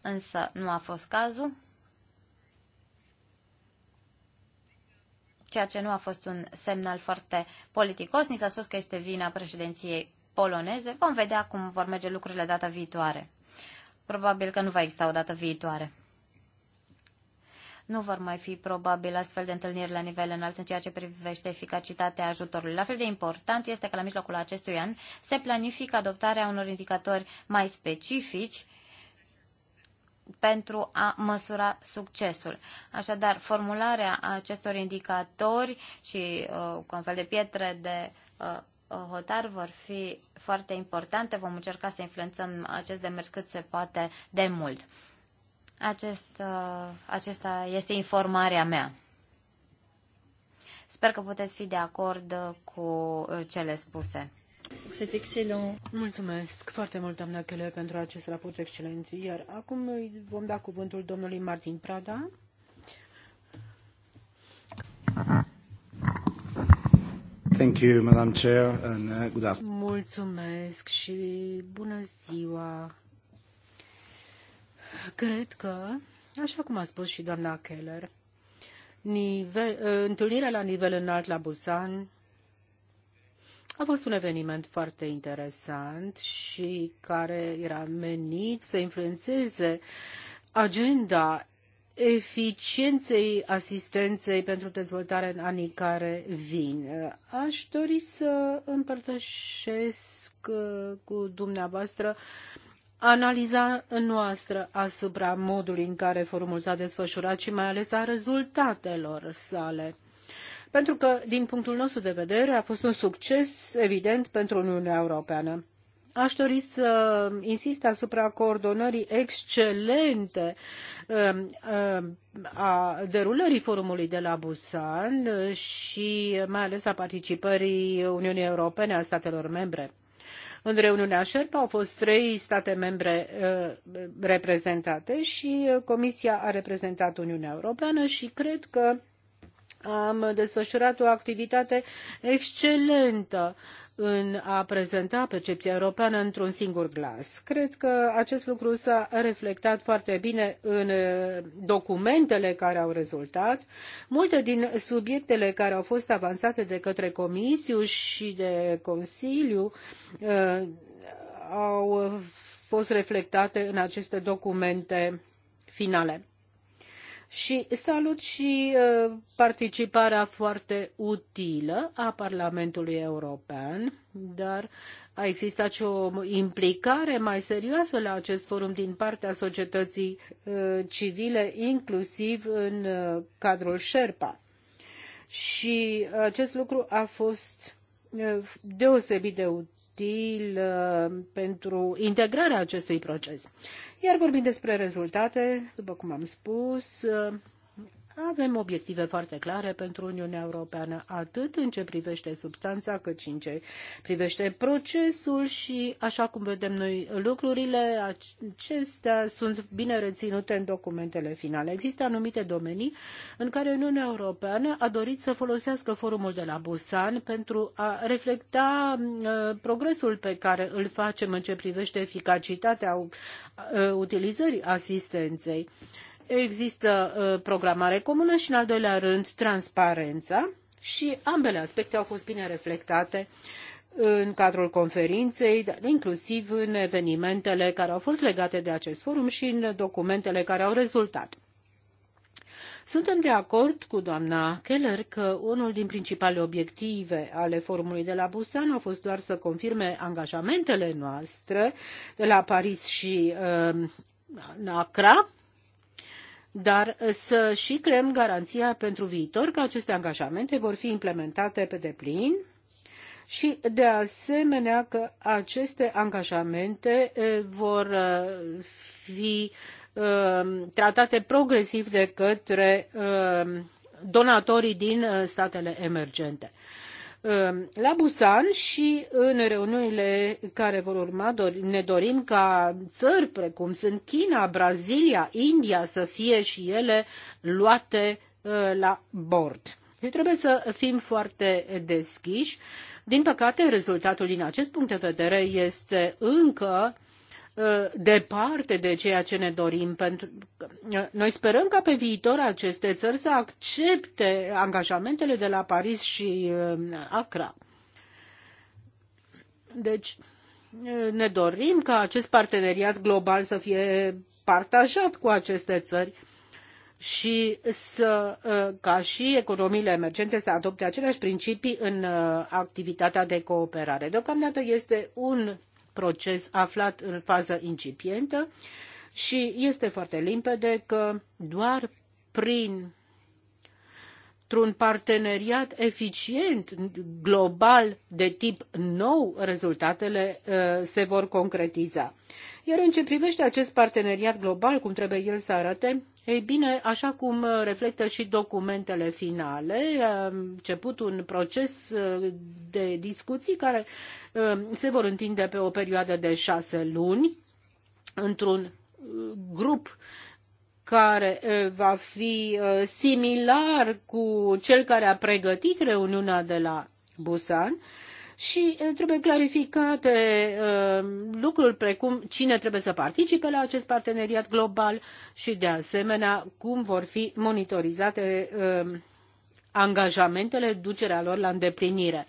însă nu a fost cazul. ceea ce nu a fost un semnal foarte politicos. Ni s-a spus că este vina președinției poloneze. Vom vedea cum vor merge lucrurile data viitoare. Probabil că nu va exista o dată viitoare nu vor mai fi probabil astfel de întâlniri la nivel înalt în ceea ce privește eficacitatea ajutorului. La fel de important este că la mijlocul acestui an se planifică adoptarea unor indicatori mai specifici pentru a măsura succesul. Așadar, formularea acestor indicatori și uh, cu un fel de pietre de uh, hotar vor fi foarte importante. Vom încerca să influențăm acest demers cât se poate de mult. Acest, uh, acesta este informarea mea. Sper că puteți fi de acord uh, cu uh, cele spuse. C'est excellent. Mulțumesc foarte mult, doamna Keller, pentru acest raport excelent. Iar acum noi vom da cuvântul domnului Martin Prada. Thank you, Madam Chair, and good afternoon. Mulțumesc și bună ziua Cred că, așa cum a spus și doamna Keller, nivel, ă, întâlnirea la nivel înalt la Busan a fost un eveniment foarte interesant și care era menit să influențeze agenda eficienței asistenței pentru dezvoltare în anii care vin. Aș dori să împărtășesc ă, cu dumneavoastră analiza noastră asupra modului în care forumul s-a desfășurat și mai ales a rezultatelor sale. Pentru că, din punctul nostru de vedere, a fost un succes evident pentru Uniunea Europeană. Aș dori să insist asupra coordonării excelente um, um, a derulării forumului de la Busan și mai ales a participării Uniunii Europene a statelor membre în reuniunea sherpa au fost trei state membre uh, reprezentate și uh, Comisia a reprezentat Uniunea Europeană și cred că am desfășurat o activitate excelentă în a prezenta percepția europeană într-un singur glas. Cred că acest lucru s-a reflectat foarte bine în uh, documentele care au rezultat. Multe din subiectele care au fost avansate de către Comisiu și de Consiliu uh, au fost reflectate în aceste documente finale și salut și uh, participarea foarte utilă a Parlamentului European, dar a existat și o implicare mai serioasă la acest forum din partea societății uh, civile, inclusiv în uh, cadrul Sherpa. Și acest lucru a fost deosebit de util util uh, pentru integrarea acestui proces. Iar vorbind despre rezultate, după cum am spus, uh, avem obiective foarte clare pentru Uniunea Europeană, atât în ce privește substanța, cât și în ce privește procesul și, așa cum vedem noi lucrurile, acestea sunt bine reținute în documentele finale. Există anumite domenii în care Uniunea Europeană a dorit să folosească forumul de la Busan pentru a reflecta uh, progresul pe care îl facem în ce privește eficacitatea uh, utilizării asistenței. Uh, există uh, programare comună și, în al doilea rând, transparența și ambele aspecte au fost bine reflectate în cadrul conferinței, inclusiv în evenimentele care au fost legate de acest forum și în documentele care au rezultat. Suntem de acord cu doamna Keller că unul din principalele obiective ale forumului de la Busan a fost doar să confirme angajamentele noastre de la Paris și uh, Accra, dar uh, să și creăm garanția pentru viitor că aceste angajamente vor fi implementate pe deplin și de asemenea că aceste angajamente uh, vor uh, fi tratate progresiv de către donatorii din statele emergente. Um, la Busan și în reuniunile care vor urma ne dorim ca țări precum sunt China, Brazilia, India să fie și ele luate uh, la bord. Deci trebuie să fim foarte deschiși. Din păcate, rezultatul din acest punct de vedere este încă uh, Uh, departe de ceea ce ne dorim. Pentru că uh, noi sperăm ca pe viitor aceste țări să accepte angajamentele de la Paris și uh, Accra. Deci, ne dorim ca acest parteneriat global să fie partajat cu aceste țări și să, ca și economiile emergente să adopte aceleași principii în activitatea de cooperare. Deocamdată este un proces aflat în fază incipientă și este foarte limpede că doar prin un parteneriat eficient global de tip nou rezultatele uh, se vor concretiza. Iar în ce privește acest parteneriat global, cum trebuie el să arate, ei bine, așa cum reflectă și documentele finale, a început un proces uh, de discuții care uh, se vor întinde pe o perioadă de șase luni într-un uh, grup care va fi similar cu cel care a pregătit reuniunea de la Busan și uh, trebuie clarificate uh, lucruri precum cine trebuie să participe la acest parteneriat global și de asemenea cum vor fi monitorizate uh, angajamentele, ducerea lor la îndeplinire.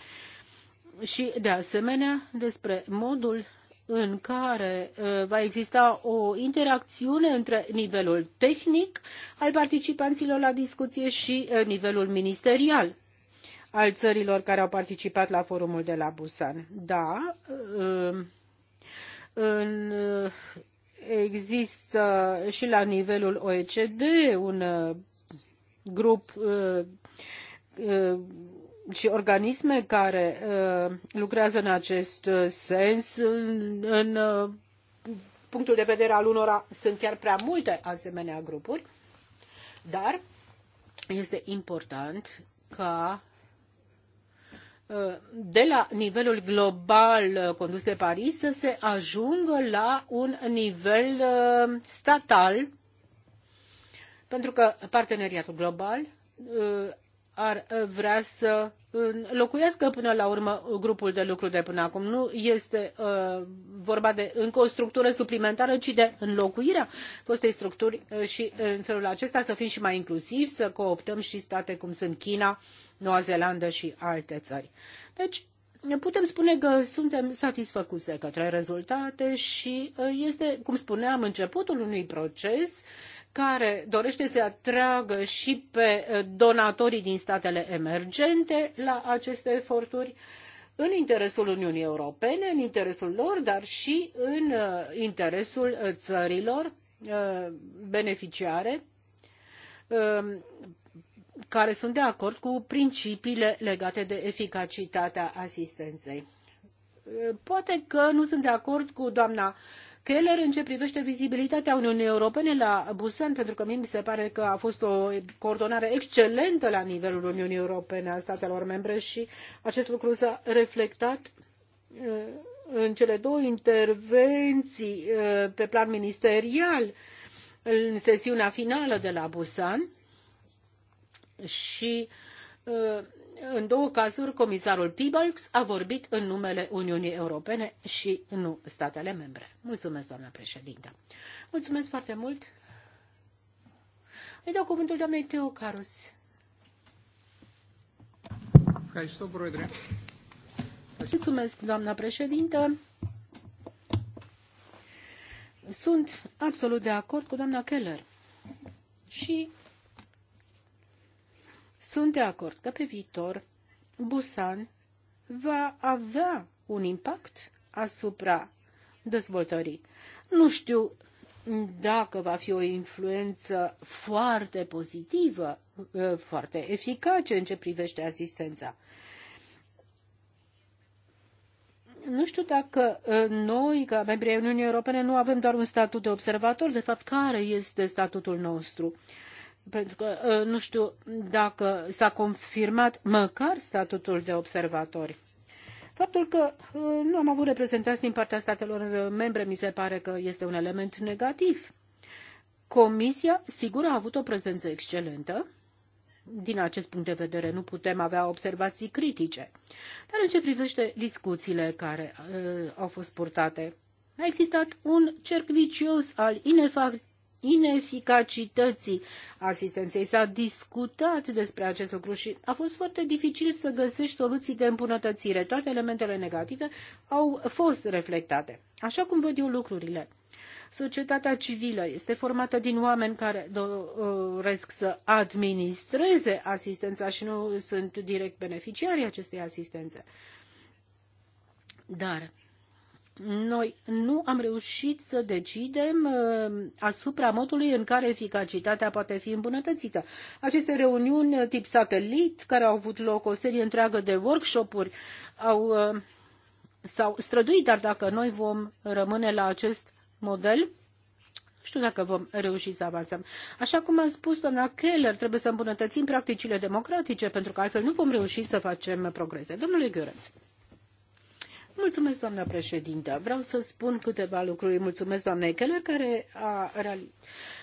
Și de asemenea despre modul în care va exista o interacțiune între nivelul tehnic al participanților la discuție și nivelul ministerial al țărilor care au participat la forumul de la Busan. Da, um, în, există și la nivelul OECD un uh, grup uh, uh, și organisme care lucrează în acest sens în, în punctul de vedere al unora sunt chiar prea multe asemenea grupuri, dar este important ca de la nivelul global uh, condus de Paris să se ajungă la un nivel uh, statal, pentru că parteneriatul global uh, ar vrea să înlocuiască până la urmă grupul de lucru de până acum. Nu este uh, vorba de încă o structură suplimentară, ci de înlocuirea fostei structuri uh, și uh, în felul acesta să fim și mai inclusivi, să cooptăm și state cum sunt China, Noua Zeelandă și alte țări. Deci, putem spune că suntem satisfăcuți de către rezultate și uh, este, cum spuneam, începutul unui proces care dorește să atragă și pe eh, donatorii din statele emergente la aceste eforturi în interesul Uniunii Europene, în interesul lor, dar și în eh, interesul eh, țărilor beneficiare care sunt de acord cu principiile legate de eficacitatea asistenței. Poate că nu sunt de acord cu doamna Keller în ce privește vizibilitatea Uniunii Europene la Busan, pentru că mie mi se pare că a fost o coordonare excelentă la nivelul Uniunii Europene a statelor membre și acest lucru s-a reflectat uh, în cele două intervenții uh, pe plan ministerial în sesiunea finală de la Busan și uh, în două cazuri, comisarul Peebles a vorbit în numele Uniunii Europene și nu statele membre. Mulțumesc, doamna președintă. Mulțumesc foarte mult. Îi dau cuvântul doamnei Carus. Mulțumesc, doamna președintă. Sunt absolut de acord cu doamna Keller. Și sunt de acord că pe viitor Busan va avea un impact asupra dezvoltării. Nu știu dacă va fi o influență foarte pozitivă, ă, foarte eficace în ce privește asistența. Nu știu dacă ă, noi, ca membrii Uniunii Europene, nu avem doar un statut de observator, de fapt, care este statutul nostru. Uh, pentru că uh, nu știu dacă s-a confirmat măcar statutul de observatori. Faptul că uh, nu am avut reprezentanți din partea statelor uh, membre mi se pare că este un element negativ. Comisia, sigur, a avut o prezență excelentă. Din acest punct de vedere, nu putem avea observații critice. Dar în ce privește discuțiile care uh, au fost purtate, a existat un cerc vicios al inefac ineficacității asistenței. S-a discutat despre acest lucru și a fost foarte dificil să găsești soluții de îmbunătățire. Toate elementele negative au fost reflectate. Așa cum văd eu lucrurile. Societatea civilă este formată din oameni care doresc să administreze asistența și nu sunt direct beneficiarii acestei asistențe. Dar noi nu am reușit să decidem uh, asupra modului în care eficacitatea poate fi îmbunătățită. Aceste reuniuni tip satelit, care au avut loc o serie întreagă de workshop-uri, au, uh, s-au străduit, dar dacă noi vom rămâne la acest model, nu știu dacă vom reuși să avansăm. Așa cum a spus doamna Keller, trebuie să îmbunătățim practicile democratice, pentru că altfel nu vom reuși să facem progrese. Domnule Gheoreț. Mulțumesc, doamna președintă. Vreau să spun câteva lucruri. Mulțumesc, doamnei Keller, care a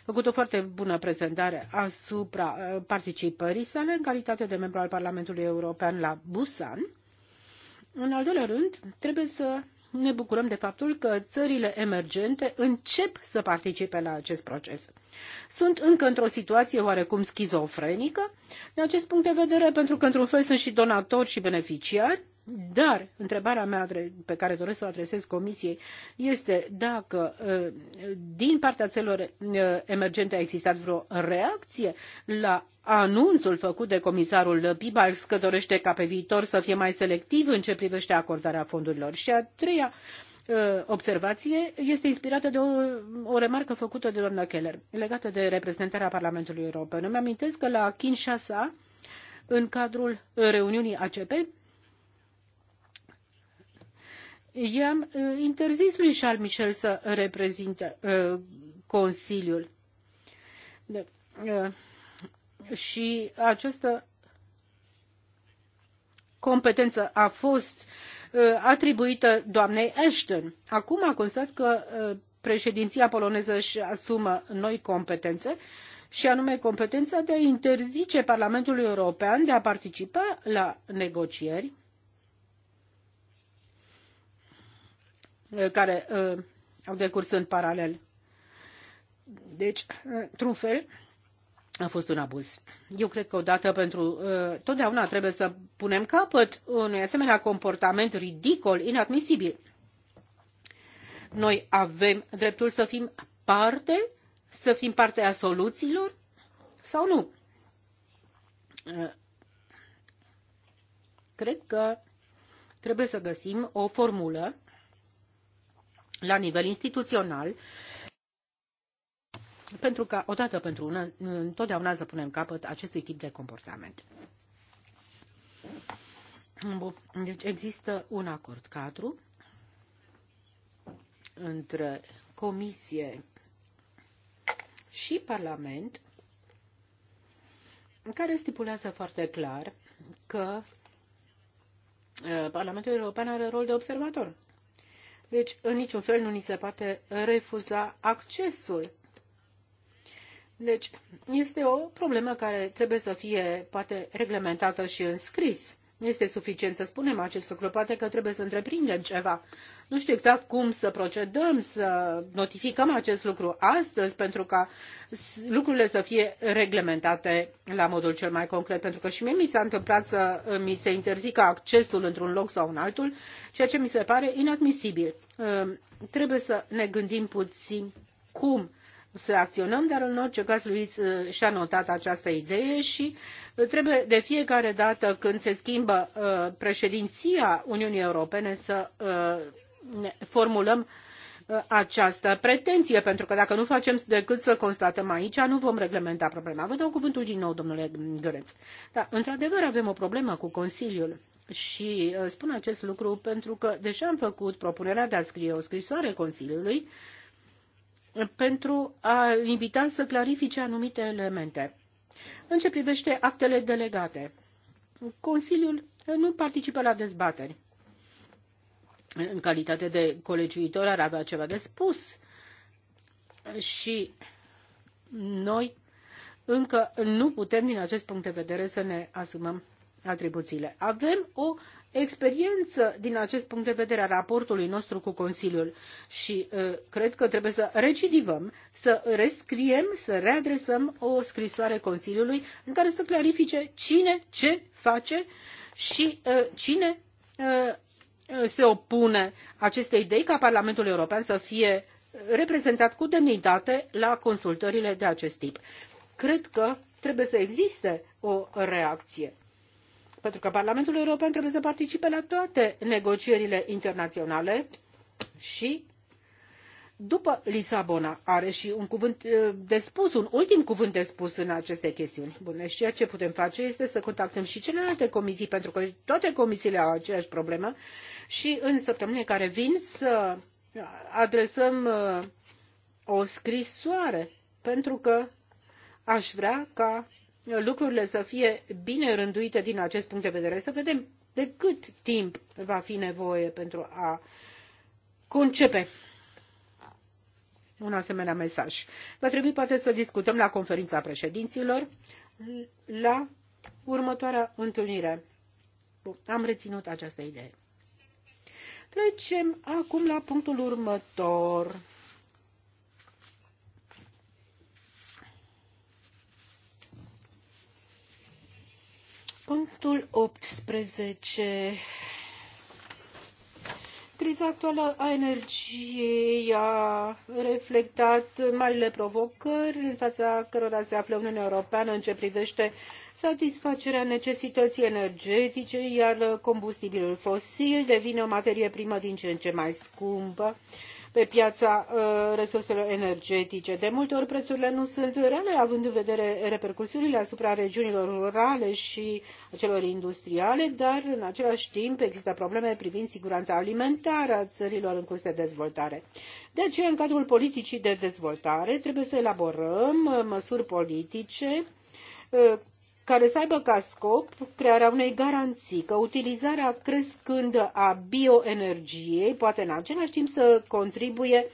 făcut o foarte bună prezentare asupra uh, participării sale în calitate de membru al Parlamentului European la Busan. În al doilea rând, trebuie să ne bucurăm de faptul că țările emergente încep să participe la acest proces. Sunt încă într-o situație oarecum schizofrenică, de acest punct de vedere, pentru că într-un fel sunt și donatori și beneficiari, dar întrebarea mea pe care doresc să o adresez Comisiei este dacă ă, din partea țărilor ă, emergente a existat vreo reacție la anunțul făcut de comisarul Piebalgs că dorește ca pe viitor să fie mai selectiv în ce privește acordarea fondurilor. Și a treia ă, observație este inspirată de o, o remarcă făcută de doamna Keller legată de reprezentarea Parlamentului European. Îmi amintesc că la Kinshasa, în cadrul reuniunii ACP, i-am uh, interzis lui Charles Michel să reprezinte uh, Consiliul. De, da, uh, și această competență a fost uh, atribuită doamnei Ashton. Acum a constat că uh, președinția poloneză își asumă noi competențe și anume competența de a interzice Parlamentului European de a participa la negocieri Uh, care uh, au decurs în paralel. Deci, uh, într-un fel, a fost un abuz. Eu cred că odată pentru totdeauna trebuie să punem capăt unui asemenea comportament ridicol, inadmisibil. Noi avem dreptul să fim parte, să fim parte a soluțiilor sau nu. Cred că trebuie să găsim o formulă la nivel instituțional, pentru că odată pentru una, întotdeauna să punem capăt acestui tip de comportament. Bun. Deci există un acord cadru între Comisie și Parlament care stipulează foarte clar că uh, Parlamentul European are rol de observator deci, în niciun fel nu ni se poate refuza accesul. Deci, este o problemă care trebuie să fie, poate, reglementată și înscris. Nu este suficient să spunem acest lucru, poate că trebuie să întreprindem ceva nu știu exact cum să procedăm, să notificăm acest lucru astăzi pentru ca lucrurile să fie reglementate la modul cel mai concret, pentru că și mie mi s-a întâmplat să uh, mi se interzică accesul într-un loc sau în altul, ceea ce mi se pare inadmisibil. Uh, trebuie să ne gândim puțin cum să acționăm, dar în orice caz Luis uh, și-a notat această idee și trebuie de fiecare dată când se schimbă președinția Uniunii Europene să formulăm uh, această pretenție, pentru că dacă nu facem decât să constatăm aici, nu vom reglementa problema. Vă dau cuvântul din nou, domnule Găreț. Da, într-adevăr avem o problemă cu Consiliul și uh, spun acest lucru pentru că deja am făcut propunerea de a scrie o scrisoare Consiliului pentru a invita să clarifice anumite elemente. În ce privește actele delegate, Consiliul nu participă la dezbateri în calitate de colegiuitor ar avea ceva de spus. Și noi încă nu putem, din acest punct de vedere, să ne asumăm atribuțiile. Avem o experiență din acest punct de vedere a raportului nostru cu Consiliul și uh, cred că trebuie să recidivăm, să rescriem, să readresăm o scrisoare Consiliului în care să clarifice cine ce face și uh, cine uh, Uh, se opune acestei idei ca Parlamentul European să fie reprezentat cu demnitate la consultările de acest tip. Cred că trebuie să existe o reacție. Pentru că Parlamentul European trebuie să participe la toate negocierile internaționale și după Lisabona are și un cuvânt de spus, un ultim cuvânt de spus în aceste chestiuni. Bun, și deci ceea ce putem face este să contactăm și celelalte comisii, pentru că toate comisiile au aceeași problemă și în săptămâna care vin să adresăm o scrisoare, pentru că aș vrea ca lucrurile să fie bine rânduite din acest punct de vedere, să vedem de cât timp va fi nevoie pentru a concepe un asemenea mesaj. Va trebui poate să discutăm la conferința președinților la următoarea întâlnire. Bun, am reținut această idee. Trecem acum la punctul următor. Punctul 18 Criza actuală a energiei a reflectat marile provocări în fața cărora se află Uniunea Europeană în ce privește satisfacerea necesității energetice, iar combustibilul fosil devine o materie primă din ce în ce mai scumpă pe piața uh, resurselor energetice. De multe ori prețurile nu sunt reale, având în vedere repercusiunile asupra regiunilor rurale și celor industriale, dar în același timp există probleme privind siguranța alimentară a țărilor în curs de dezvoltare. De aceea, în cadrul politicii de dezvoltare, trebuie să elaborăm uh, măsuri politice uh, care să aibă ca scop crearea unei garanții că utilizarea crescândă a bioenergiei poate în același timp să contribuie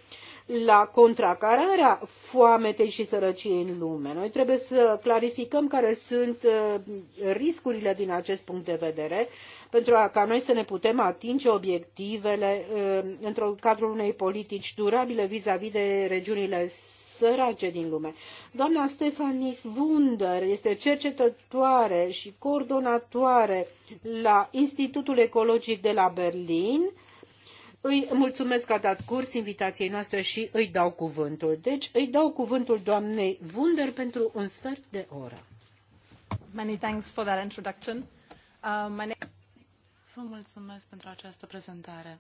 la contracararea foametei și sărăciei în lume. Noi trebuie să clarificăm care sunt uh, riscurile din acest punct de vedere pentru a, ca noi să ne putem atinge obiectivele uh, într-un cadrul unei politici durabile vis-a-vis -vis de regiunile sărace din lume. Doamna Stefanie Wunder este cercetătoare și coordonatoare la Institutul Ecologic de la Berlin. Îi mulțumesc că a dat curs invitației noastre și îi dau cuvântul. Deci îi dau cuvântul doamnei Wunder pentru un sfert de oră. Many thanks for that introduction. Uh, my name... Vă mulțumesc pentru această prezentare.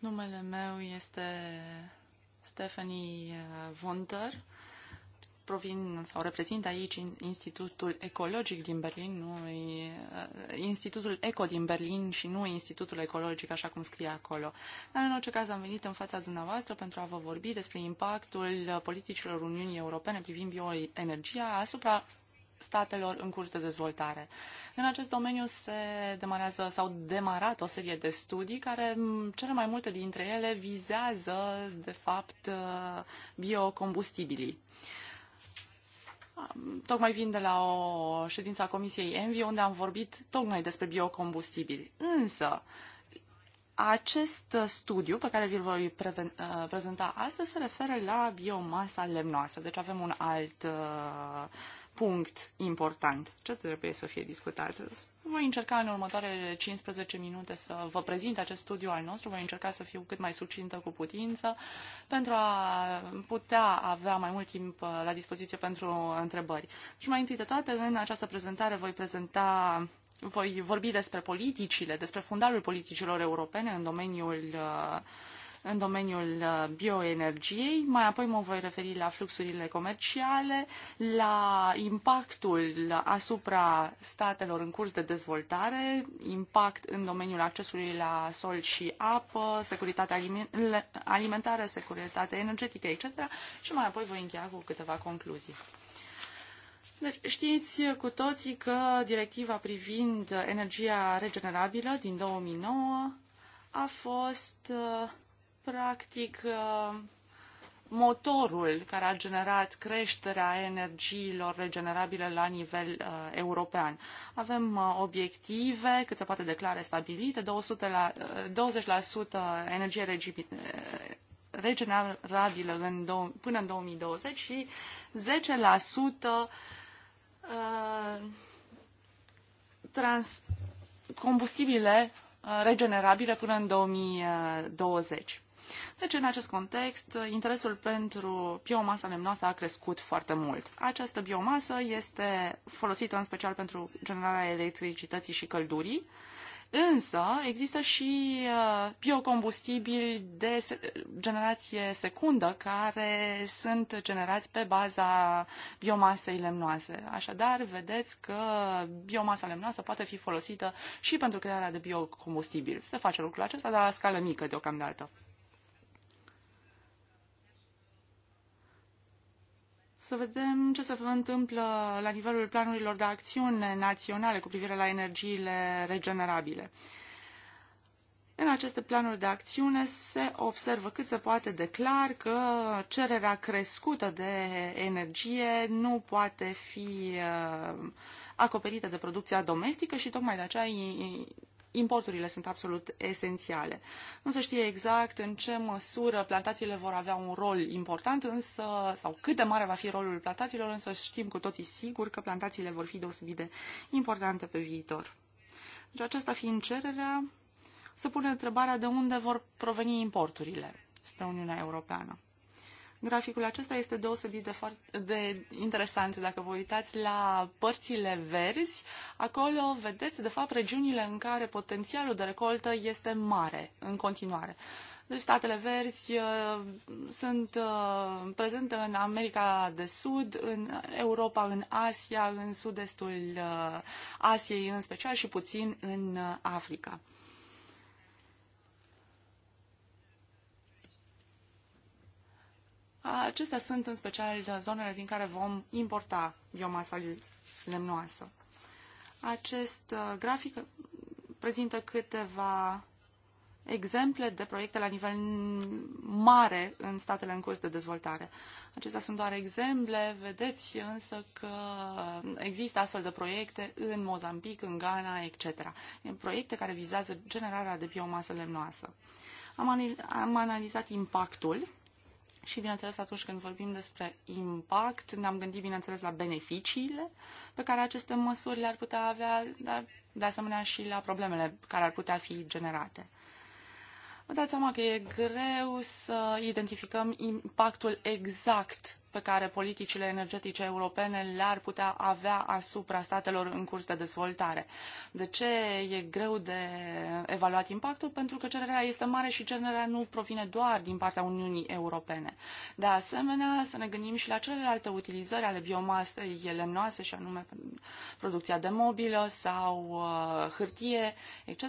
Numele meu este Stephanie Wunder uh, Provin sau reprezint aici Institutul Ecologic din Berlin, nu uh, Institutul Eco din Berlin și nu Institutul Ecologic, așa cum scrie acolo. Dar în orice caz am venit în fața dumneavoastră pentru a vă vorbi despre impactul politicilor Uniunii Europene privind bioenergia asupra statelor în curs de dezvoltare. În acest domeniu se demarează sau demarat o serie de studii care cele mai multe dintre ele vizează, de fapt, uh, biocombustibilii. Tocmai vin de la o ședință a Comisiei Envi, unde am vorbit tocmai despre biocombustibili. Însă, acest studiu pe care vi-l voi uh, prezenta astăzi se referă la biomasa lemnoasă. Deci avem un alt uh, punct important ce trebuie să fie discutat. Voi încerca în următoarele 15 minute să vă prezint acest studiu al nostru, voi încerca să fiu cât mai succintă cu putință pentru a putea avea mai mult timp uh, la dispoziție pentru întrebări. Și deci, mai întâi de toate, în această prezentare voi prezenta voi vorbi despre politicile, despre fundalul politicilor europene în domeniul uh, în domeniul uh, bioenergiei, mai apoi mă voi referi la fluxurile comerciale, la impactul asupra statelor în curs de dezvoltare, impact în domeniul accesului la sol și apă, securitatea alimentară, securitatea energetică, etc. Și mai apoi voi încheia cu câteva concluzii. Deci, știți cu toții că directiva privind energia regenerabilă din 2009 a fost uh, practic, uh, motorul care a generat creșterea energiilor regenerabile la nivel uh, european. Avem uh, obiective cât se poate declare stabilite, 200 la, uh, 20% energie regi, uh, regenerabilă în dou- până în 2020 și 10% uh, trans- combustibile uh, regenerabile până în 2020 deci, în acest context, interesul pentru biomasa lemnoasă a crescut foarte mult. Această biomasă este folosită în special pentru generarea electricității și căldurii, Însă există și uh, biocombustibili de generație secundă care sunt generați pe baza biomasei lemnoase. Așadar, vedeți că biomasa lemnoasă poate fi folosită și pentru crearea de biocombustibili. Se face lucrul acesta, dar la scală mică deocamdată. să vedem ce se întâmplă la nivelul planurilor de acțiune naționale cu privire la energiile regenerabile. În aceste planuri de acțiune se observă cât se poate de clar că cererea crescută de energie nu poate fi uh, acoperită de producția domestică și tocmai de aceea importurile sunt absolut esențiale. Nu se știe exact în ce măsură plantațiile vor avea un rol important, însă, sau cât de mare va fi rolul plantațiilor, însă știm cu toții sigur că plantațiile vor fi deosebit de importante pe viitor. Deci aceasta fiind cererea, se pune întrebarea de unde vor proveni importurile spre Uniunea Europeană. Graficul acesta este deosebit de, foarte, de interesant. Dacă vă uitați la părțile verzi, acolo vedeți, de fapt, regiunile în care potențialul de recoltă este mare în continuare. Deci statele verzi uh, sunt uh, prezente în America de Sud, în Europa, în Asia, în sud-estul uh, Asiei în special și puțin în uh, Africa. Acestea sunt în special zonele din care vom importa biomasa lemnoasă. Acest uh, grafic prezintă câteva exemple de proiecte la nivel mare în statele în curs de dezvoltare. Acestea sunt doar exemple, vedeți însă că există astfel de proiecte în Mozambic, în Ghana, etc. Proiecte care vizează generarea de biomasă lemnoasă. Am, am analizat impactul și, bineînțeles, atunci când vorbim despre impact, ne-am gândit, bineînțeles, la beneficiile pe care aceste măsuri le-ar putea avea, dar, de asemenea, și la problemele care ar putea fi generate. Vă dați seama că e greu să identificăm impactul exact pe care politicile energetice europene le-ar putea avea asupra statelor în curs de dezvoltare. De ce e greu de evaluat impactul? Pentru că cererea este mare și cererea nu provine doar din partea Uniunii Europene. De asemenea, să ne gândim și la celelalte utilizări ale biomasei lemnoase, și anume producția de mobilă sau uh, hârtie, etc.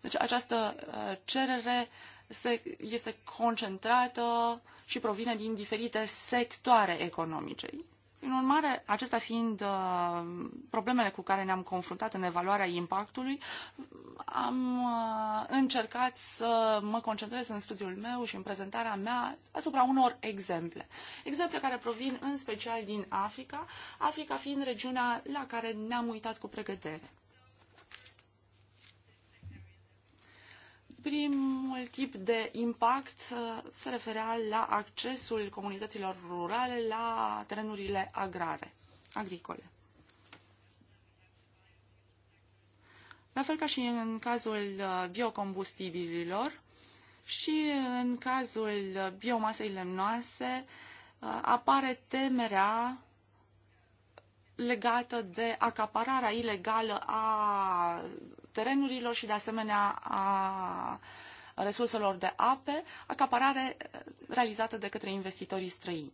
Deci această uh, cerere se, este concentrată și provine din diferite sectoare economice. În urmare, acestea fiind uh, problemele cu care ne-am confruntat în evaluarea impactului, am uh, încercat să mă concentrez în studiul meu și în prezentarea mea asupra unor exemple. Exemple care provin în special din Africa, Africa fiind regiunea la care ne-am uitat cu pregătere. Primul tip de impact uh, se referea la accesul comunităților rurale la terenurile agrare, agricole. La fel ca și în cazul uh, biocombustibililor, și în cazul uh, biomasei lemnoase apare temerea legată de acapararea ilegală a terenurilor și de asemenea a resurselor de ape, acaparare eh, realizată de către investitorii străini.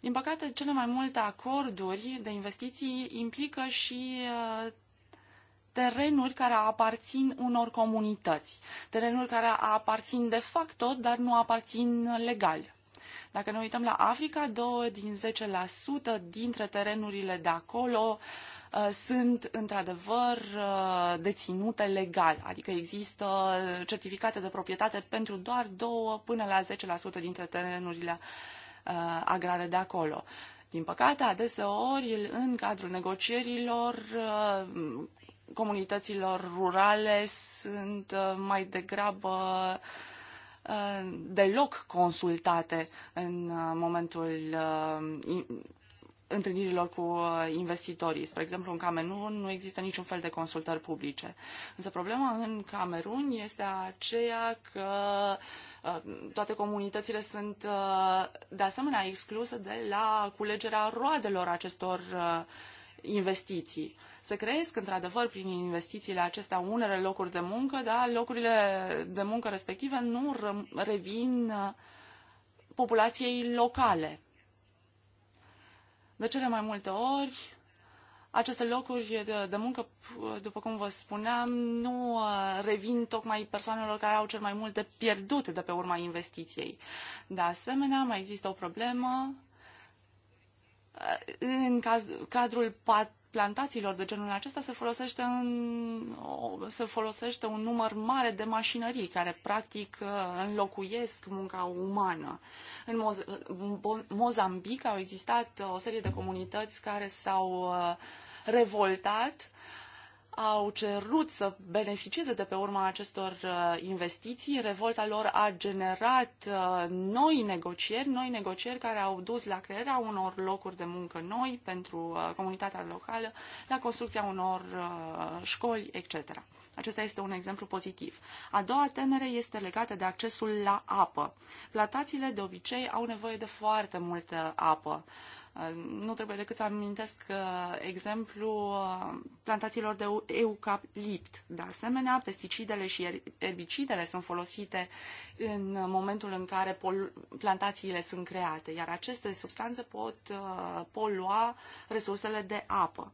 Din păcate, cele mai multe acorduri de investiții implică și eh, terenuri care aparțin unor comunități, terenuri care aparțin de facto, dar nu aparțin legal. Dacă ne uităm la Africa, 2 din 10% dintre terenurile de acolo uh, sunt într-adevăr uh, deținute legal, adică există certificate de proprietate pentru doar 2 până la 10% dintre terenurile uh, agrare de acolo. Din păcate, adeseori, în cadrul negocierilor, comunităților rurale sunt mai degrabă uh, Uh, deloc consultate în uh, momentul uh, întâlnirilor cu investitorii. Spre exemplu, în Camerun nu există niciun fel de consultări publice. Însă problema în Camerun este aceea că toate comunitățile sunt de asemenea excluse de la culegerea roadelor acestor investiții să creesc într-adevăr prin investițiile acestea unele locuri de muncă, dar locurile de muncă respective nu revin uh, populației locale. De cele mai multe ori, aceste locuri de, de muncă, după cum vă spuneam, nu uh, revin tocmai persoanelor care au cel mai mult de pierdut de pe urma investiției. De asemenea, mai există o problemă uh, în caz, cadrul pat, plantațiilor de genul acesta se folosește, în, se folosește un număr mare de mașinării care practic uh, înlocuiesc munca umană. În Mozambic au existat uh, o serie de comunități care s-au uh, revoltat au cerut să beneficieze de pe urma acestor uh, investiții. Revolta lor a generat uh, noi negocieri, noi negocieri care au dus la crearea unor locuri de muncă noi pentru uh, comunitatea locală, la construcția unor școli, etc. Acesta este un exemplu pozitiv. A doua temere este legată de accesul la apă. Platațiile de obicei au nevoie de foarte multă apă. Uh, Uh, nu trebuie decât să amintesc uh, exemplu uh, plantațiilor de eucalipt. De asemenea, pesticidele și erbicidele sunt folosite în momentul în care plantațiile sunt create, iar aceste substanțe pot polua resursele de apă.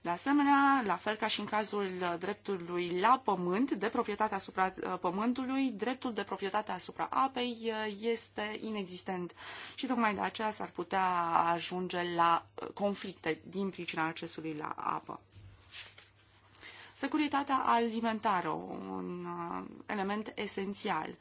De asemenea, la fel ca și în cazul uh, dreptului la pământ, de proprietate asupra uh, pământului, dreptul de proprietate asupra apei uh, este inexistent și tocmai de aceea s-ar putea ajunge la conflicte din pricina accesului la apă. Securitatea alimentară, un element esențial.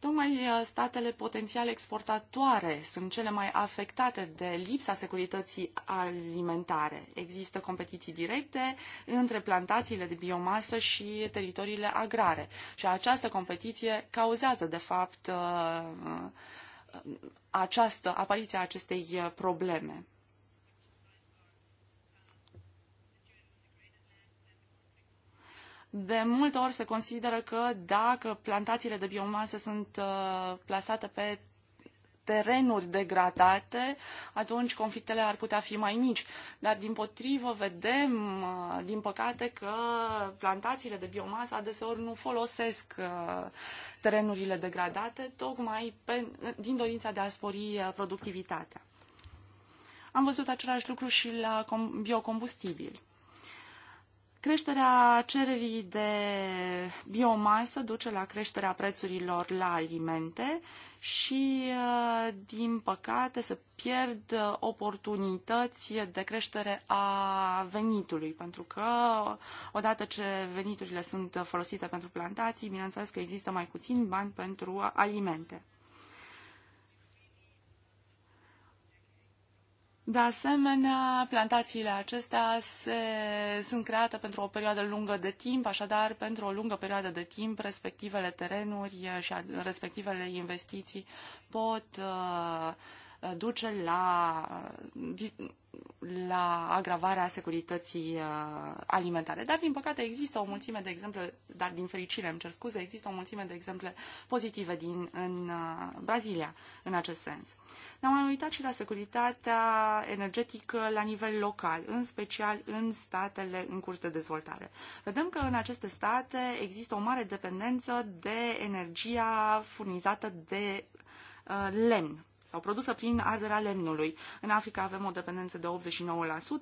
Tocmai uh, statele potențial exportatoare sunt cele mai afectate de lipsa securității alimentare. Există competiții directe între plantațiile de biomasă și teritoriile agrare și această competiție cauzează, de fapt, uh, uh, această, apariția acestei probleme. De multe ori se consideră că dacă plantațiile de biomasă sunt uh, plasate pe terenuri degradate, atunci conflictele ar putea fi mai mici. Dar, din potrivă, vedem, uh, din păcate, că plantațiile de biomasă adeseori nu folosesc uh, terenurile degradate, tocmai pe, din dorința de a spori productivitatea. Am văzut același lucru și la biocombustibili. Creșterea cererii de biomasă duce la creșterea prețurilor la alimente și, uh, din păcate, se pierd uh, oportunități de creștere a venitului, pentru că, odată ce veniturile sunt folosite pentru plantații, bineînțeles că există mai puțin bani pentru alimente. De asemenea, plantațiile acestea se, sunt create pentru o perioadă lungă de timp, așadar, pentru o lungă perioadă de timp, respectivele terenuri și respectivele investiții pot uh, Uh, duce la, uh, la agravarea securității uh, alimentare. Dar, din păcate, există o mulțime de exemple, dar din fericire, îmi cer scuze, există o mulțime de exemple pozitive din, în Brazilia în acest sens. Ne-am mai uitat și la securitatea energetică la nivel local, în special în statele în curs de dezvoltare. Vedem că în aceste state există o mare dependență de energia furnizată de lemn sau produsă prin arderea lemnului. În Africa avem o dependență de 89%,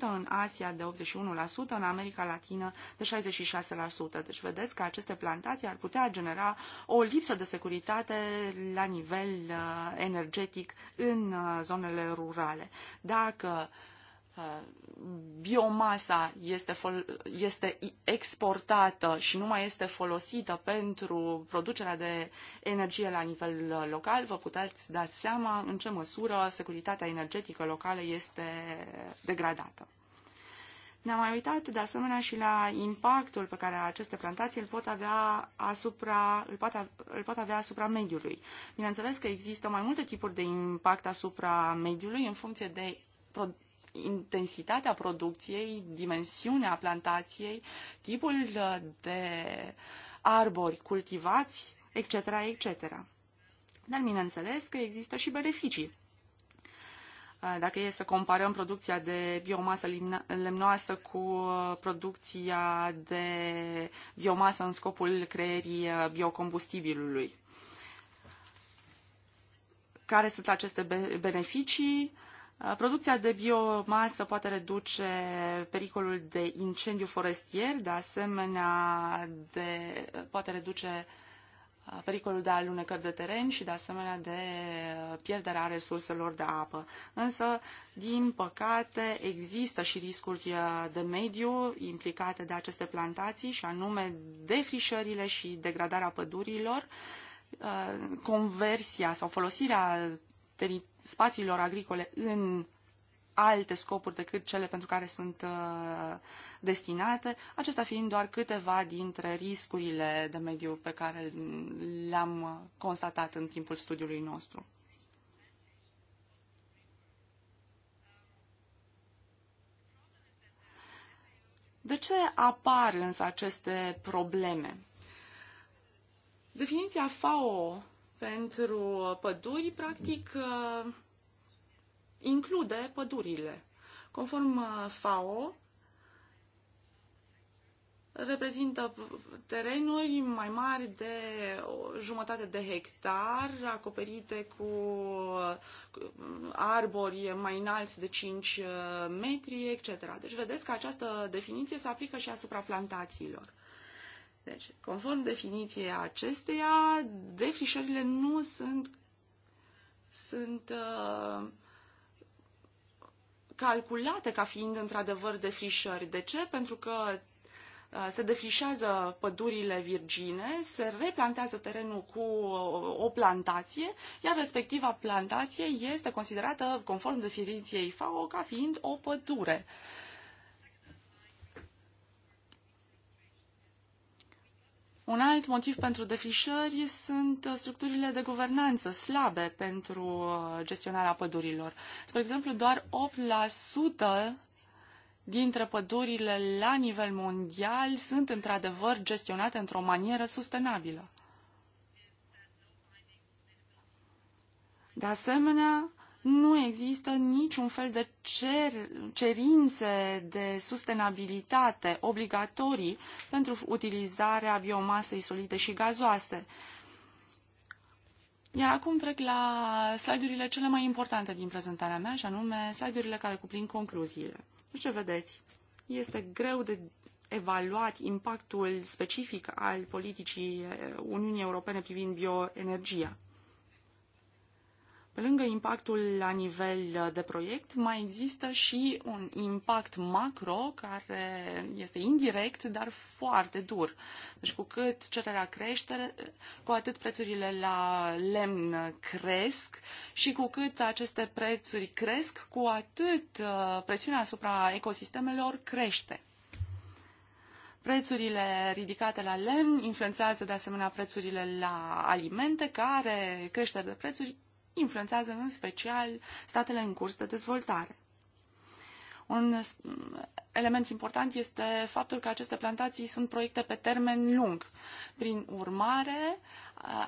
în Asia de 81%, în America Latină de 66%. Deci vedeți că aceste plantații ar putea genera o lipsă de securitate la nivel uh, energetic în uh, zonele rurale. Dacă uh, Uh, biomasa este, este exportată și nu mai este folosită pentru producerea de energie la nivel uh, local, vă puteți da seama în ce măsură securitatea energetică locală este degradată. Ne-am mai uitat de asemenea și la impactul pe care aceste plantații îl pot avea asupra, îl pot, îl pot avea asupra mediului. Bineînțeles că există mai multe tipuri de impact asupra mediului în funcție de intensitatea producției, dimensiunea plantației, tipul uh, de arbori cultivați, etc., etc. Dar, bineînțeles, că există și beneficii uh, dacă e să comparăm producția de biomasă lemnoasă cu uh, producția de biomasă în scopul creierii biocombustibilului. Care sunt aceste beneficii? Producția de biomasă poate reduce pericolul de incendiu forestier, de asemenea de, poate reduce pericolul de alunecări de teren și de asemenea de pierderea resurselor de apă. Însă, din păcate, există și riscuri de mediu implicate de aceste plantații și anume defrișările și degradarea pădurilor, conversia sau folosirea spațiilor agricole în alte scopuri decât cele pentru care sunt uh, destinate, acestea fiind doar câteva dintre riscurile de mediu pe care le-am uh, constatat în timpul studiului nostru. De ce apar însă aceste probleme? Definiția FAO pentru păduri, practic, uh, include pădurile. Conform uh, FAO, reprezintă terenuri mai mari de o jumătate de hectar, acoperite cu uh, arbori mai înalți de 5 metri, etc. Deci vedeți că această definiție se aplică și asupra plantațiilor. Deci, conform definiției acesteia, defrișările nu sunt, sunt uh, calculate ca fiind într-adevăr defrișări. De ce? Pentru că uh, se defrișează pădurile virgine, se replantează terenul cu o plantație, iar respectiva plantație este considerată, conform definiției FAO, ca fiind o pădure. Uh, Un alt motiv pentru defrișări sunt structurile de guvernanță slabe pentru uh, gestionarea pădurilor. Spre exemplu, doar 8% dintre pădurile la nivel mondial sunt într-adevăr gestionate într-o manieră sustenabilă. De asemenea, nu există niciun fel de cer, cerințe de sustenabilitate obligatorii pentru utilizarea biomasei solide și gazoase. Iar acum trec la slide-urile cele mai importante din prezentarea mea, și anume slide-urile care cuprind concluziile. Nu deci ce vedeți? Este greu de evaluat impactul specific al politicii Uniunii Europene privind bioenergia. Pe lângă impactul la nivel de proiect, mai există și un impact macro care este indirect, dar foarte dur. Deci cu cât cererea crește, cu atât prețurile la lemn cresc și cu cât aceste prețuri cresc, cu atât uh, presiunea asupra ecosistemelor crește. Prețurile ridicate la lemn influențează de asemenea prețurile la alimente, care creșterea de prețuri influențează în special statele în curs de dezvoltare. Un element important este faptul că aceste plantații sunt proiecte pe termen lung. Prin urmare,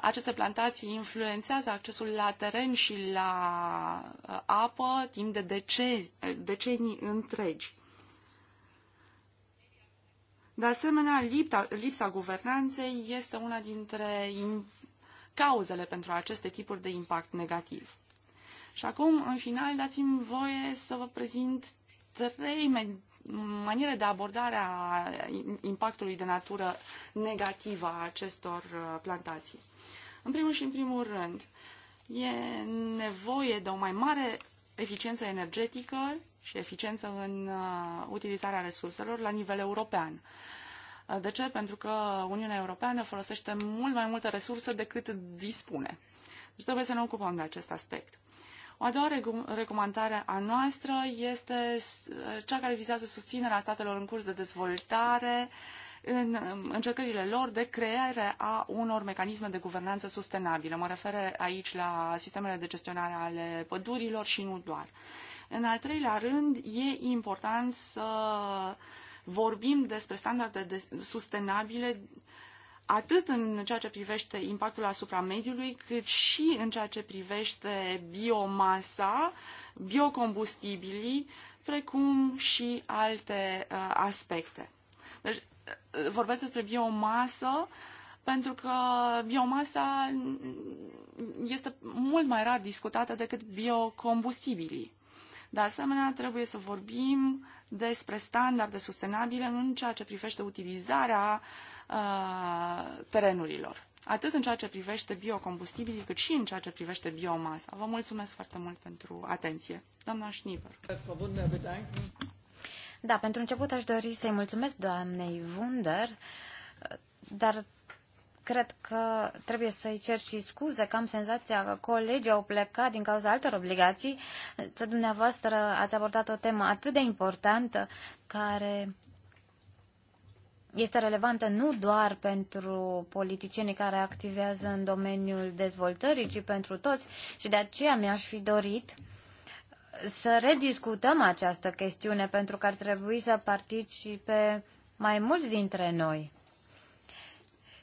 aceste plantații influențează accesul la teren și la apă timp de decenii, întregi. De asemenea, lipsa guvernanței este una dintre cauzele pentru aceste tipuri de impact negativ. Și acum, în final, dați-mi voie să vă prezint trei maniere de abordare a impactului de natură negativă a acestor uh, plantații. În primul și în primul rând, e nevoie de o mai mare eficiență energetică și eficiență în uh, utilizarea resurselor la nivel european. De ce? Pentru că Uniunea Europeană folosește mult mai multe resurse decât dispune. Deci trebuie să ne ocupăm de acest aspect. O a doua recomandare a noastră este cea care vizează susținerea statelor în curs de dezvoltare în încercările lor de creare a unor mecanisme de guvernanță sustenabilă. Mă refer aici la sistemele de gestionare ale pădurilor și nu doar. În al treilea rând, e important să uh, vorbim despre standarde de sustenabile atât în ceea ce privește impactul asupra mediului, cât și în ceea ce privește biomasa, biocombustibilii, precum și alte uh, aspecte. Deci, uh, vorbesc despre biomasă pentru că biomasa este mult mai rar discutată decât biocombustibilii. De asemenea, trebuie să vorbim despre standarde sustenabile în ceea ce privește utilizarea uh, terenurilor, atât în ceea ce privește biocombustibilii, cât și în ceea ce privește biomasa. Vă mulțumesc foarte mult pentru atenție. Doamna Schnieber. Da, pentru început aș dori să-i mulțumesc doamnei Wunder, dar cred că trebuie să-i cer și scuze, că am senzația că colegii au plecat din cauza altor obligații, să dumneavoastră ați abordat o temă atât de importantă care este relevantă nu doar pentru politicienii care activează în domeniul dezvoltării, ci pentru toți și de aceea mi-aș fi dorit să rediscutăm această chestiune pentru că ar trebui să participe mai mulți dintre noi.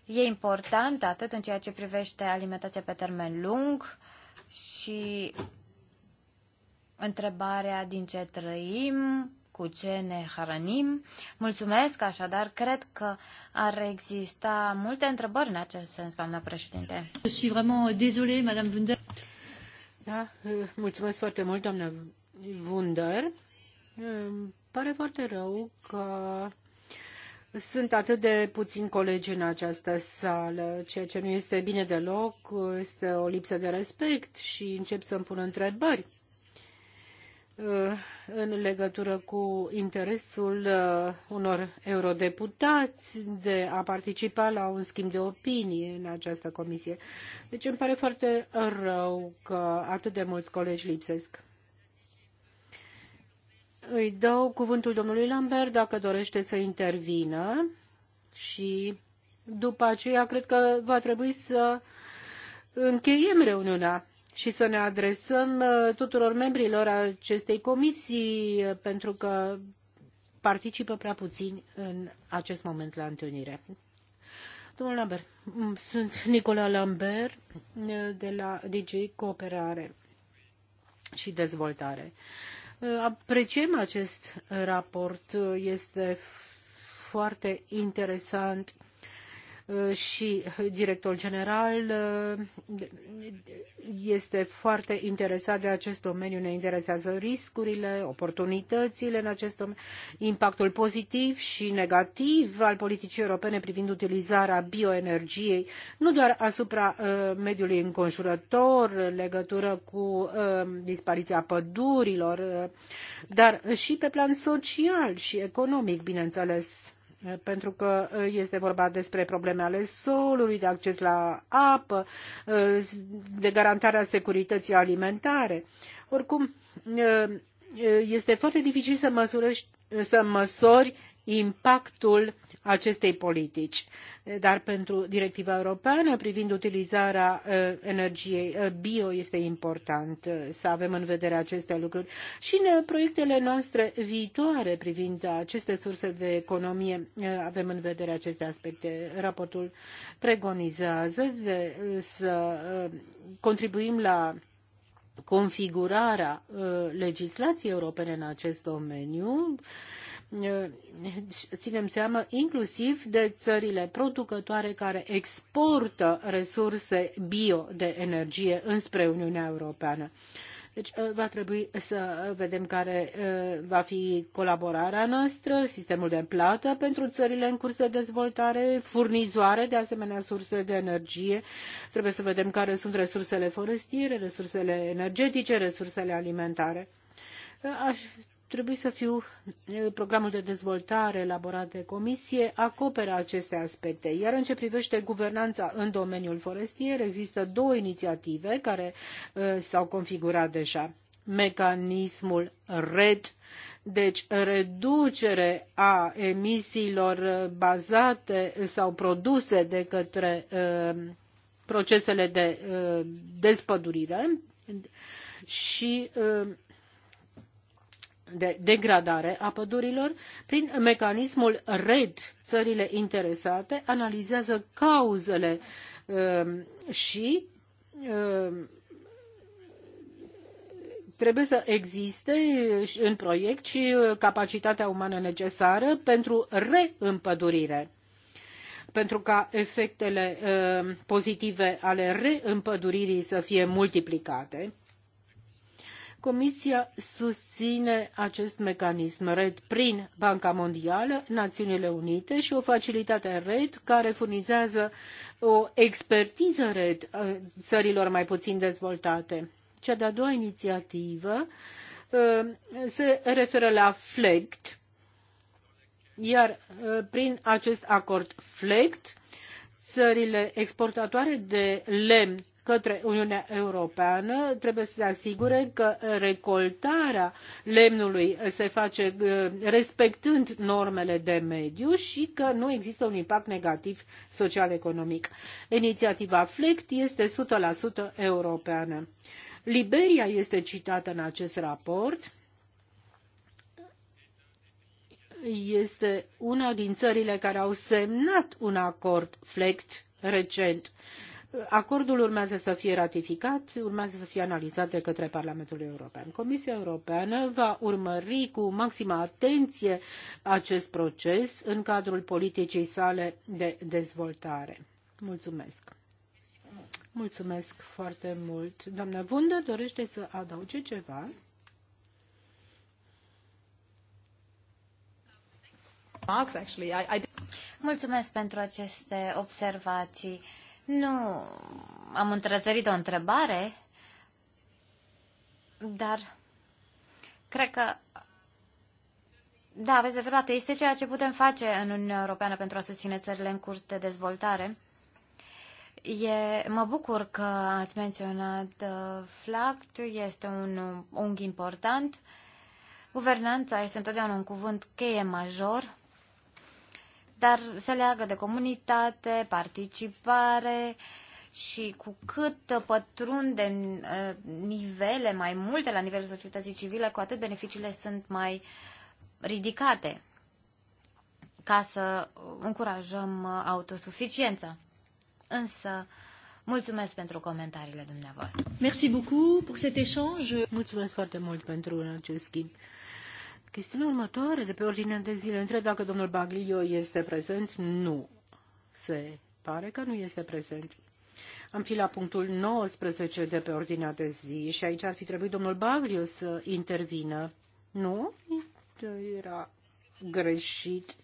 E important atât în ceea ce privește alimentația pe termen lung și întrebarea din ce trăim, cu ce ne hrănim. Mulțumesc, așadar, cred că ar exista multe întrebări în acest sens, doamna președinte. Euh, da, uh, mulțumesc foarte mult, doamna Wunder. Uh, pare foarte rău că sunt atât de puțini colegi în această sală, ceea ce nu este bine deloc, este o lipsă de respect și încep să îmi pun întrebări uh, în legătură cu interesul uh, unor eurodeputați de a participa la un schimb de opinie în această comisie. Deci îmi pare foarte rău că atât de mulți colegi lipsesc. Îi dau cuvântul domnului Lambert dacă dorește să intervină și după aceea cred că va trebui să încheiem reuniunea și să ne adresăm uh, tuturor membrilor acestei comisii uh, pentru că participă prea puțin în acest moment la întâlnire. Domnul Lambert, sunt Nicola Lambert uh, de la DG Cooperare și Dezvoltare. Uh, Apreciem acest raport, este foarte interesant Uh, și director general uh, este foarte interesat de acest domeniu, ne interesează riscurile, oportunitățile în acest domeniu, impactul pozitiv și negativ al politicii europene privind utilizarea bioenergiei, nu doar asupra uh, mediului înconjurător, în legătură cu dispariția pădurilor, dar și pe plan social și economic, bineînțeles pentru că uh, este vorba despre probleme ale solului, de acces la apă, uh, de garantarea securității alimentare. Oricum, uh, este foarte dificil să, măsurești, să măsori impactul acestei politici. Dar pentru directiva europeană privind utilizarea uh, energiei uh, bio este important uh, să avem în vedere aceste lucruri și în proiectele noastre viitoare privind aceste surse de economie avem în vedere aceste aspecte. Raportul preconizează de, să contribuim la configurarea legislației europene în acest domeniu Eh, ținem seama inclusiv de țările producătoare care exportă resurse bio de energie înspre Uniunea Europeană. Deci eh, va trebui să vedem care eh, va fi colaborarea noastră, sistemul de plată pentru țările în curs de dezvoltare, furnizoare de asemenea surse de energie. Trebuie să vedem care sunt resursele forestiere, resursele energetice, resursele alimentare. Aș Trebuie să fiu, programul de dezvoltare elaborat de comisie acoperă aceste aspecte. Iar în ce privește guvernanța în domeniul forestier, există două inițiative care s-au configurat deja. Mecanismul RED, deci reducere a emisiilor bazate sau produse de către procesele de despădurire și uh, de degradare a pădurilor, prin mecanismul RED, țările interesate analizează cauzele um, și um, trebuie să existe în proiect și uh, capacitatea umană necesară pentru reîmpădurire pentru ca efectele um, pozitive ale reîmpăduririi să fie multiplicate Comisia susține acest mecanism RED prin Banca Mondială, Națiunile Unite și o facilitate RED care furnizează o expertiză RED uh, țărilor mai puțin dezvoltate. Cea de-a doua inițiativă uh, se referă la FLECT, iar uh, prin acest acord FLECT, țările exportatoare de lemn către Uniunea Europeană trebuie să se asigure că recoltarea lemnului se face uh, respectând normele de mediu și că nu există un impact negativ social-economic. Inițiativa FLECT este 100% europeană. Liberia este citată în acest raport este una din țările care au semnat un acord FLECT recent. Acordul urmează să fie ratificat, urmează să fie analizat de către Parlamentul European. Comisia Europeană va urmări cu maximă atenție acest proces în cadrul politicii sale de dezvoltare. Mulțumesc! Mulțumesc foarte mult. Doamna dorește să adauge ceva? Mulțumesc pentru aceste observații. Uh, nu am întrezărit o întrebare, dar cred că da, aveți dreptate. Este ceea ce putem face în Uniunea Europeană pentru a susține țările în curs de dezvoltare. E, mă bucur că ați menționat uh, FLACT, este un unghi important. Guvernanța este întotdeauna un cuvânt cheie major dar se leagă de comunitate, participare și cu cât pătrundem uh, nivele mai multe la nivelul societății civile, cu atât beneficiile sunt mai ridicate ca să încurajăm uh, autosuficiența. Însă, Mulțumesc pentru comentariile dumneavoastră. Merci beaucoup pour cet échange. Mulțumesc foarte mult pentru acest schimb Chestiunea următoare de pe ordinea de zile. Întreb dacă domnul Baglio este prezent. Nu. Se pare că nu este prezent. Am fi la punctul 19 de pe ordinea de zi și aici ar fi trebuit domnul Baglio să intervină. Nu? Era greșit.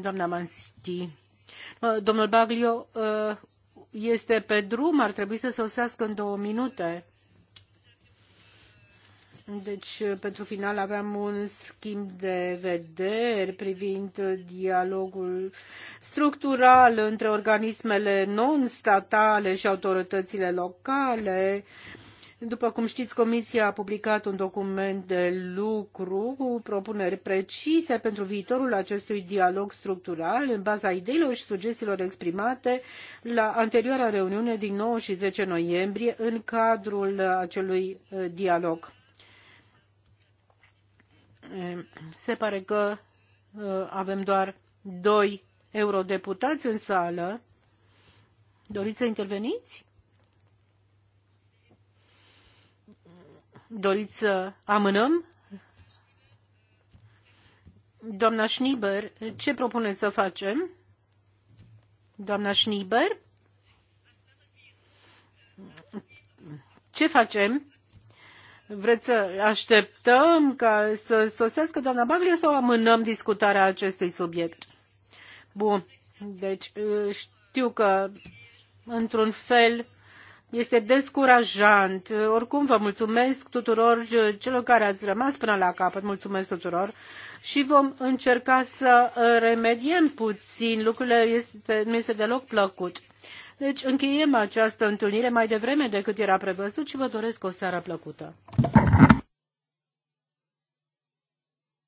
Doamna Mansiti Domnul Baglio ă, este pe drum, ar trebui să sosească în două minute. Deci, pentru final aveam un schimb de vederi privind dialogul structural între organismele non-statale și autoritățile locale. După cum știți, Comisia a publicat un document de lucru cu propuneri precise pentru viitorul acestui dialog structural în baza ideilor și sugestiilor exprimate la anterioara reuniune din 9 și 10 noiembrie în cadrul acelui eh, dialog. Se pare că uh, avem doar doi eurodeputați în sală. Doriți să interveniți? Doriți să amânăm? Doamna Schnieber, ce propuneți să facem? Doamna Schnieber? Ce facem? Vreți să așteptăm ca să sosească doamna Baglia sau amânăm discutarea acestui subiect? Bun. Deci ă, știu că într-un fel este descurajant. Oricum vă mulțumesc tuturor ă, celor care ați rămas până la capăt, mulțumesc tuturor și vom încerca să ă, remediem puțin. Lucrurile este, nu este deloc plăcut. Deci încheiem această întâlnire mai devreme decât era prevăzut și vă doresc o seară plăcută.